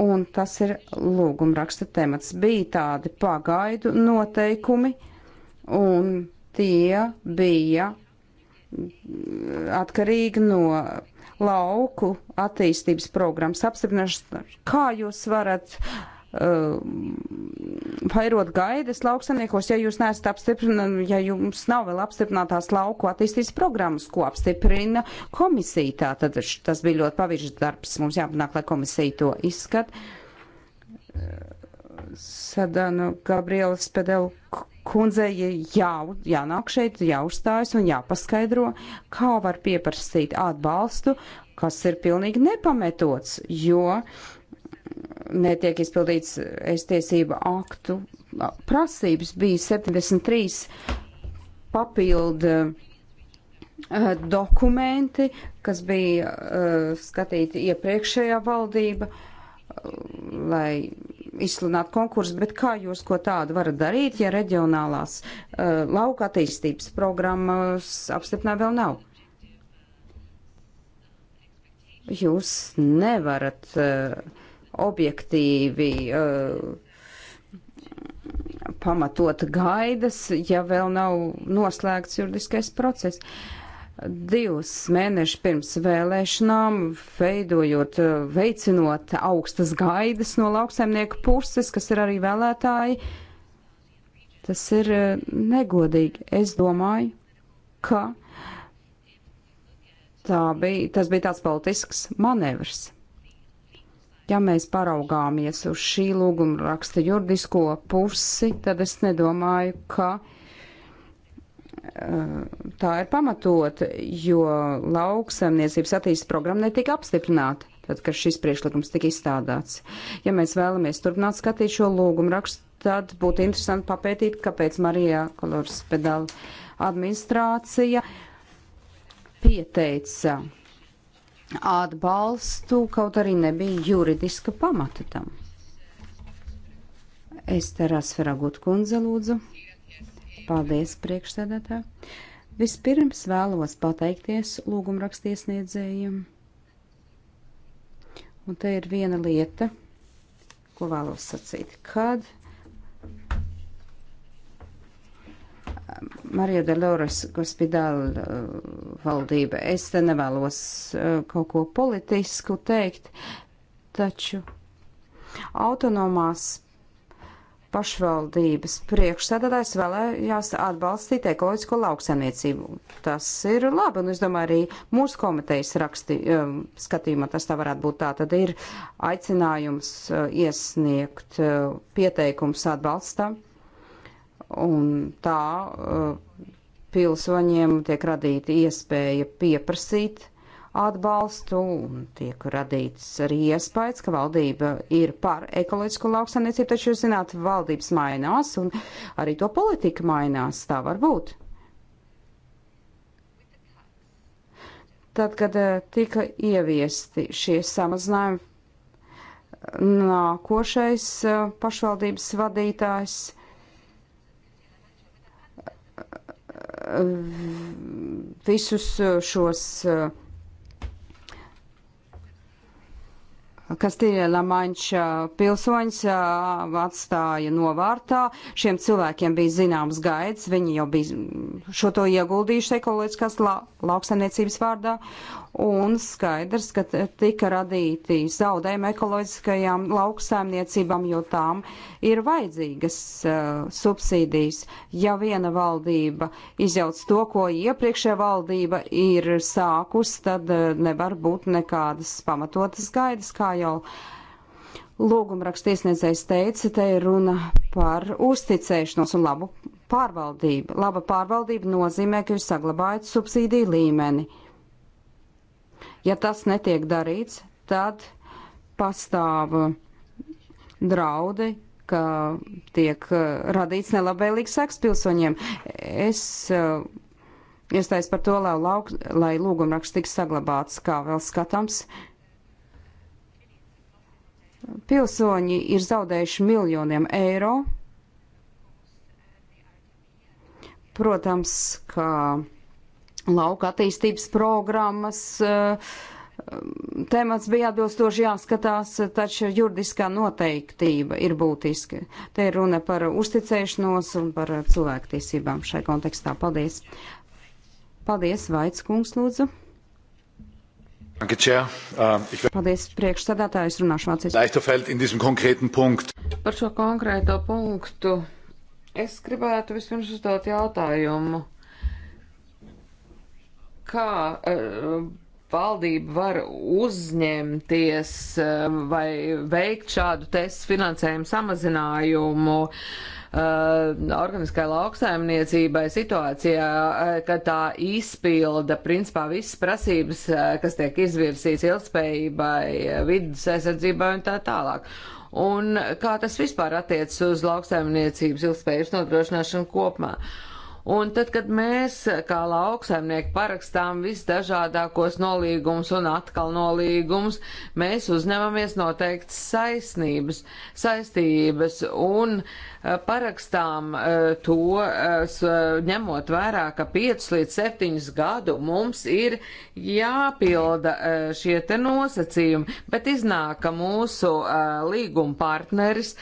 Un tas ir lūgumraksta temats. Bija tādi pagaidu noteikumi, un tie bija atkarīgi no lauku attīstības programmas apstiprināšanas. Kā jūs varat uh, vairot gaidas lauksaniekos, ja jūs neesat apstiprināti, ja jums nav vēl apstiprinātās lauku attīstības programmas, ko apstiprina komisija? Tā tad tas bija ļoti paviršs darbs. Mums jāpanāk, lai komisija to izskat. Sadanu Gabriela Spedelu kundzei jau, jānāk šeit, jāuzstājas un jāpaskaidro, kā var pieprasīt atbalstu, kas ir pilnīgi nepametots, jo netiek izpildīts es tiesība aktu prasības. Bija 73 papildu eh, dokumenti, kas bija uh, skatīti iepriekšējā valdība. Uh, lai izsludinātu konkursu, bet kā jūs ko tādu varat darīt, ja reģionālās uh, lauka attīstības programmas apstiprināta vēl nav? Jūs nevarat uh, objektīvi uh, pamatot gaidas, ja vēl nav noslēgts juridiskais process. Uh, divus mēnešus pirms vēlēšanām, veidojot, veicinot augstas gaidas no lauksaimnieku puses, kas ir arī vēlētāji. Tas ir eh, negodīgi. Es domāju, ka tā bija, tas bija tāds politisks manevrs. Ja mēs paraugāmies uz šī lūguma raksta juridisko pusi, tad es nedomāju, ka tā ir pamatot, jo lauksaimniecības attīstības programma netika apstiprināta, tad, kad šis priekšlikums tika izstādāts. Ja mēs vēlamies turpināt skatīt šo lūgumu rakstu, tad būtu interesanti papētīt, kāpēc Marijā Kolors pedāla administrācija pieteica atbalstu, kaut arī nebija juridiska pamata tam. Es te rasferagut kundze lūdzu. Paldies, priekšsēdētā. Vispirms vēlos pateikties lūgumrakstiesniedzējiem. Un te ir viena lieta, ko vēlos sacīt. Kad Marija Deloras Gospidāla uh, valdība, es te nevēlos uh, kaut ko politisku teikt, taču autonomās pašvaldības priekšsēdētājs vēlējās atbalstīt ekoloģisko lauksaimniecību. Tas ir labi, un es domāju, arī mūsu komitejas raksti, um, skatījumā tas tā varētu būt. Tā tad ir aicinājums uh, iesniegt uh, pieteikums atbalstam, un tā uh, pilsoņiem tiek radīta iespēja pieprasīt atbalstu un tiek radīts arī iespējas, ka valdība ir par ekoloģisko lauksaniecību, taču jūs zināt, valdības mainās un arī to politika mainās, tā var būt. Tad, kad eh, tika ieviesti šie samazinājumi, nākošais eh, pašvaldības vadītājs eh, visus šos uh, Kastīļa Lamanča pilsoņus atstāja novārtā. Šiem cilvēkiem bija zināms gaids, viņi jau bija šo to ieguldījuši ekoloģiskās la, lauksaimniecības vārdā un skaidrs, ka tika radīti zaudējumi ekoloģiskajām lauksēmniecībām, jo tām ir vajadzīgas uh, subsīdijas. Ja viena valdība izjauc to, ko iepriekšējā valdība ir sākus, tad uh, nevar būt nekādas pamatotas gaidas, kā jau lūgumraksta iesniedzējs teica, te ir runa par uzticēšanos un labu pārvaldību. Laba pārvaldība nozīmē, ka jūs saglabājat subsīdiju līmeni Ja tas netiek darīts, tad pastāv uh, draudi, ka tiek uh, radīts nelabvēlīgs seks pilsoņiem. Es uh, iestājos par to, lai, lauk, lai lūgumraksts tiks saglabāts, kā vēl skatāms. Pilsoņi ir zaudējuši miljoniem eiro. Protams, ka lauka attīstības programmas. Eh, temats bija atbilstoši jāskatās, taču juridiskā noteiktība ir būtiska. Te ir runa par uzticēšanos un par cilvēktiesībām šai kontekstā. Paldies! Paldies, Vaits kungs, lūdzu! Ähm, Paldies, priekšsēdētājs, runāšu vācijas.
Par šo konkrēto punktu es gribētu vispirms uzdot jautājumu kā eh, valdība var uzņemties eh, vai veikt šādu testu finansējumu samazinājumu eh, organiskai lauksaimniecībai situācijā, kad tā izpilda principā visas prasības, kas tiek izvirsīts ilgspējībai, vidus aizsardzībai un tā tālāk. Un kā tas vispār attiecas uz lauksaimniecības ilgspējības nodrošināšanu kopumā? Uh, Un tad, kad mēs kā lauksaimnieki parakstām visdažādākos nolīgumus un atkal nolīgumus, mēs uzņemamies noteikts saistības, saistības un uh, Eh, parakstām eh, to, eh, ņemot vērā, ka 5 līdz 7 gadu mums ir jāpilda šie te nosacījumi, bet iznāk, ka mūsu līguma partneris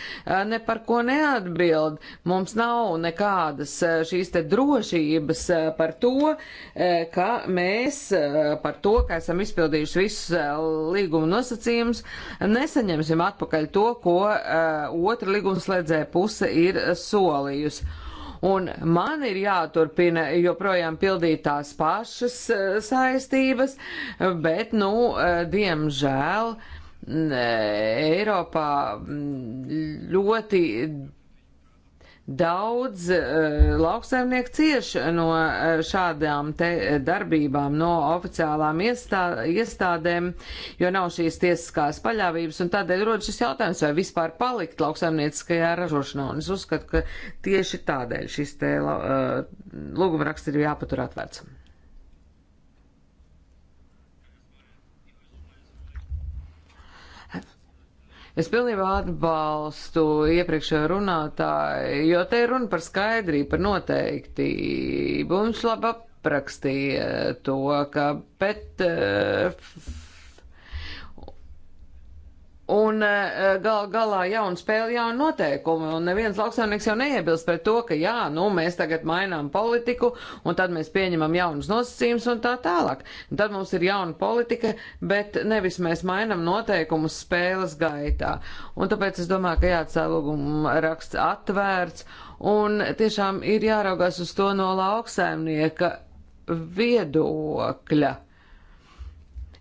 ne par ko neatbild. Mums nav nekādas šīs te drošības par to, ka mēs par to, ka esam izpildījuši visus līguma nosacījumus, nesaņemsim atpakaļ to, ko otra līgumslēdzē puse ir solījusi. Un man ir jāturpina joprojām pildīt tās pašas eh, saistības, bet, nu, eh, diemžēl. Eh, Eiropā mm, ļoti Daudz uh, lauksaimnieku cieš no uh, šādām te darbībām, no oficiālām iestā, iestādēm, jo nav šīs tiesiskās paļāvības, un tādēļ rod šis jautājums, vai vispār palikt lauksaimnieciskajā ražošanā, un es uzskatu, ka tieši tādēļ šis te uh, lūgumraksts ir jāpatur atvērts. Es pilnībā atbalstu iepriekšējo runātāju, jo te ir runa par skaidrību, par noteiktību. Mums labi aprakstīja to, ka pet. Uh, Un eh, gal galā jauna spēle, jauna noteikumi, un neviens lauksaimnieks jau neiebilst pret to, ka jā, nu mēs tagad mainām politiku, un tad mēs pieņemam jaunus nosacījumus un tā tālāk. Un tad mums ir jauna politika, bet nevis mēs mainam noteikumus spēles gaitā. Un tāpēc es domāju, ka jāatstāj lūguma raksts atvērts, un tiešām ir jāraugās uz to no lauksaimnieka viedokļa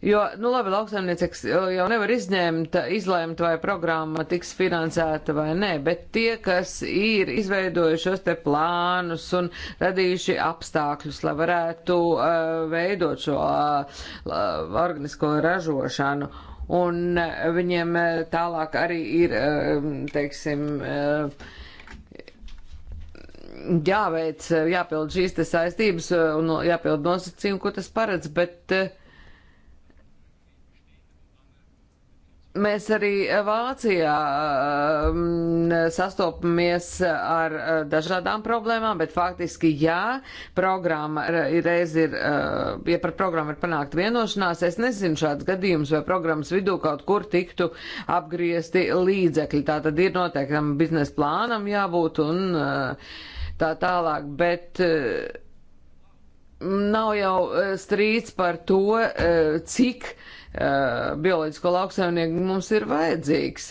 Jo, nu labi, lauksaimnieceks eh, jau nevar izņemt, izlēmt, vai programma tiks finansēta vai nē, bet tie, kas ir izveidojušos te plānus un radījuši apstākļus, lai varētu uh, veidot šo uh, organisko ražošanu, un uh, viņiem uh, tālāk arī ir, uh, teiksim, uh, jāveic, jāpild šīs te saistības un jāpild nosacījumi, ko tas paredz, bet uh, Mēs arī eh, Vācijā um, sastopamies ar eh, dažādām problēmām, bet faktiski, jā, programma reiz ir, uh, ja par programmu ir panākt vienošanās, es nezinu šāds gadījums, vai programmas vidū kaut kur tiktu apgriezti līdzekļi. Tā tad ir noteiktam biznesa plānam jābūt un uh, tā tālāk, bet. Uh, Nav jau strīds par to, cik uh, Eh, bioloģisko lauksaimnieku mums ir vajadzīgs.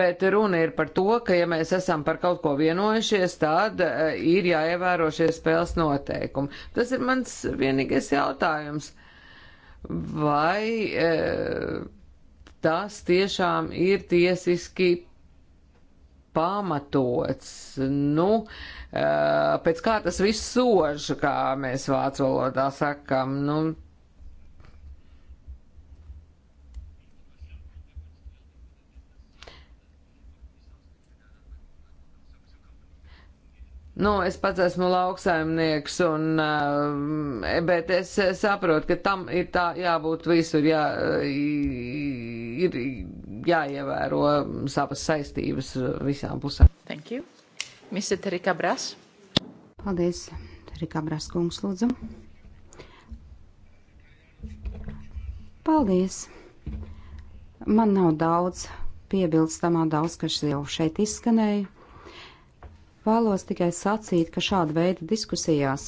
Bet runa ir par to, ka ja mēs esam par kaut ko vienojušies, tad eh, ir jāievēro šie spēles noteikumi. Tas ir mans vienīgais jautājums. Vai e, tas tiešām ir tiesiski pamatots? Nu, e, pēc kā tas viss sož, kā mēs vācu valodā sakam, nu, Nu, es pats esmu lauksaimnieks, un, eh, bet es saprotu, ka tam ir tā jābūt visur, jā, ir jāievēro savas saistības visām pusēm.
Thank you. Mr. Terika Brās. Paldies, Terika Brās kungs, lūdzu. Paldies. Man nav daudz piebilstamā daudz, kas jau šeit izskanēja Vēlos tikai sacīt, ka šāda veida diskusijās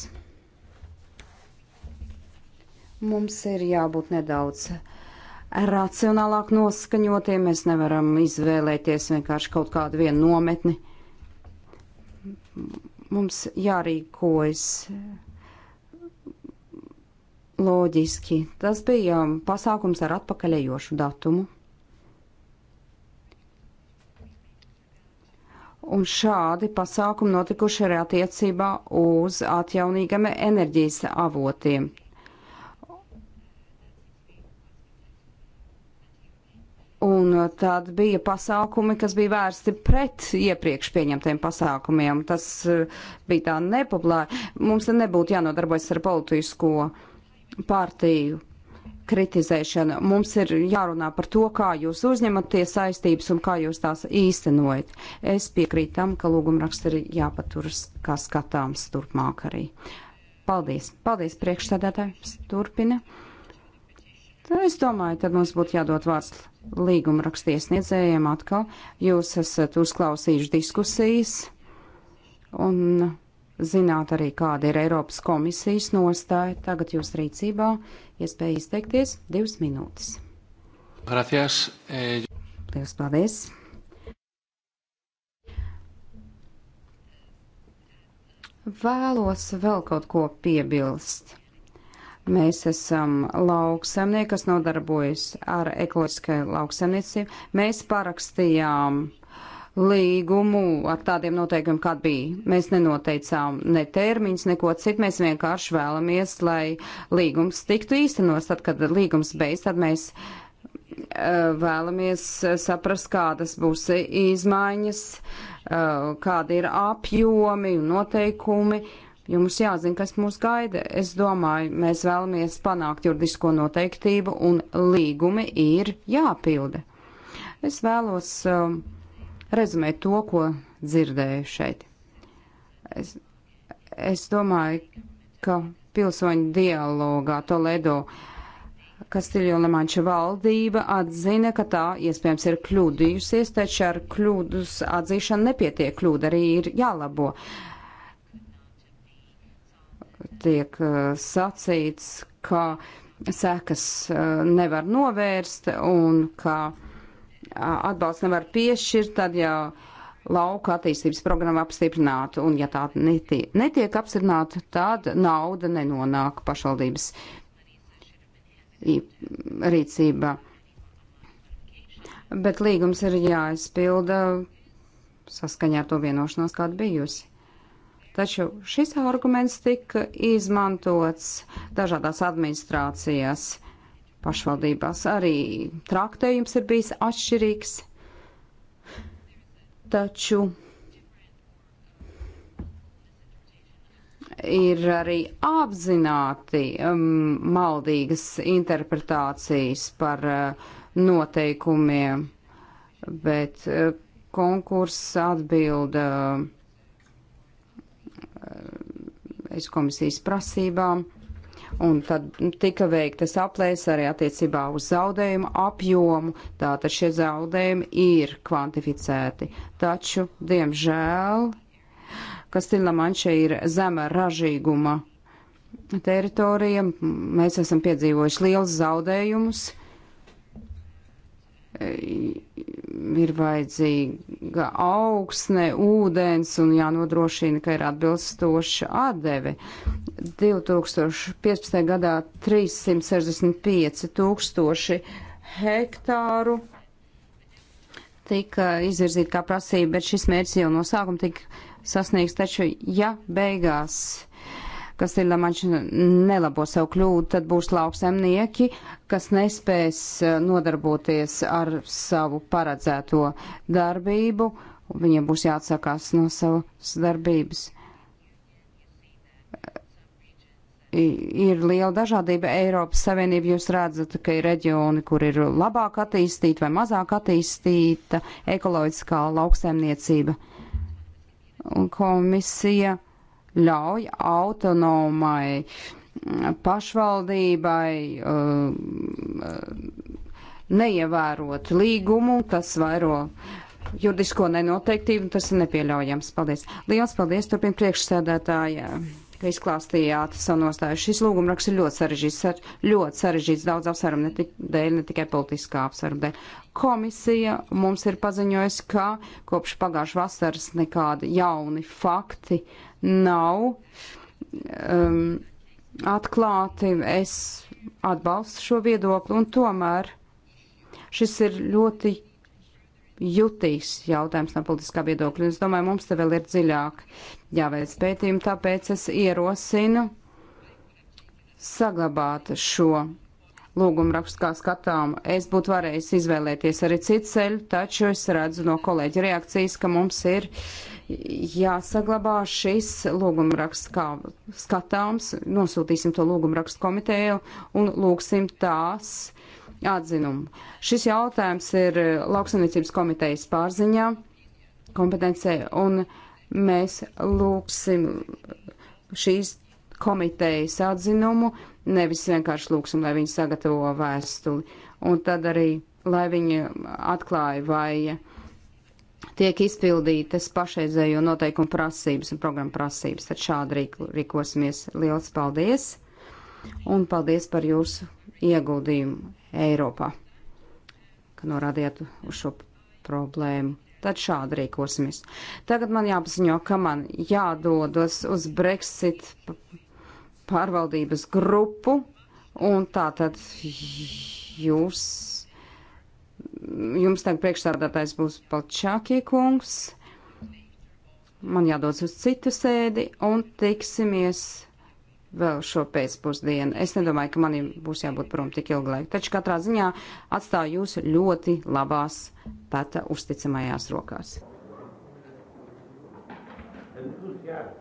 mums ir jābūt nedaudz racionālāk noskaņotiem. Mēs nevaram izvēlēties vienkārši kaut kādu vienu nometni. Mums jārīkojas loģiski. Tas bija pasākums ar atpakaļejošu datumu. Un šādi pasākumi notikuši arī attiecībā uz atjaunīgam enerģijas avotiem. Un tad bija pasākumi, kas bija vērsti pret iepriekš pieņemtiem pasākumiem. Tas eh, bija tā nepopulāri. Mums te nebūtu jānodarbojas ar politisko partiju kritizēšana. Mums ir jārunā par to, kā jūs uzņematies saistības un kā jūs tās īstenojat. Es piekrītu tam, ka lūgumraksts ir jāpaturas kā skatāms turpmāk arī. Paldies. Paldies, priekšstādātājs. Turpina. Tā es domāju, tad mums būtu jādod vārds līguma rakstiesniedzējiem atkal. Jūs esat uzklausījuši diskusijas un zināt arī, kāda ir Eiropas komisijas nostāja. Tagad jūs rīcībā iespēja izteikties divas minūtes.
Gracias. Eh,
Lielas paldies. Vēlos vēl kaut ko piebilst. Mēs esam lauksemnieki, kas nodarbojas ar ekoloģiskai lauksemniecību. Mēs parakstījām līgumu ar tādiem noteikumiem, kāda bija. Mēs nenoteicām ne termiņus, neko citu. Mēs vienkārši vēlamies, lai līgums tiktu īstenos. Tad, kad līgums beidz, tad mēs eh, vēlamies saprast, kādas būs izmaiņas, eh, kādi ir apjomi un noteikumi. Jums jāzina, kas mūs gaida. Es domāju, mēs vēlamies panākt juridisko noteiktību un līgumi ir jāpilda. Es vēlos uh, rezumēt to, ko dzirdēju šeit. Es, es domāju, ka pilsoņu dialogā Toledo Kastiljo Lemanča valdība atzina, ka tā iespējams ir kļūdījusies, taču ar kļūdus atzīšanu nepietiek, kļūda arī ir jālabo. Tiek uh, sacīts, ka sekas uh, nevar novērst un ka uh, atbalsts nevar piešķirt, tad jau lauka attīstības programma apstiprināta, un ja tā netiek, netiek apstiprināta, tad nauda nenonāk pašvaldības rīcībā. Bet līgums ir jāizpilda saskaņā ar to vienošanos, kāda bijusi. Taču šis arguments tika izmantots dažādās administrācijās pašvaldībās. Arī traktējums ir bijis atšķirīgs, taču ir arī apzināti um, maldīgas interpretācijas par uh, noteikumiem, bet uh, konkurss atbilda uh, komisijas prasībām. Uh, Un tad tika veiktas aplēs arī attiecībā uz zaudējumu apjomu. Tātad šie zaudējumi ir kvantificēti. Taču, diemžēl, Kastīna Mančē ir zema ražīguma teritorija. Mēs esam piedzīvojuši liels zaudējumus ir vajadzīga augsne, ūdens un jānodrošina, ka ir atbilstoša atdeve. 2015. gadā 365 tūkstoši hektāru tika izvirzīta kā prasība, bet šis mērķis jau no sākuma tika sasniegts, taču ja beigās kas ir lamanči nelabo sev kļūdu, tad būs lauksemnieki, kas nespēs eh, nodarboties ar savu paredzēto darbību, viņiem būs jāatsakās no savas darbības. Ir liela dažādība Eiropas Savienība. Jūs redzat, ka ir reģioni, kur ir labāk attīstīta vai mazāk attīstīta ekoloģiskā lauksaimniecība. Un komisija uh, ļauj autonomai mm, pašvaldībai mm, neievērot līgumu, tas vairo juridisko nenoteiktību, un tas ir nepieļaujams. Paldies. Liels paldies turpin priekšsēdētājai ka izklāstījāt savu nostāju. Šis lūgumraksts ir ļoti sarežģīts, ar, ļoti sarežģīts daudz apsvērumu ne tik, dēļ, ne tikai politiskā apsvērumu dēļ. Komisija mums ir paziņojusi, ka kopš pagājušas vasaras nekādi jauni fakti nav um, atklāti. Es atbalstu šo viedokli, un tomēr šis ir ļoti jutīgs jautājums no politiskā viedokļa. Es domāju, mums te vēl ir dziļāk jāveic pētījumi, tāpēc es ierosinu saglabāt šo lūgumu rakstu kā skatām. Es būtu varējis izvēlēties arī citu ceļu, taču es redzu no kolēģa reakcijas, ka mums ir jāsaglabā šis lūgumraksts kā skatāms, nosūtīsim to lūgumrakstu komiteju un lūgsim tās atzinumu. Šis jautājums ir lauksaimniecības komitejas pārziņā, kompetencē, un mēs lūgsim šīs komitejas atzinumu, nevis vienkārši lūgsim, lai viņi sagatavo vēstuli. Un tad arī, lai viņi atklāja vai tiek izpildītas pašreizējo noteikumu prasības un programmu prasības. Tad šādi rīkosimies. Liels paldies! Un paldies par jūsu ieguldījumu Eiropā, ka norādījāt uz šo problēmu. Tad šādi rīkosimies. Tagad man jāpaziņo, ka man jādodas uz Brexit pārvaldības grupu, un tā tad jūs Jums tagad priekšstādātājs būs Palčākie kungs. Man jādodas uz citu sēdi un tiksimies vēl šo pēcpusdienu. Es nedomāju, ka man būs jābūt prom tik ilgu laiku. Taču katrā ziņā atstāju jūs ļoti labās pēta uzticamajās rokās.
Entuziasma.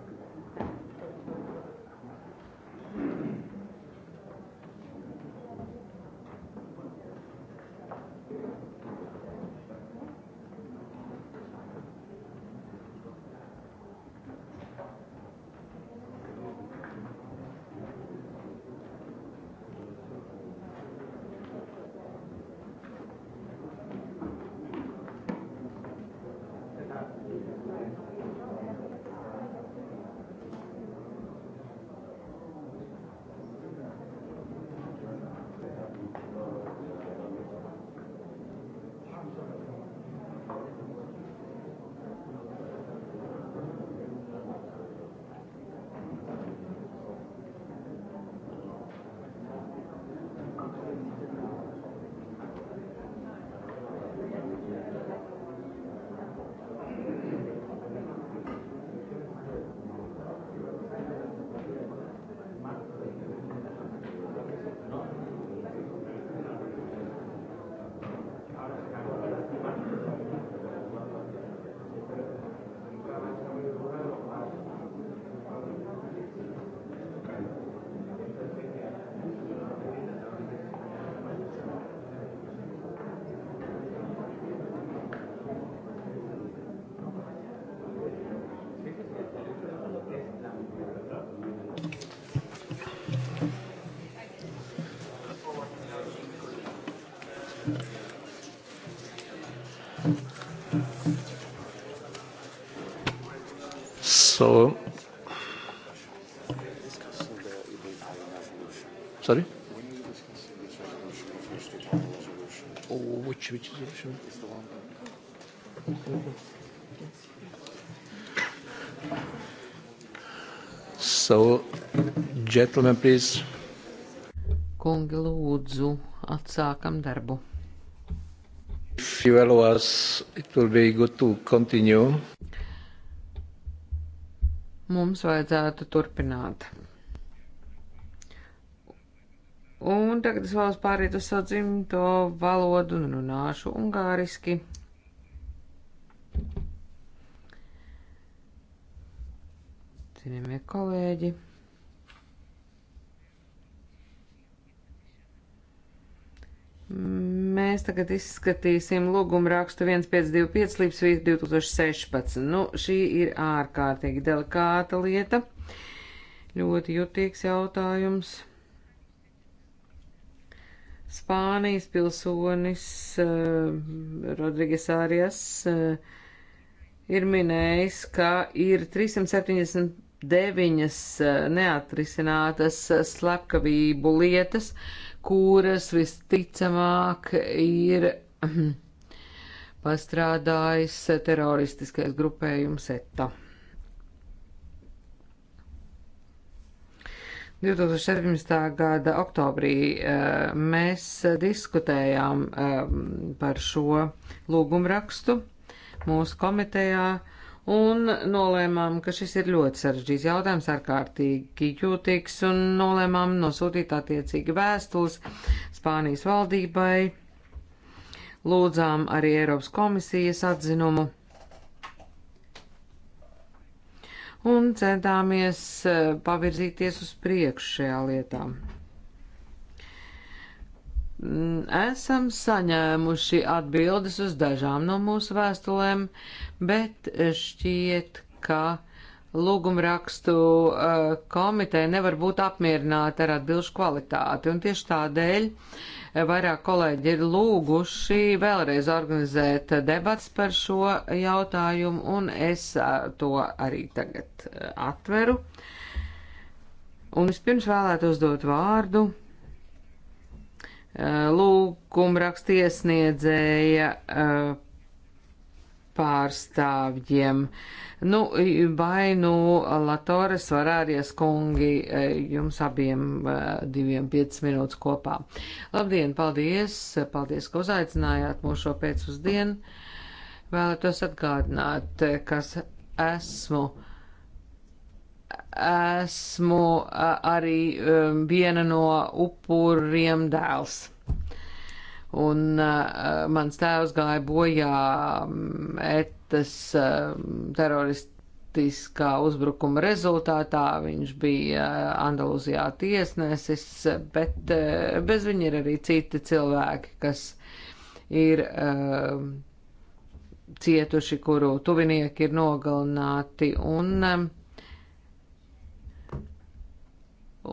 section is the one that...
So, gentlemen, please.
Kungi, lūdzu, atsākam darbu.
If you allow us, it will be good to continue.
Mums vajadzētu turpināt. Un tagad es vēlos pāriet uz savu dzimto valodu un runāšu ungāriski. Cienījamie kolēģi. Mēs tagad izskatīsim lūgumu rakstu 1525 līdz 2016. Nu, šī ir ārkārtīgi delikāta lieta, ļoti jutīgs jautājums. Spānijas pilsonis eh, Rodrigas Arias eh, ir minējis, ka ir 379 eh, neatrisinātas slepkavību lietas, kuras visticamāk ir pastrādājis teroristiskais grupējums ETA. 2017. gada oktobrī eh, mēs diskutējām eh, par šo lūgumrakstu mūsu komitejā un nolēmām, ka šis ir ļoti sarežģīts jautājums, ārkārtīgi jūtīgs, un nolēmām nosūtīt attiecīgi vēstules Spānijas valdībai. Lūdzām arī Eiropas komisijas atzinumu un centāmies eh, pavirzīties uz priekšu šajā lietā. Mm, esam saņēmuši atbildes uz dažām no mūsu vēstulēm, bet šķiet, ka lūgumrakstu eh, komiteja nevar būt apmierināta ar atbilžu kvalitāti, un tieši tādēļ uh, Vairāk kolēģi ir lūguši vēlreiz organizēt debats par šo jautājumu, un es to arī tagad atveru. Un vispirms vēlētu uzdot vārdu lūgumrakstiesniedzēja pārstāvjiem. Nu, vai nu Latores varāries kungi e, jums abiem e, diviem piecas minūtes kopā. Labdien, paldies, paldies, ka uzaicinājāt mūs šo pēcpusdienu. Vēlētos atgādināt, kas esmu. Esmu e, arī viena no upuriem dēls. Un uh, mans tēvs gāja bojā um, etas uh, um, teroristiskā uzbrukuma rezultātā. Viņš bija uh, Andalūzijā tiesnesis, bet uh, bez viņa ir arī citi cilvēki, kas ir uh, cietuši, kuru tuvinieki ir nogalināti. Un, uh,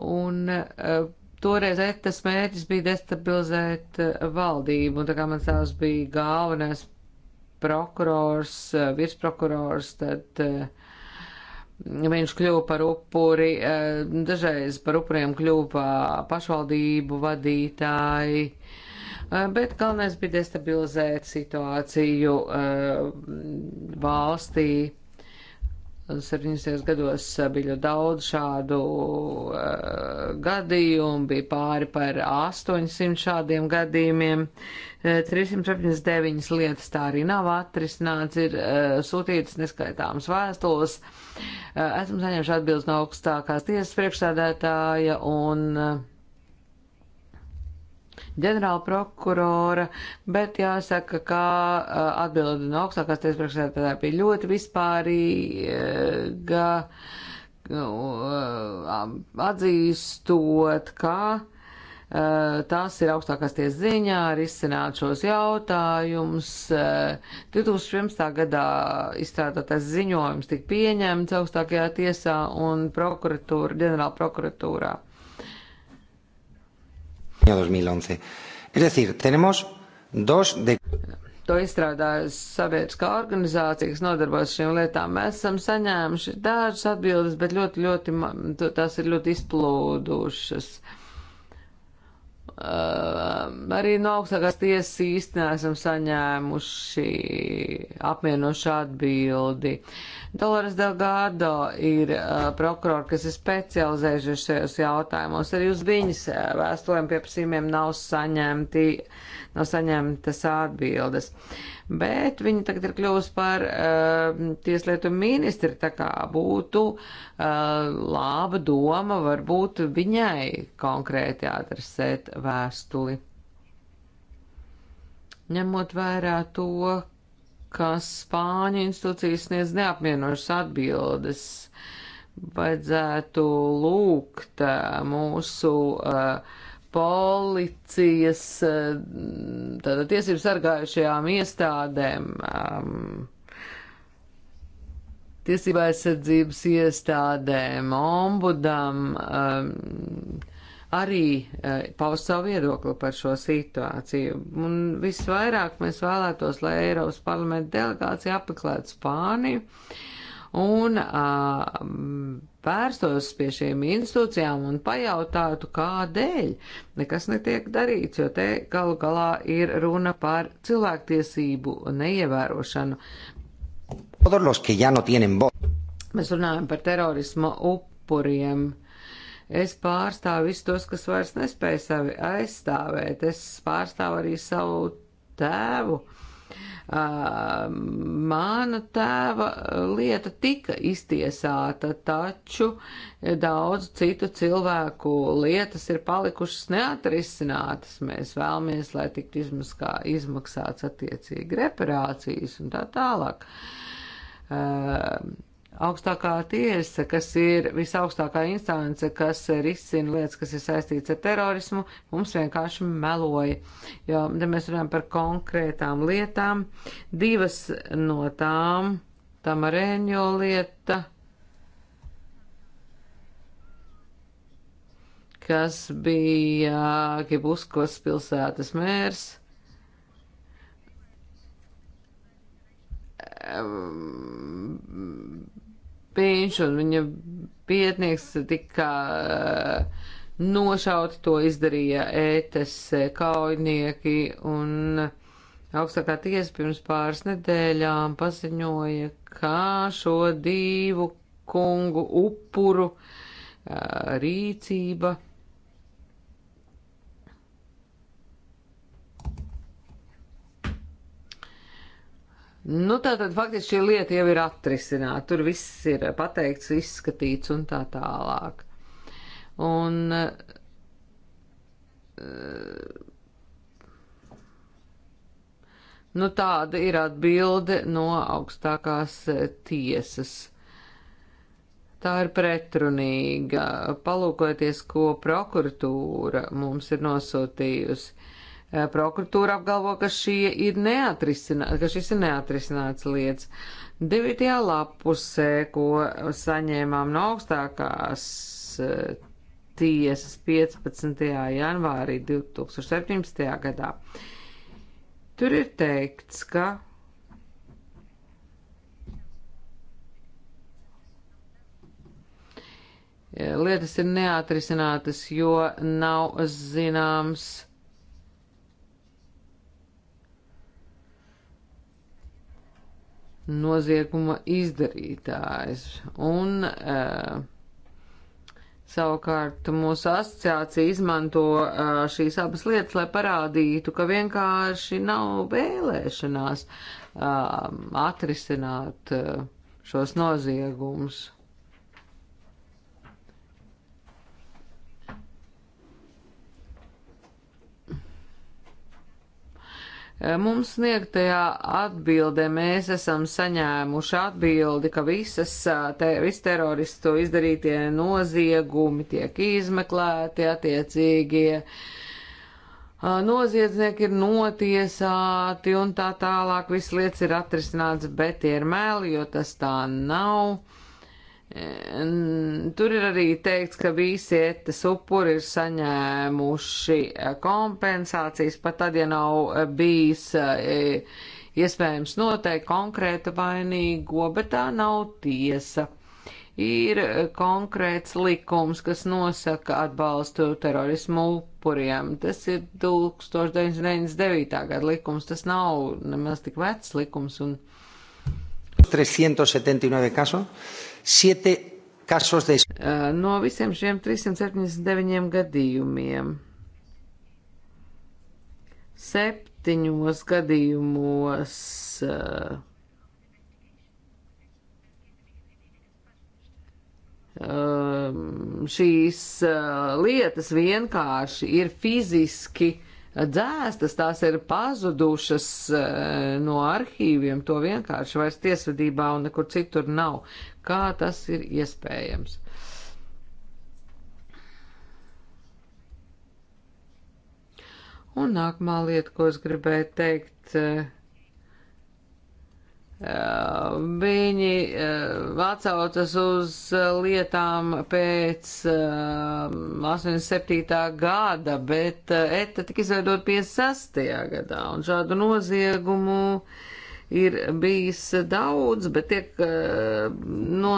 un uh, toreiz etas mērķis bija destabilizēt eh, valdību, un tā kā mans tēvs bija galvenais prokurors, eh, virsprokurors, tad eh, viņš kļuva par upuri, dažreiz par upuriem kļuva pašvaldību vadītāji, bet galvenais bija destabilizēt situāciju valstī. 70. gados eh, bija ļoti daudz šādu uh, gadījumu, bija pāri par 800 šādiem gadījumiem. Uh, eh, 379 lietas tā arī nav atrisināts, ir uh, sūtītas neskaitāmas vēstules. Uh, esmu saņēmuši atbildes no augstākās tiesas priekšsādētāja un uh, ģenerāla prokurora, bet jāsaka, ka atbildi no augstākās tiesas priekšsēdētāja bija ļoti vispārīga, atzīstot, ka tās ir augstākās tiesas ziņā, arī izcināt šos jautājumus. 2011. gadā izstrādātais ziņojums tika pieņemts augstākajā tiesā un prokuratūra, ģenerāla prokuratūrā año 2011. Es decir, tenemos dos de. To izstrādājusi sabiedriskā organizācija, kas nodarbojas šīm lietām. Mēs esam saņēmuši dažas atbildes, bet ļoti, ļoti, tās ir ļoti izplūdušas. Uh, Uh, arī no augstākās tiesas īsti neesam saņēmuši apmienošu atbildi. Dolores Delgado ir uh, eh, prokurori, kas ir specializējušies šajos jautājumos. Arī uz viņas eh, vēstulēm pieprasījumiem nav saņemti, nav saņemtas atbildes. Uh, bet viņa tagad ir kļuvusi par uh, tieslietu ministri, tā kā būtu uh, laba doma varbūt viņai konkrēti adresēt vēstuli. Ņemot vērā to, ka Spāņu institūcijas sniedz neapmienošas atbildes, vajadzētu lūgt eh, mūsu uh, policijas, eh, tātad tiesību sargājušajām iestādēm, um, tiesībā aizsardzības iestādēm, ombudam, um, arī uh, paust savu viedokli par šo situāciju. Un visvairāk mēs vēlētos, lai Eiropas parlamenta delegācija apmeklētu Spāniju un uh, vērstos pie šiem institūcijām un pajautātu, kādēļ nekas netiek darīts, jo te galu galā ir runa par cilvēktiesību neievērošanu. Mēs runājam par terorisma upuriem. Es pārstāvu visus tos, kas vairs nespēja sevi aizstāvēt. Es pārstāvu arī savu tēvu. Mana tēva lieta tika iztiesāta, taču daudz citu cilvēku lietas ir palikušas neatrisinātas. Mēs vēlamies, lai tiktu izmaskā, izmaksāts attiecīgi reparācijas un tā tālāk. Uh, augstākā tiesa, kas ir visaugstākā instance, kas risina lietas, kas ir saistīts ar terorismu, mums vienkārši meloja. Jo, ja mēs runājam par konkrētām lietām, divas no tām - tamarēņo lieta, kas bija Kibuskos pilsētas mērs. Um, Pīņš un viņa vietnieks tika eh, nošauti, to izdarīja ētes eh, kaujinieki un augstākā tiesa pirms pāris nedēļām paziņoja, kā šo divu kungu upuru eh, rīcība Nu, tā tad faktiski šī lieta jau ir atrisināta. Tur viss ir pateikts, izskatīts un tā tālāk. Un, eh, nu, tāda ir atbilde no augstākās tiesas. Tā ir pretrunīga. Palūkoties, ko prokuratūra mums ir nosūtījusi Eh, prokuratūra apgalvo, ka, ir ka šis ir neatrisināts lietas. Devītajā lapusē, ko saņēmām no augstākās eh, tiesas 15. janvārī 2017. gadā, tur ir teikts, ka eh, lietas ir neatrisinātas, jo nav zināms, nozieguma izdarītājs. Un e, savukārt mūsu asociācija izmanto e, šīs abas lietas, lai parādītu, ka vienkārši nav vēlēšanās e, atrisināt e, šos noziegumus. Eh, mums sniegtajā atbildē mēs esam saņēmuši atbildi, ka visas, eh, te, visi teroristu izdarītie noziegumi tiek izmeklēti attiecīgie. Eh, noziedznieki ir notiesāti un tā tālāk, viss lietas ir atrisināts, bet ir meli, jo tas tā nav. Tur ir arī teikts, ka visi etes upuri ir saņēmuši eh, kompensācijas, pat tad, ja nav eh, bijis eh, iespējams noteikt konkrēta vainīgo, bet tā nav tiesa. Ir konkrēts likums, kas nosaka atbalstu terorismu upuriem. Tas ir 1999. gada likums, tas nav nemaz tik vecs likums. Un... 379 casos siete casos de. Eh, no visiem šiem 379 gadījumiem septiņos gadījumos eh, ehm, šīs eh, lietas vienkārši ir fiziski dzēstas, tās ir pazudušas eh, no arhīviem, to vienkārši vairs tiesvedībā un nekur citur nav. Kā tas ir iespējams? Un nākamā lieta, ko es gribēju teikt, eh, Viņi atsaucas uz lietām pēc 87. gada, bet ETA tika izveidot 56. gadā, un šādu noziegumu ir bijis daudz, bet tiek no,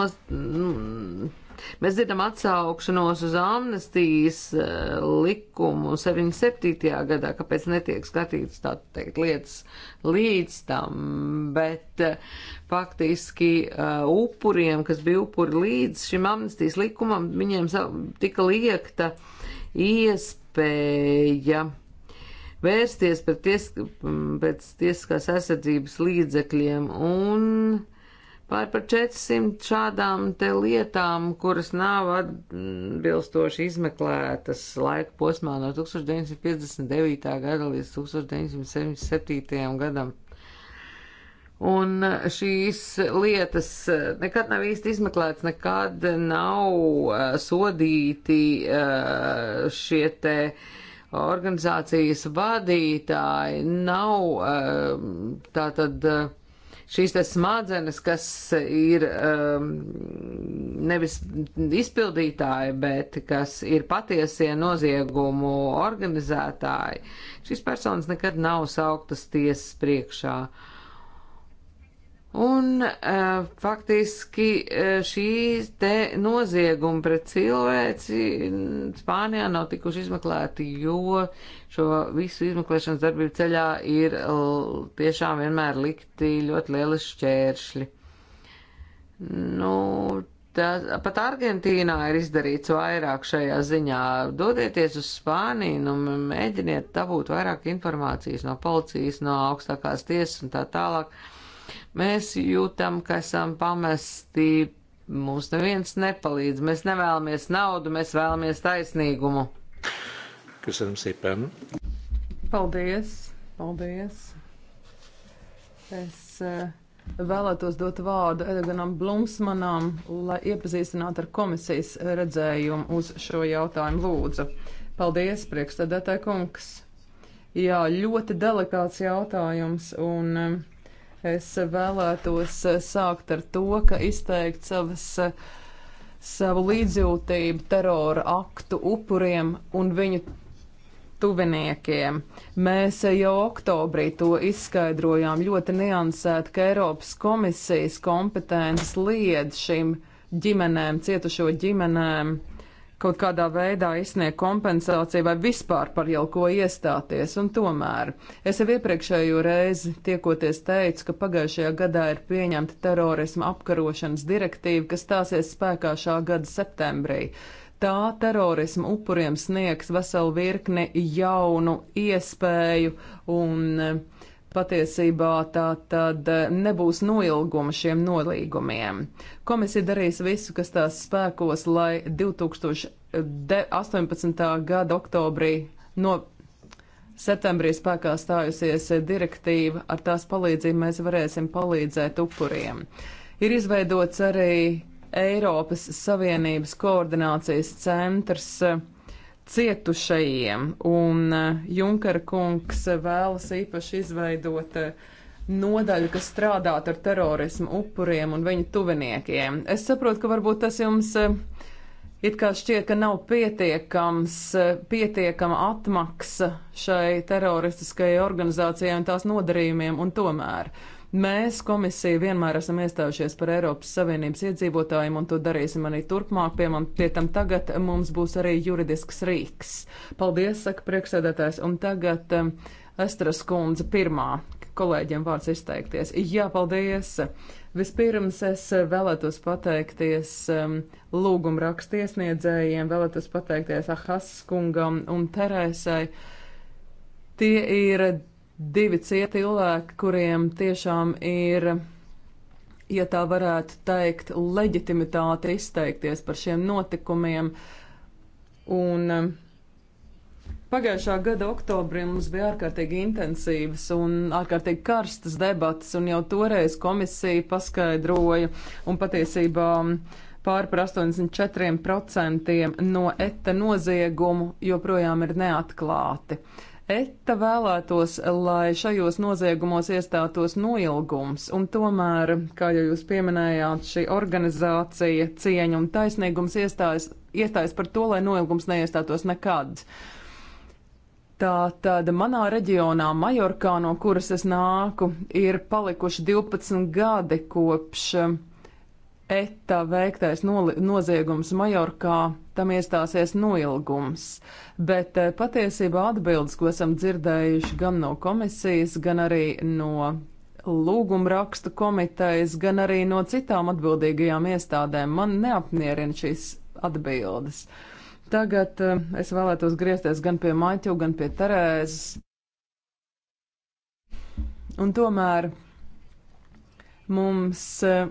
Mēs dzirdam atsaukšanos uz amnestijas eh, likumu 77. gadā, kāpēc netiek skatīts tā teikt lietas līdz tam, bet eh, faktiski eh, upuriem, kas bija upuri līdz šim amnestijas likumam, viņiem tika liekta iespēja vērsties pret, ties, pēc tiesiskās aizsardzības līdzekļiem un uh, Pār par 400 šādām te lietām, kuras nav atbilstoši izmeklētas laika posmā no 1959. gada līdz 1977. gadam. Un šīs lietas nekad nav īsti izmeklētas, nekad nav eh, sodīti eh, šie te organizācijas vadītāji, nav eh, tātad šīs tas smadzenes, kas ir um, nevis izpildītāji, bet kas ir patiesie noziegumu organizētāji, šīs personas nekad nav sauktas tiesas priekšā. Uh, Un uh, faktiski uh, eh, šīs te noziegumi pret cilvēci Spānijā nav tikuši izmeklēti, jo šo visu izmeklēšanas darbību ceļā ir tiešām vienmēr likti ļoti lieli šķēršļi. Nu, tā, pat Argentīnā ir izdarīts vairāk šajā ziņā. Dodieties uz Spāniju, nu, mēģiniet dabūt vairāk informācijas no policijas, no augstākās tiesas un tā tālāk. Uh, Mēs jūtam, ka esam pamesti, mums neviens nepalīdz, mēs nevēlamies naudu, mēs vēlamies taisnīgumu.
Köszönöm szépen!
Paldies! Paldies! Es
uh, vēlētos dot vārdu Edganam Blumsmanam, lai iepazīstinātu ar komisijas redzējumu uz šo jautājumu lūdzu. Paldies, priekšstādātāj kungs! Jā, ļoti delikāts jautājums, un eh, Es vēlētos eh, sākt ar to, ka izteikt savas, eh, savu līdzjūtību terora aktu upuriem un viņu tuviniekiem. Mēs jau oktobrī to izskaidrojām ļoti niansēti, ka Eiropas komisijas kompetences liedz šīm ģimenēm, cietušo ģimenēm, kaut kādā veidā izsniegt kompensāciju vai vispār par jau ko iestāties. Un tomēr es jau iepriekšējo reizi tiekoties teicu, ka pagājušajā gadā ir pieņemta terorisma apkarošanas direktīva, kas stāsies spēkā šā gada septembrī. Tā terorisma upuriem sniegs veselu virkni jaunu iespēju un uh, Patiesībā tā tad eh, nebūs noilguma šiem nolīgumiem. Komisija darīs visu, kas tās spēkos, lai 2018. gada oktobrī no septembrī spēkā stājusies direktīva, ar tās palīdzību mēs varēsim palīdzēt upuriem. Ir izveidots arī Eiropas Savienības koordinācijas centrs eh, cietušajiem, un eh, Junkara kungs vēlas īpaši izveidot eh, nodaļu, kas strādātu ar terorismu upuriem un viņu tuviniekiem. Es saprotu, ka varbūt tas jums eh, it kā šķiet, ka nav pietiekams, pietiekama atmaksa šai teroristiskajai organizācijai un tās nodarījumiem, un tomēr. Uh, Mēs, komisija, vienmēr esam iestājušies par Eiropas Savienības iedzīvotājiem, un to darīsim arī turpmāk. Piemēram, pie tam tagad mums būs arī juridisks rīks. Paldies, saka priekšsēdētājs, un tagad um, Estras kundze pirmā kolēģiem vārds izteikties. Jā, paldies! Vispirms es vēlētos pateikties um, lūguma rakstu iesniedzējiem, vēlētos pateikties Ahas kungam un Terēsai. Tie ir divi cieti cilvēki, kuriem tiešām ir, ja tā varētu teikt, leģitimitāte izteikties par šiem notikumiem. Un um, pagājušā gada oktobrī mums bija ārkārtīgi intensīvas un ārkārtīgi karstas debatas, un jau toreiz komisija paskaidroja un patiesībā um, pāri par 84% no eta noziegumu joprojām ir neatklāti. Uh, ETA vēlētos, lai šajos noziegumos iestātos noilgums, un tomēr, kā jau jūs pieminējāt, šī organizācija cieņa un taisnīgums iestājas, iestājas par to, lai noilgums neiestātos nekad. Tā tad manā reģionā, Majorkā, no kuras es nāku, ir palikuši 12 gadi kopš ETA veiktais noziegums Majorkā, tam iestāsies noilgums, bet eh, patiesībā atbildes, ko esam dzirdējuši gan no komisijas, gan arī no lūgumrakstu komitejas, gan arī no citām atbildīgajām iestādēm, man neapmierina šīs atbildes. Tagad uh, es vēlētos griezties gan pie Maķu, gan pie Terēzes. Un tomēr mums uh,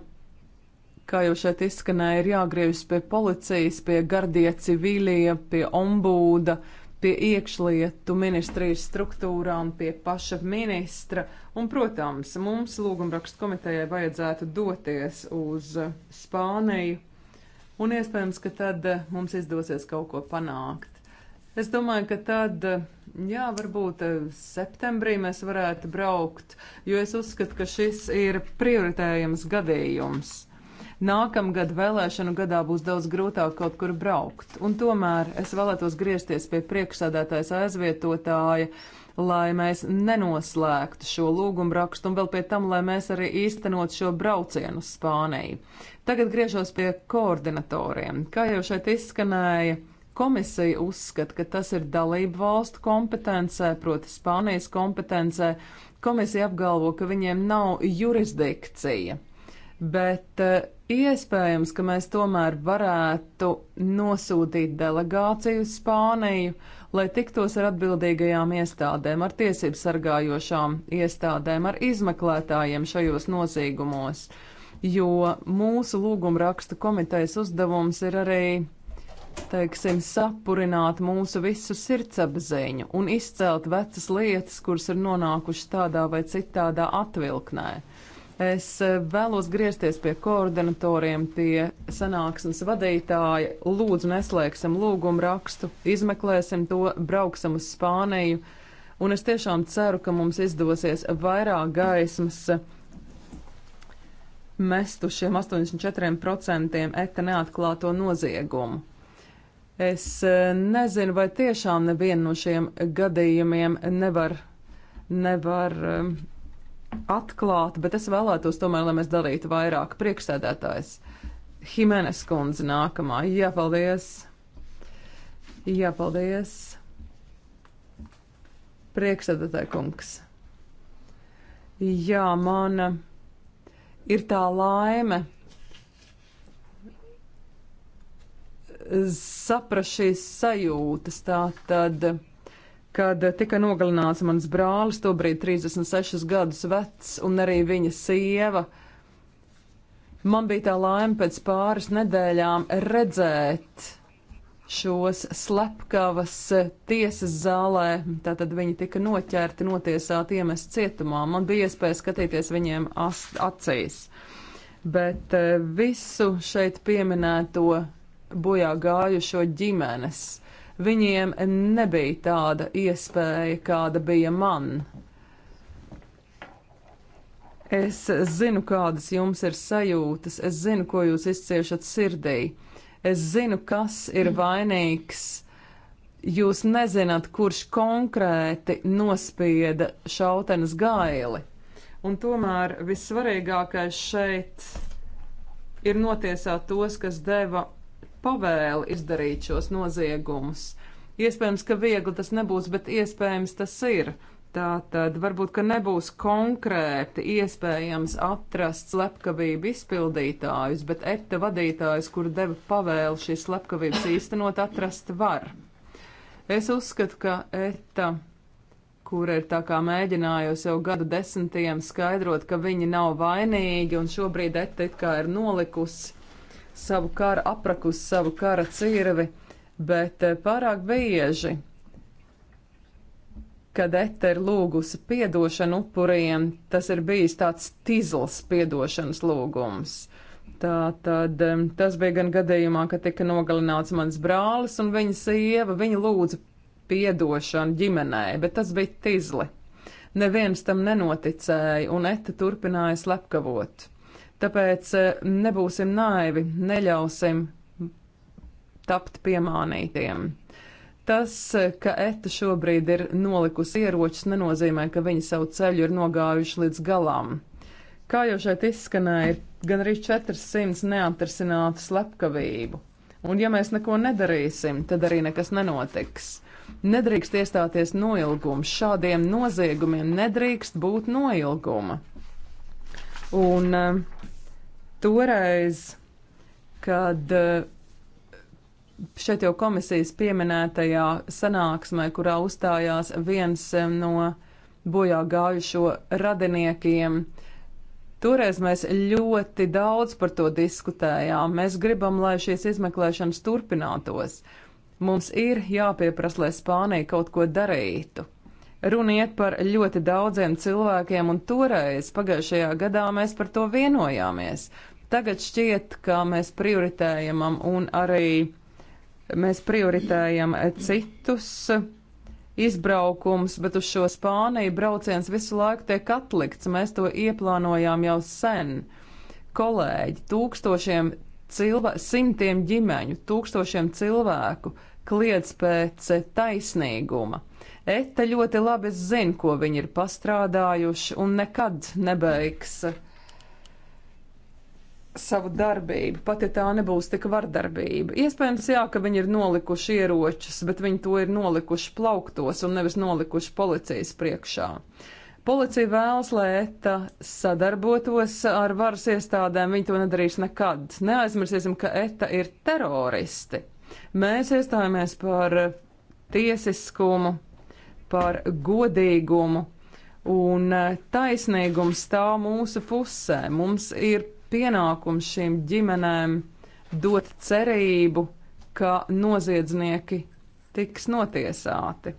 kā jau šeit izskanēja, ir jāgriežas pie policijas, pie gardie civilie, pie ombūda, pie iekšlietu ministrijas struktūrām, pie paša ministra. Un, protams, mums lūgumrakstu komitejai vajadzētu doties uz Spāniju, un iespējams, ka tad eh, mums izdosies kaut ko panākt. Es domāju, ka tad, eh, jā, varbūt eh, septembrī mēs varētu braukt, jo es uzskatu, ka šis ir prioritējams gadījums. Nākamgad vēlēšanu gadā būs daudz grūtāk kaut kur braukt. Un tomēr es vēlētos griezties pie priekšsēdētājas aizvietotāja, lai mēs nenoslēgtu šo lūgumu rakstu un vēl pie tam, lai mēs arī īstenot šo braucienu uz Spāniju. Tagad griežos pie koordinatoriem. Kā jau šeit izskanēja, komisija uzskata, ka tas ir dalību valstu kompetencē, proti Spānijas kompetencē. Komisija apgalvo, ka viņiem nav jurisdikcija, bet eh, Iespējams, ka mēs tomēr varētu nosūtīt delegāciju uz Spāniju, lai tiktos ar atbildīgajām iestādēm, ar tiesību sargājošām iestādēm, ar izmeklētājiem šajos noziegumos, jo mūsu lūguma raksta komitejas uzdevums ir arī, teiksim, sapurināt mūsu visu sirdsapziņu un izcelt vecas lietas, kuras ir nonākušas tādā vai citādā atvilknē. Es eh, vēlos griezties pie koordinatoriem, pie sanāksmes vadītāja. Lūdzu, neslēgsim lūgumu rakstu, izmeklēsim to, brauksim uz Spāniju. Un es tiešām ceru, ka mums izdosies vairāk gaismas eh, mest uz šiem 84% eta neatklāto noziegumu. Es eh, nezinu, vai tiešām nevienu no šiem gadījumiem nevar, nevar atklāti, bet es vēlētos tomēr, lai mēs darītu vairāk. Priekšsēdētājs Himenes kundze nākamā. Jā, paldies! Jā, paldies! Priekšsēdētāja kungs. Jā, mana ir tā laime saprast šīs sajūtas. Tā tad kad tika nogalināts mans brālis, tobrīd 36 gadus vecs, un arī viņa sieva. Man bija tā laime pēc pāris nedēļām redzēt šos slepkavas tiesas zālē. Tātad viņi tika noķerti, notiesāti, iemest cietumā. Man bija iespēja skatīties viņiem acīs. Bet eh, visu šeit pieminēto bojā gājušo ģimenes Viņiem nebija tāda iespēja, kāda bija man. Es zinu, kādas jums ir sajūtas, es zinu, ko jūs izciešat sirdī, es zinu, kas ir vainīgs. Jūs nezināt, kurš konkrēti nospieda šautenes gaili. Un tomēr vissvarīgākais šeit ir notiesāt tos, kas deva pavēli izdarīt šos noziegumus. Iespējams, ka viegli tas nebūs, bet iespējams tas ir. Tā tad varbūt, ka nebūs konkrēti iespējams atrast slepkavību izpildītājus, bet epta vadītājus, kuru deva pavēli šīs slepkavības īstenot, atrast var. Es uzskatu, ka eta kura ir tā kā mēģinājusi jau gadu desmitiem skaidrot, ka viņi nav vainīgi, un šobrīd Etta it kā ir nolikusi savu kara aprakus, savu kara cirvi, bet eh, pārāk bieži, kad Ete ir lūgusi piedošanu upuriem, tas ir bijis tāds tizls piedošanas lūgums. Tā tad tas bija gan gadījumā, kad tika nogalināts mans brālis un viņa sieva. Viņa lūdza piedošanu ģimenē, bet tas bija tizli. Neviens tam nenoticēja, un Ete turpināja slepkavot. Tāpēc e, nebūsim naivi, neļausim tapt piemānītiem. Tas, e, ka ETA šobrīd ir nolikusi ieročus, nenozīmē, ka viņi savu ceļu ir nogājuši līdz galam. Kā jau šeit izskanēja, ir gan arī 400 neatrisinātu slepkavību. Un ja mēs neko nedarīsim, tad arī nekas nenotiks. Nedrīkst iestāties noilgums. Šādiem noziegumiem nedrīkst būt noilguma. Un uh, Toreiz, kad eh, šeit jau komisijas pieminētajā sanāksmē, kurā uzstājās viens eh, no bojā gājušo radiniekiem, Toreiz mēs ļoti daudz par to diskutējām. Mēs gribam, lai šīs izmeklēšanas turpinātos. Mums ir jāpieprasa, lai Spānija kaut ko darītu. Runa iet par ļoti daudziem cilvēkiem, un toreiz pagājušajā gadā mēs par to vienojāmies. Tagad šķiet, ka mēs prioritējam un arī mēs prioritējam citus izbraukums, bet uz šo Spāniju brauciens visu laiku tiek atlikts. Mēs to ieplānojām jau sen. Kolēģi, tūkstošiem cilvēku, simtiem ģimeņu, tūkstošiem cilvēku kliedz pēc taisnīguma. Eta ļoti labi zina, ko viņi ir pastrādājuši un nekad nebeigs savu darbību, pat ja tā nebūs tik vardarbība. Iespējams, jā, ka viņi ir nolikuši ieročus, bet viņi to ir nolikuši plauktos un nevis nolikuši policijas priekšā. Policija vēlas, lai ETA sadarbotos ar varas iestādēm, viņi to nedarīs nekad. Neaizmirsīsim, ka ETA ir teroristi. Mēs iestājāmies par tiesiskumu, par godīgumu, un taisnīgums stāv mūsu pusē. Mums ir pienākums šīm ģimenēm dot cerību, ka noziedznieki tiks notiesāti.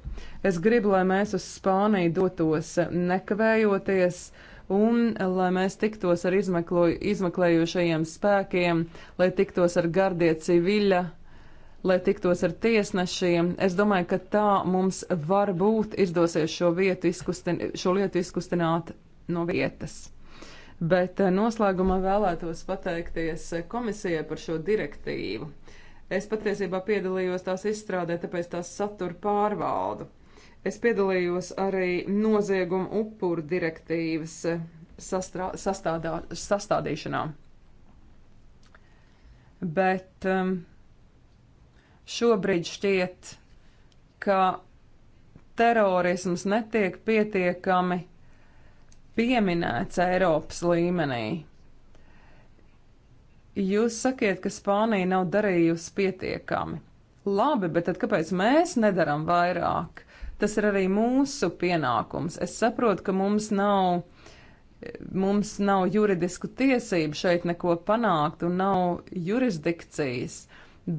Es gribu, lai mēs uz Spāniju dotos nekavējoties un lai mēs tiktos ar izmeklo, izmeklējošajiem spēkiem, lai tiktos ar gardie civiļa, lai tiktos ar tiesnešiem. Es domāju, ka tā mums varbūt izdosies šo, vietu izkustin, šo lietu izkustināt no vietas. Bet eh, noslēgumā vēlētos pateikties eh, komisijai par šo direktīvu. Es patiesībā piedalījos tās izstrādē, tāpēc tās satura pārvaldu. Es piedalījos arī nozieguma upuru direktīvas eh, sastrā, sastādā, sastādīšanā. Bet um, šobrīd šķiet, ka terorisms netiek pietiekami pieminēts Eiropas līmenī. Jūs sakiet, ka Spānija nav darījusi pietiekami. Labi, bet tad kāpēc mēs nedaram vairāk? Tas ir arī mūsu pienākums. Es saprotu, ka mums nav, mums nav juridisku tiesību šeit neko panākt un nav jurisdikcijas,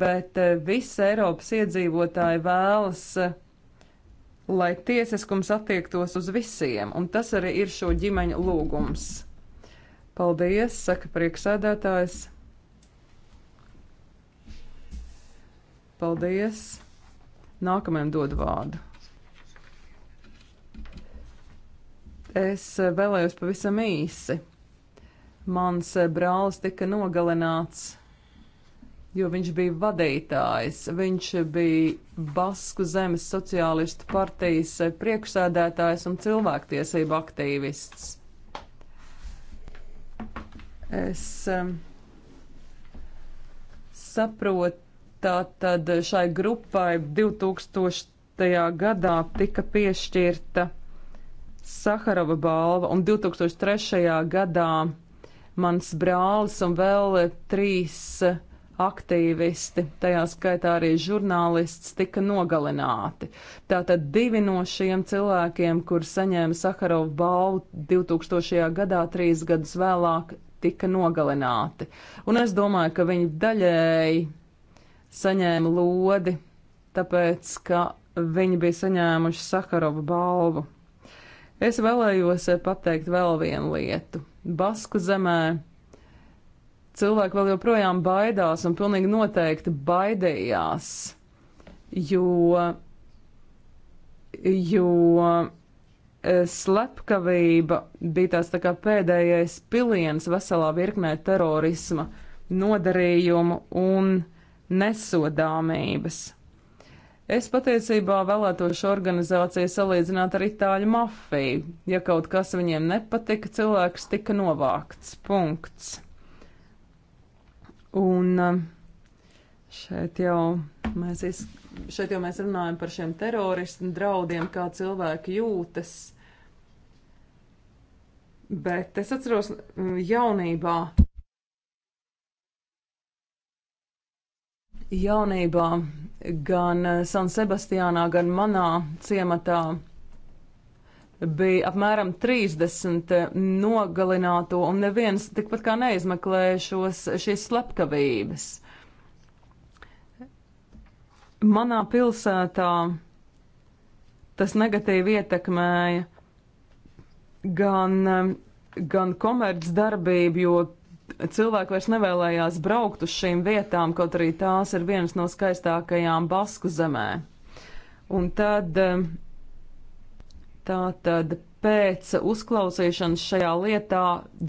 bet eh, visi Eiropas iedzīvotāji vēlas eh, lai tiesiskums attiektos uz visiem, un tas arī ir šo ģimeņu lūgums. Paldies, saka priekšsēdētājs. Paldies. Nākamajam dod vārdu. Es vēlējos pavisam īsi. Mans brālis tika nogalināts jo viņš bija vadītājs. Viņš bija Basku zemes sociālistu partijas priekšsēdētājs un cilvēktiesību aktīvists. Es um, saprotu, tā tad šai grupai 2000. gadā tika piešķirta Saharova balva un 2003. gadā mans brālis un vēl trīs uh, aktīvisti, tajā skaitā arī žurnālists, tika nogalināti. Tātad divi no šiem cilvēkiem, kur saņēma Sakarovu balvu 2000. gadā, trīs gadus vēlāk, tika nogalināti. Un es domāju, ka viņi daļēji saņēma lodi, tāpēc, ka viņi bija saņēmuši Sakarovu balvu. Es vēlējos pateikt vēl vienu lietu. Basku zemē cilvēki vēl joprojām baidās un pilnīgi noteikti baidījās, jo, jo e, slepkavība bija tās tā kā pēdējais piliens veselā virknē terorisma nodarījumu un nesodāmības. Es patiesībā vēlētos šo organizāciju salīdzināt ar itāļu mafiju. Ja kaut kas viņiem nepatika, cilvēks tika novākts. Punkts. Un um, šeit jau mēs, iz, šeit jau mēs runājam par šiem teroristu draudiem, kā cilvēki jūtas. Bet es atceros mm, jaunībā. Jaunībā gan uh, San Sebastiānā, gan manā ciematā bija apmēram 30 nogalināto, un neviens tikpat kā neizmeklēja šos, šīs slepkavības. Manā pilsētā tas negatīvi ietekmēja gan, gan komercdarbību, jo cilvēki vairs nevēlējās braukt uz šīm vietām, kaut arī tās ir vienas no skaistākajām Basku zemē. Un tad Tātad pēc uzklausīšanas šajā lietā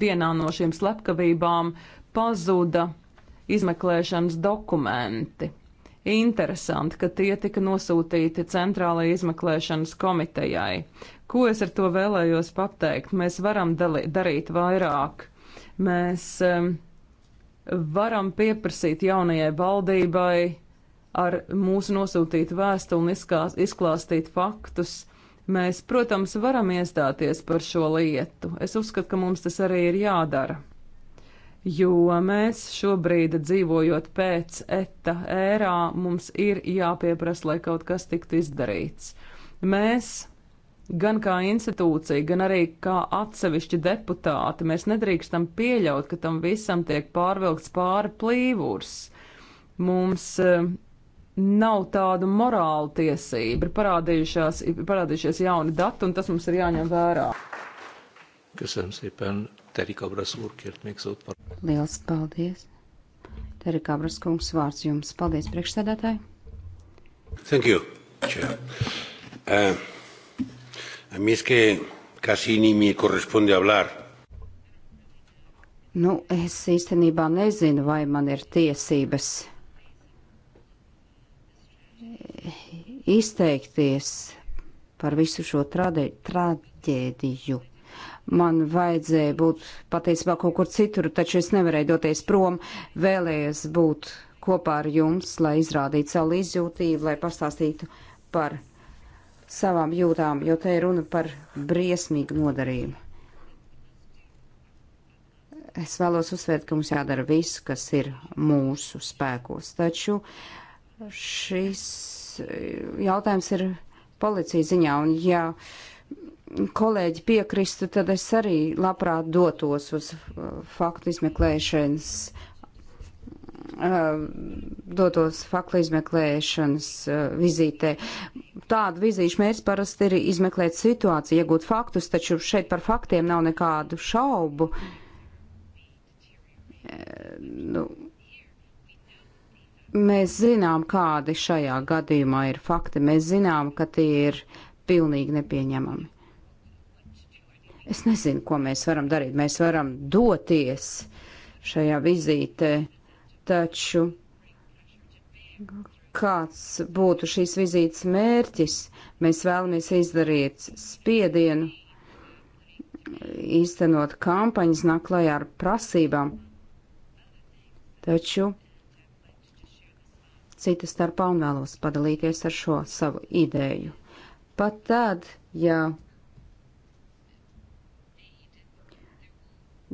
vienā no šīm slepkavībām pazuda izmeklēšanas dokumenti. Interesanti, ka tie tika nosūtīti Centrālajai izmeklēšanas komitejai. Ko es ar to vēlējos pateikt? Mēs varam dali, darīt vairāk. Mēs um, varam pieprasīt jaunajai valdībai ar mūsu nosūtītu vēstuli un izklāstīt faktus. Mēs, protams, varam iestāties par šo lietu. Es uzskatu, ka mums tas arī ir jādara. Jo mēs šobrīd dzīvojot pēc eta ērā, mums ir jāpieprasa, lai kaut kas tiktu izdarīts. Mēs, gan kā institūcija, gan arī kā atsevišķi deputāti, mēs nedrīkstam pieļaut, ka tam visam tiek pārvilkts pāri plīvurs. Mums eh, nav tādu morālu tiesību. Ir parādījušās, ir parādījušies
jauni dati, un tas mums ir jāņem vērā. Liels paldies! Terikabras kungs vārds jums. Paldies, priekšsēdētāji!
Thank you, Chair. Uh, a mí es que casi ni me corresponde hablar.
Nu, es īstenībā nezinu, vai man ir tiesības izteikties par visu šo trade, traģēdiju. Man vajadzēja būt patiesībā kaut kur citur, taču es nevarēju doties prom, vēlējies būt kopā ar jums, lai izrādītu savu izjūtību, lai pastāstītu par savām jūtām, jo te ir runa par briesmīgu nodarījumu. Es vēlos uzsvērt, ka mums jādara viss, kas ir mūsu spēkos, taču šis jautājums ir policijas ziņā, un ja kolēģi piekristu, tad es arī labprāt dotos uz uh, faktu izmeklēšanas, uh, dotos faktu izmeklēšanas uh, vizītē. Tāda vizīšu mērķis parasti ir izmeklēt situāciju, iegūt faktus, taču šeit par faktiem nav nekādu šaubu. Mm Mēs zinām, kādi šajā gadījumā ir fakti. Mēs zinām, ka tie ir pilnīgi nepieņemami. Es nezinu, ko mēs varam darīt. Mēs varam doties šajā vizītē, taču kāds būtu šīs vizītes mērķis? Mēs vēlamies izdarīt spiedienu, īstenot kampaņas, naklajā ar prasībām. Taču Citas starpā un vēlos padalīties ar šo savu ideju. Pat tad, ja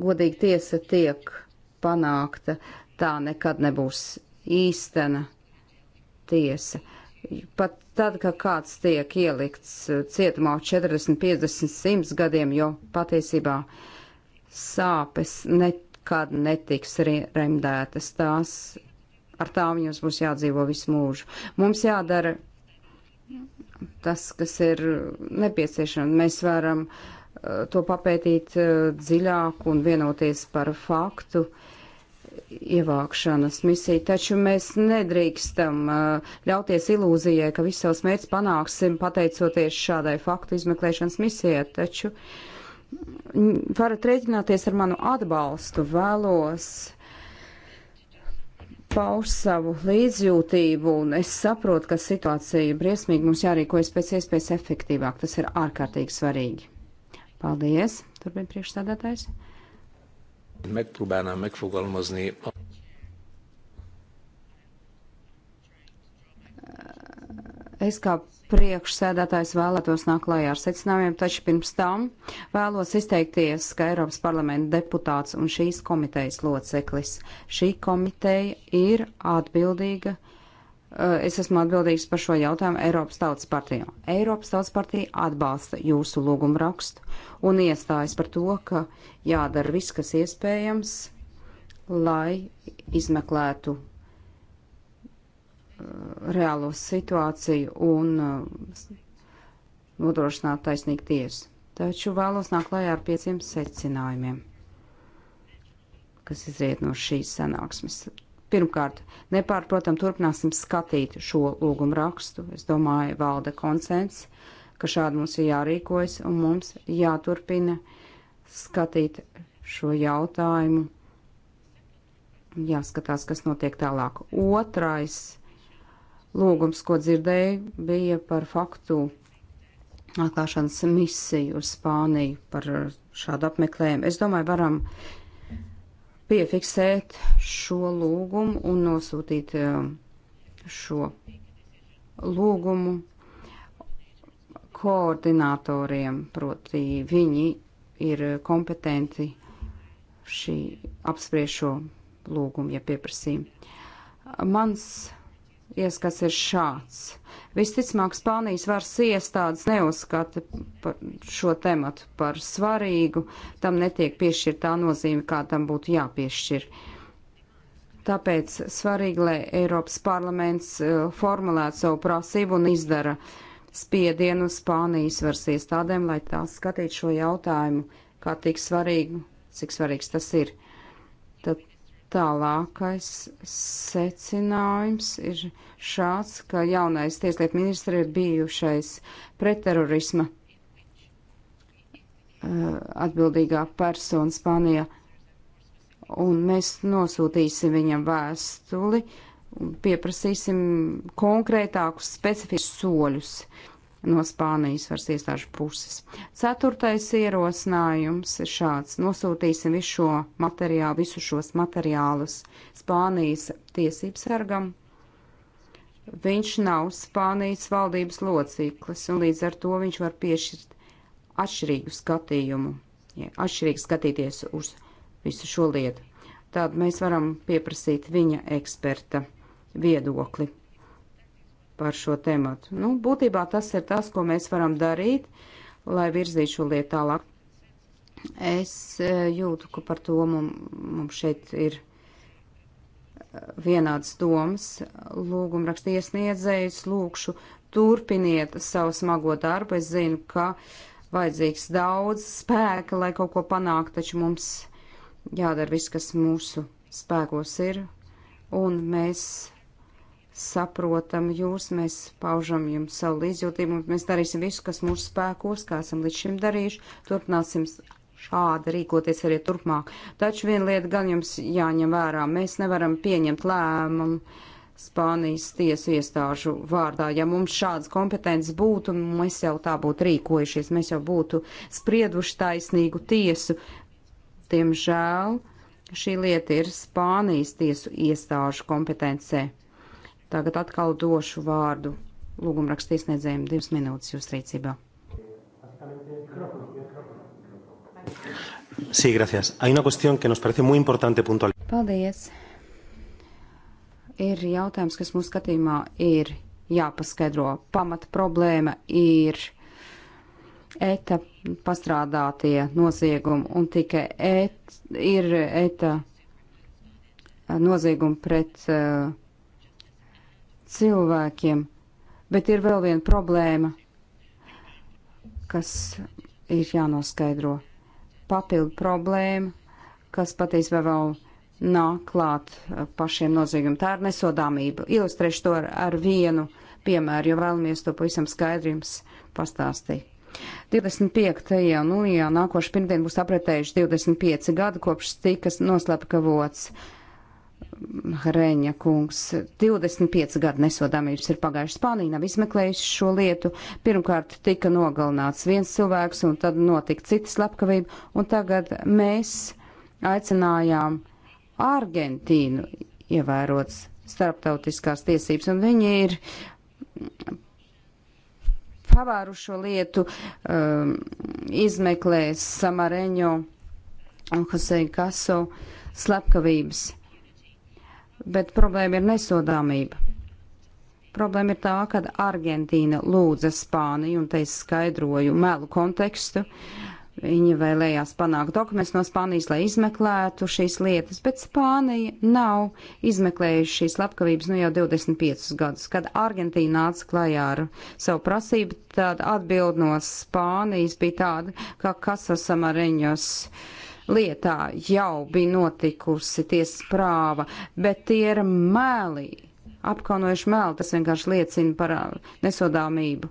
godīga tiesa tiek panākta, tā nekad nebūs īstena tiesa. Pat tad, kad kāds tiek ielikts cietumā 40, 50, 100 gadiem, jo patiesībā sāpes nekad netiks remdētas, tās ar tām jums būs jādzīvo visu mūžu. Mums jādara tas, kas ir nepieciešams. Mēs varam eh, to papētīt eh, dziļāk un vienoties par faktu ievākšanas misiju, taču mēs nedrīkstam eh, ļauties ilūzijai, ka visus savus mērķus panāksim pateicoties šādai faktu izmeklēšanas misijai, taču mm, varat rēķināties ar manu atbalstu, vēlos paust savu līdzjūtību, un es saprotu, ka situācija briesmīgi mums jārīkojas pēc iespējas efektīvāk. Tas ir ārkārtīgi svarīgi. Paldies, turpin priekšstādātājs.
Megpróbálnám megfogalmazni.
Es kā Priekšsēdētājs vēlētos nākt klājā ar secinājumiem, taču pirms tam vēlos izteikties, ka Eiropas parlamenta deputāts un šīs komitejas loceklis. Šī komiteja ir atbildīga. Eh, es esmu atbildīgs par šo jautājumu Eiropas Tautas partijā. Eiropas Tautas partija atbalsta jūsu lūgumu rakstu un iestājas par to, ka jādara viss, kas iespējams, lai izmeklētu Uh, reālo situāciju un uh, nodrošināt taisnīgu tiesu. Taču vēlos nākt klajā ar pieciem secinājumiem, kas izriet no šīs sanāksmes. Pirmkārt, nepārprotam turpināsim skatīt šo lūgumu rakstu. Es domāju, valda konsens, ka šādi mums ir jārīkojas un mums jāturpina skatīt šo jautājumu. Jāskatās, kas notiek tālāk. Otrais Lūgums, ko dzirdēju, bija par faktu atklāšanas misiju uz Spāniju par šādu apmeklējumu. Es domāju, varam piefiksēt šo lūgumu un nosūtīt eh, šo lūgumu koordinatoriem, proti viņi ir kompetenti šī apspriešo lūgumu, ja pieprasīja. Mans ieskats ir šāds. Visticamāk, Spānijas varas iestādes neuzskata šo tematu par svarīgu, tam netiek piešķirtā nozīme, kā tam būtu jāpiešķir. Tāpēc svarīgi, lai Eiropas parlaments eh, formulētu savu prasību un izdara spiedienu Spānijas varas iestādēm, lai tās skatītu šo jautājumu, kā tik svarīgu, cik svarīgs tas ir. Tad Tālākais secinājums ir šāds, ka jaunais tieslietu ministra ir bijušais pretterorisma eh, atbildīgā persona Spānijā. Un mēs nosūtīsim viņam vēstuli un pieprasīsim konkrētākus specifiskus soļus no Spānijas varas iestāžu puses. Ceturtais ierosinājums ir šāds. Nosūtīsim visu šo materiālu, visu šos materiālus Spānijas tiesības sargam. Viņš nav Spānijas valdības loceklis, un līdz ar to viņš var piešķirt atšķirīgu skatījumu, ja, atšķirīgi skatīties uz visu šo lietu. Tad mēs varam pieprasīt viņa eksperta viedokli par šo tematu. Nu, būtībā tas ir tas, ko mēs varam darīt, lai virzītu šo lietu tālāk. Es e, jūtu, ka par to mums šeit ir e, vienādas domas. Lūguma rakstiesniedzējus lūkšu, turpiniet savu smago darbu. Es zinu, ka vajadzīgs daudz spēka, lai kaut ko panāktu, taču mums jādara viss, kas mūsu spēkos ir, un mēs saprotam jūs, mēs paužam jums savu līdzjūtību, un mēs darīsim visu, kas mūsu spēkos, kā esam līdz šim darījuši, turpināsim šādi rīkoties arī turpmāk. Taču viena lieta gan jums jāņem vērā, mēs nevaram pieņemt lēmumu. Spānijas tiesu iestāžu vārdā. Ja mums šādas kompetences būtu, mēs jau tā būtu rīkojušies, mēs jau būtu sprieduši taisnīgu tiesu. Diemžēl šī lieta ir Spānijas tiesu iestāžu kompetencē. Tagad atkal došu vārdu lūgumrakstīsniedzējiem divas minūtes jūs rīcībā.
Sí, gracias. Hay una cuestión que nos parece muy importante puntual.
Paldies. Ir jautājums, kas mūsu skatījumā ir jāpaskaidro. Pamata problēma ir ETA pastrādātie noziegumi un tikai ET, ir ETA noziegumi pret uh, cilvēkiem, bet ir vēl viena problēma, kas ir jānoskaidro. Papildu problēma, kas patiesībā vēl nāk klāt uh, pašiem noziegumiem. Tā ir nesodāmība. Ilustrēšu to ar, ar vienu piemēru, jo vēlamies to pavisam skaidri jums pastāstīt. 25. jūnijā nākošais pirmdien būs apretējuši 25 gadi, kopš tika noslēpkavots Hreņa kungs, 25 gadu nesodāmības ir pagājuši Spānija, nav izmeklējuši šo lietu. Pirmkārt tika nogalināts viens cilvēks, un tad notika citas slepkavība, un tagad mēs aicinājām Argentīnu ievērot starptautiskās tiesības, un viņi ir pavārušo lietu, um, izmeklēs Samareņo un Hosei Kaso slepkavības bet problēma ir nesodāmība. Problēma ir tā, ka Argentīna lūdza Spāniju, un te es skaidroju melu kontekstu. Viņa vēlējās panākt dokumentus no Spānijas, lai izmeklētu šīs lietas, bet Spānija nav izmeklējusi šīs slepkavības nu jau 25 gadus. Kad Argentīna nāca klajā ar savu prasību, tad atbild no Spānijas bija tāda, ka Kasasamareņos. Uh, lietā jau bija notikusi tiesasprāva, bet tie ir meli, apkaunojuši meli, tas vienkārši liecina par uh, nesodāmību.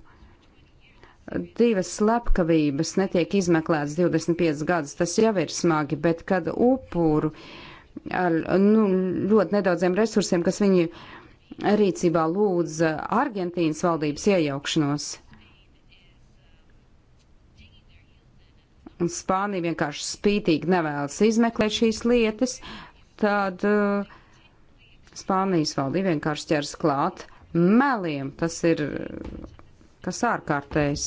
Divas slepkavības netiek izmeklētas 25 gadus, tas jau ir smagi, bet kad upuru ar nu, ļoti nedaudziem resursiem, kas viņu rīcībā lūdza Argentīnas valdības iejaukšanos, un Spānija vienkārši spītīgi nevēlas izmeklēt šīs lietas, tad uh, Spānijas valdība vienkārši ķers klāt meliem. Tas ir kas ārkārtējs.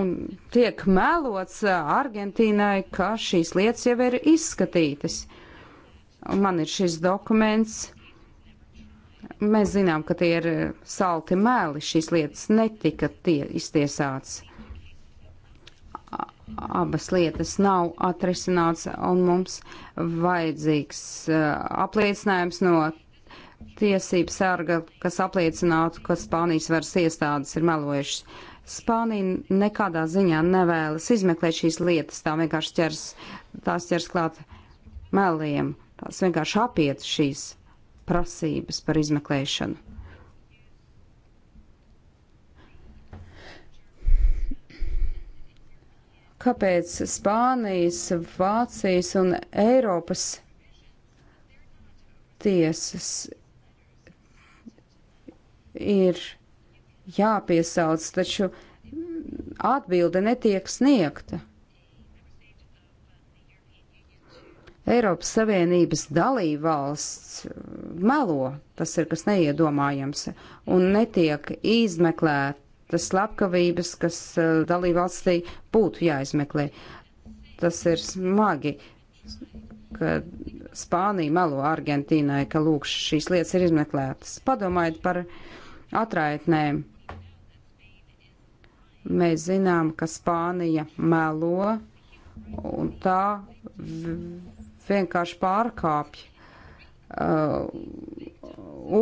Un tiek melots uh, Argentīnai, ka šīs lietas jau ir izskatītas. Un man ir šis dokuments. Mēs zinām, ka tie ir uh, salti meli, šīs lietas netika tie iztiesāts abas lietas nav atrisināts un mums vajadzīgs eh, apliecinājums no tiesību sārga, kas apliecinātu, ka Spānijas varas iestādes ir melojušas. Spānija nekādā ziņā nevēlas izmeklēt šīs lietas, tā vienkārši ķers, tās ķers klāt meliem, tās vienkārši apiet šīs prasības par izmeklēšanu. kāpēc Spānijas, Vācijas un Eiropas tiesas ir jāpiesauc, taču atbilde netiek sniegta. Eiropas Savienības dalībvalsts melo, tas ir kas neiedomājams, un netiek izmeklēt tas slepkavības, kas eh, dalībvalstī būtu jāizmeklē. Tas ir smagi, ka Spānija melo Argentīnai, ka lūk šīs lietas ir izmeklētas. Padomājiet par atraitnēm. Mēs zinām, ka Spānija melo un tā vienkārši pārkāpj uh, eh,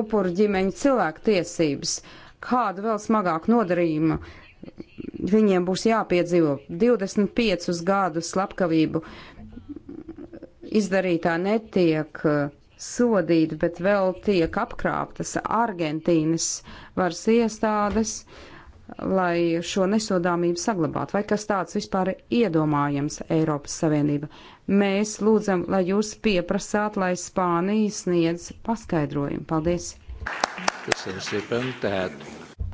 upuru ģimeņu cilvēku tiesības. Uh, kādu vēl smagāku nodarījumu viņiem būs jāpiedzīvo 25 gadu slepkavību. Izdarītā netiek uh, sodīta, bet vēl tiek apkrāptas Argentīnas varas iestādes, lai šo nesodāmību saglabātu. Vai kas tāds vispār iedomājams Eiropas Savienība? Mēs lūdzam, lai jūs pieprasāt, lai Spānija sniedz paskaidrojumu. Paldies!
Thank you. Köszönöm szépen, tehát.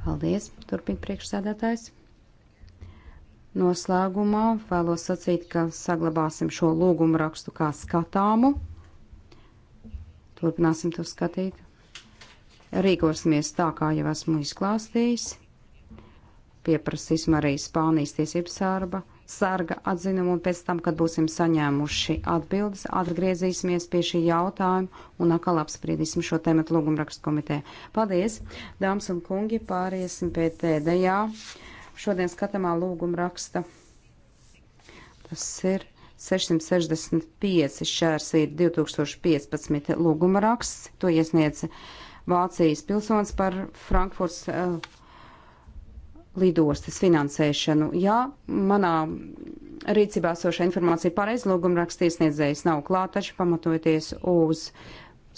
Paldies, turpina priekšsēdētājs. Noslēgumā vēlos sacīt, ka saglabāsim šo lūgumu rakstu kā skatāmu. Turpināsim to skatīt. Rīkosimies tā, kā jau esmu izklāstījis. Pieprasīsim arī Spānijas tiesības sārba sarga atzinumu, un pēc tam, kad būsim saņēmuši atbildes, atgriezīsimies pie šī jautājuma un atkal apspriedīsim šo tēmatu lūgumrakstu komitē. Paldies, dāmas un kungi, pāriesim pie tēdējā. Šodien skatāmā lūgumraksta. Tas ir 665 šērs ir 2015 lūgumraksts. To iesniedz Vācijas pilsonis par Frankfurts. Uh, lidostas finansēšanu. Jā, manā rīcībā soša informācija pareizi lūguma rakstīsniedzējs nav klāt, taču pamatojoties uz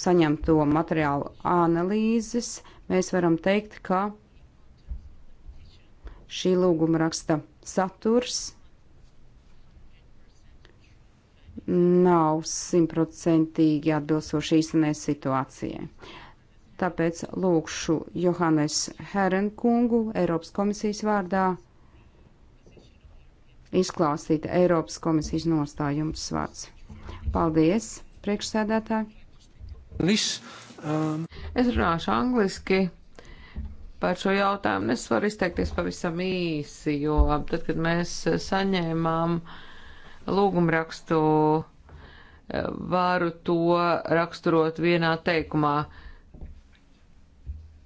saņemto materiālu analīzes, mēs varam teikt, ka šī lūguma raksta saturs nav simtprocentīgi atbilstoši īstenē situācijai. Tāpēc lūkšu Johannes Heren kungu Eiropas komisijas vārdā izklāstīt Eiropas komisijas nostājumus vārds. Paldies, priekšsēdētāji! Viss, um... Es runāšu angliski
par šo jautājumu. Es varu izteikties pavisam īsi, jo tad, kad mēs saņēmām lūgumrakstu, eh, varu to raksturot vienā teikumā. Uh,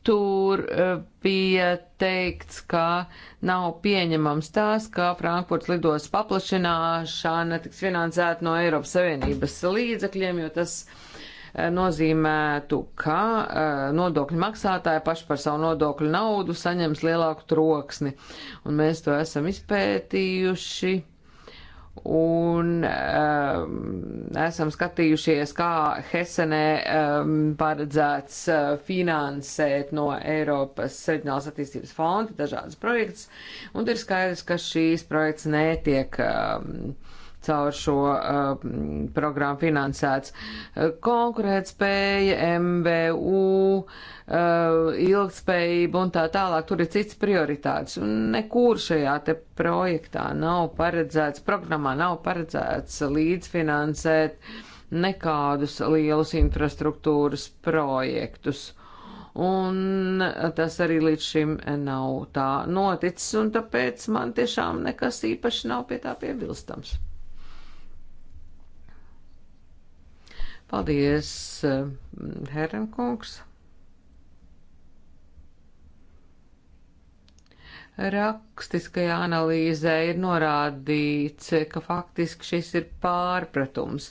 tur e, bija teikts, ka nav pieņemams tās, ka Frankfurts lidos paplašināšana tiks finansēta no Eiropas Savienības līdzekļiem, jo tas e, nozīmētu, ka e, nodokļu maksātāji paši par savu nodokļu naudu saņems lielāku troksni. Un mēs to esam izpētījuši un um, esam skatījušies, kā Hesenē um, paredzēts uh, finansēt no Eiropas reģionālas attīstības fonda dažādas projekts, un ir skaidrs, ka šīs projekts netiek um, caur šo uh, programmu finansēts. Konkurētspēja, MVU, uh, ilgspējība un tā tālāk, tur ir cits prioritātes. Un nekur šajā te projektā nav paredzēts, programmā nav paredzēts līdzfinansēt nekādus lielus infrastruktūras projektus un tas arī līdz šim nav tā noticis, un tāpēc man tiešām nekas īpaši nav pie tā piebilstams. Paldies, eh, Herenkungs. Rakstiskajā analīzē ir norādīts, ka faktiski šis ir pārpratums.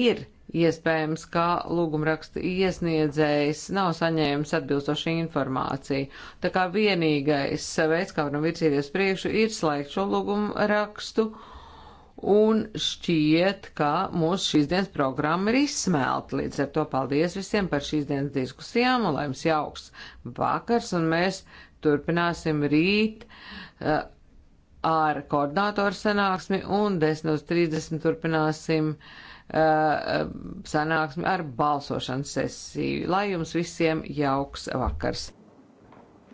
Ir Iespējams, ka lūgumraksta iesniedzējs nav saņēmis atbilstošu informāciju. Tā kā vienīgais veids, kā varam virzīties priekšu, ir slēgt šo lūgumrakstu un šķiet, ka mūsu šīs dienas programma ir izsmelta. Līdz ar to paldies visiem par šīs dienas diskusijām un lai jums jauks vakars, un mēs turpināsim rīt uh, ar koordinātoru sanāksmi un 10.30 turpināsim uh, sanāksmi ar balsošanas sesiju. Lai jums visiem jauks vakars!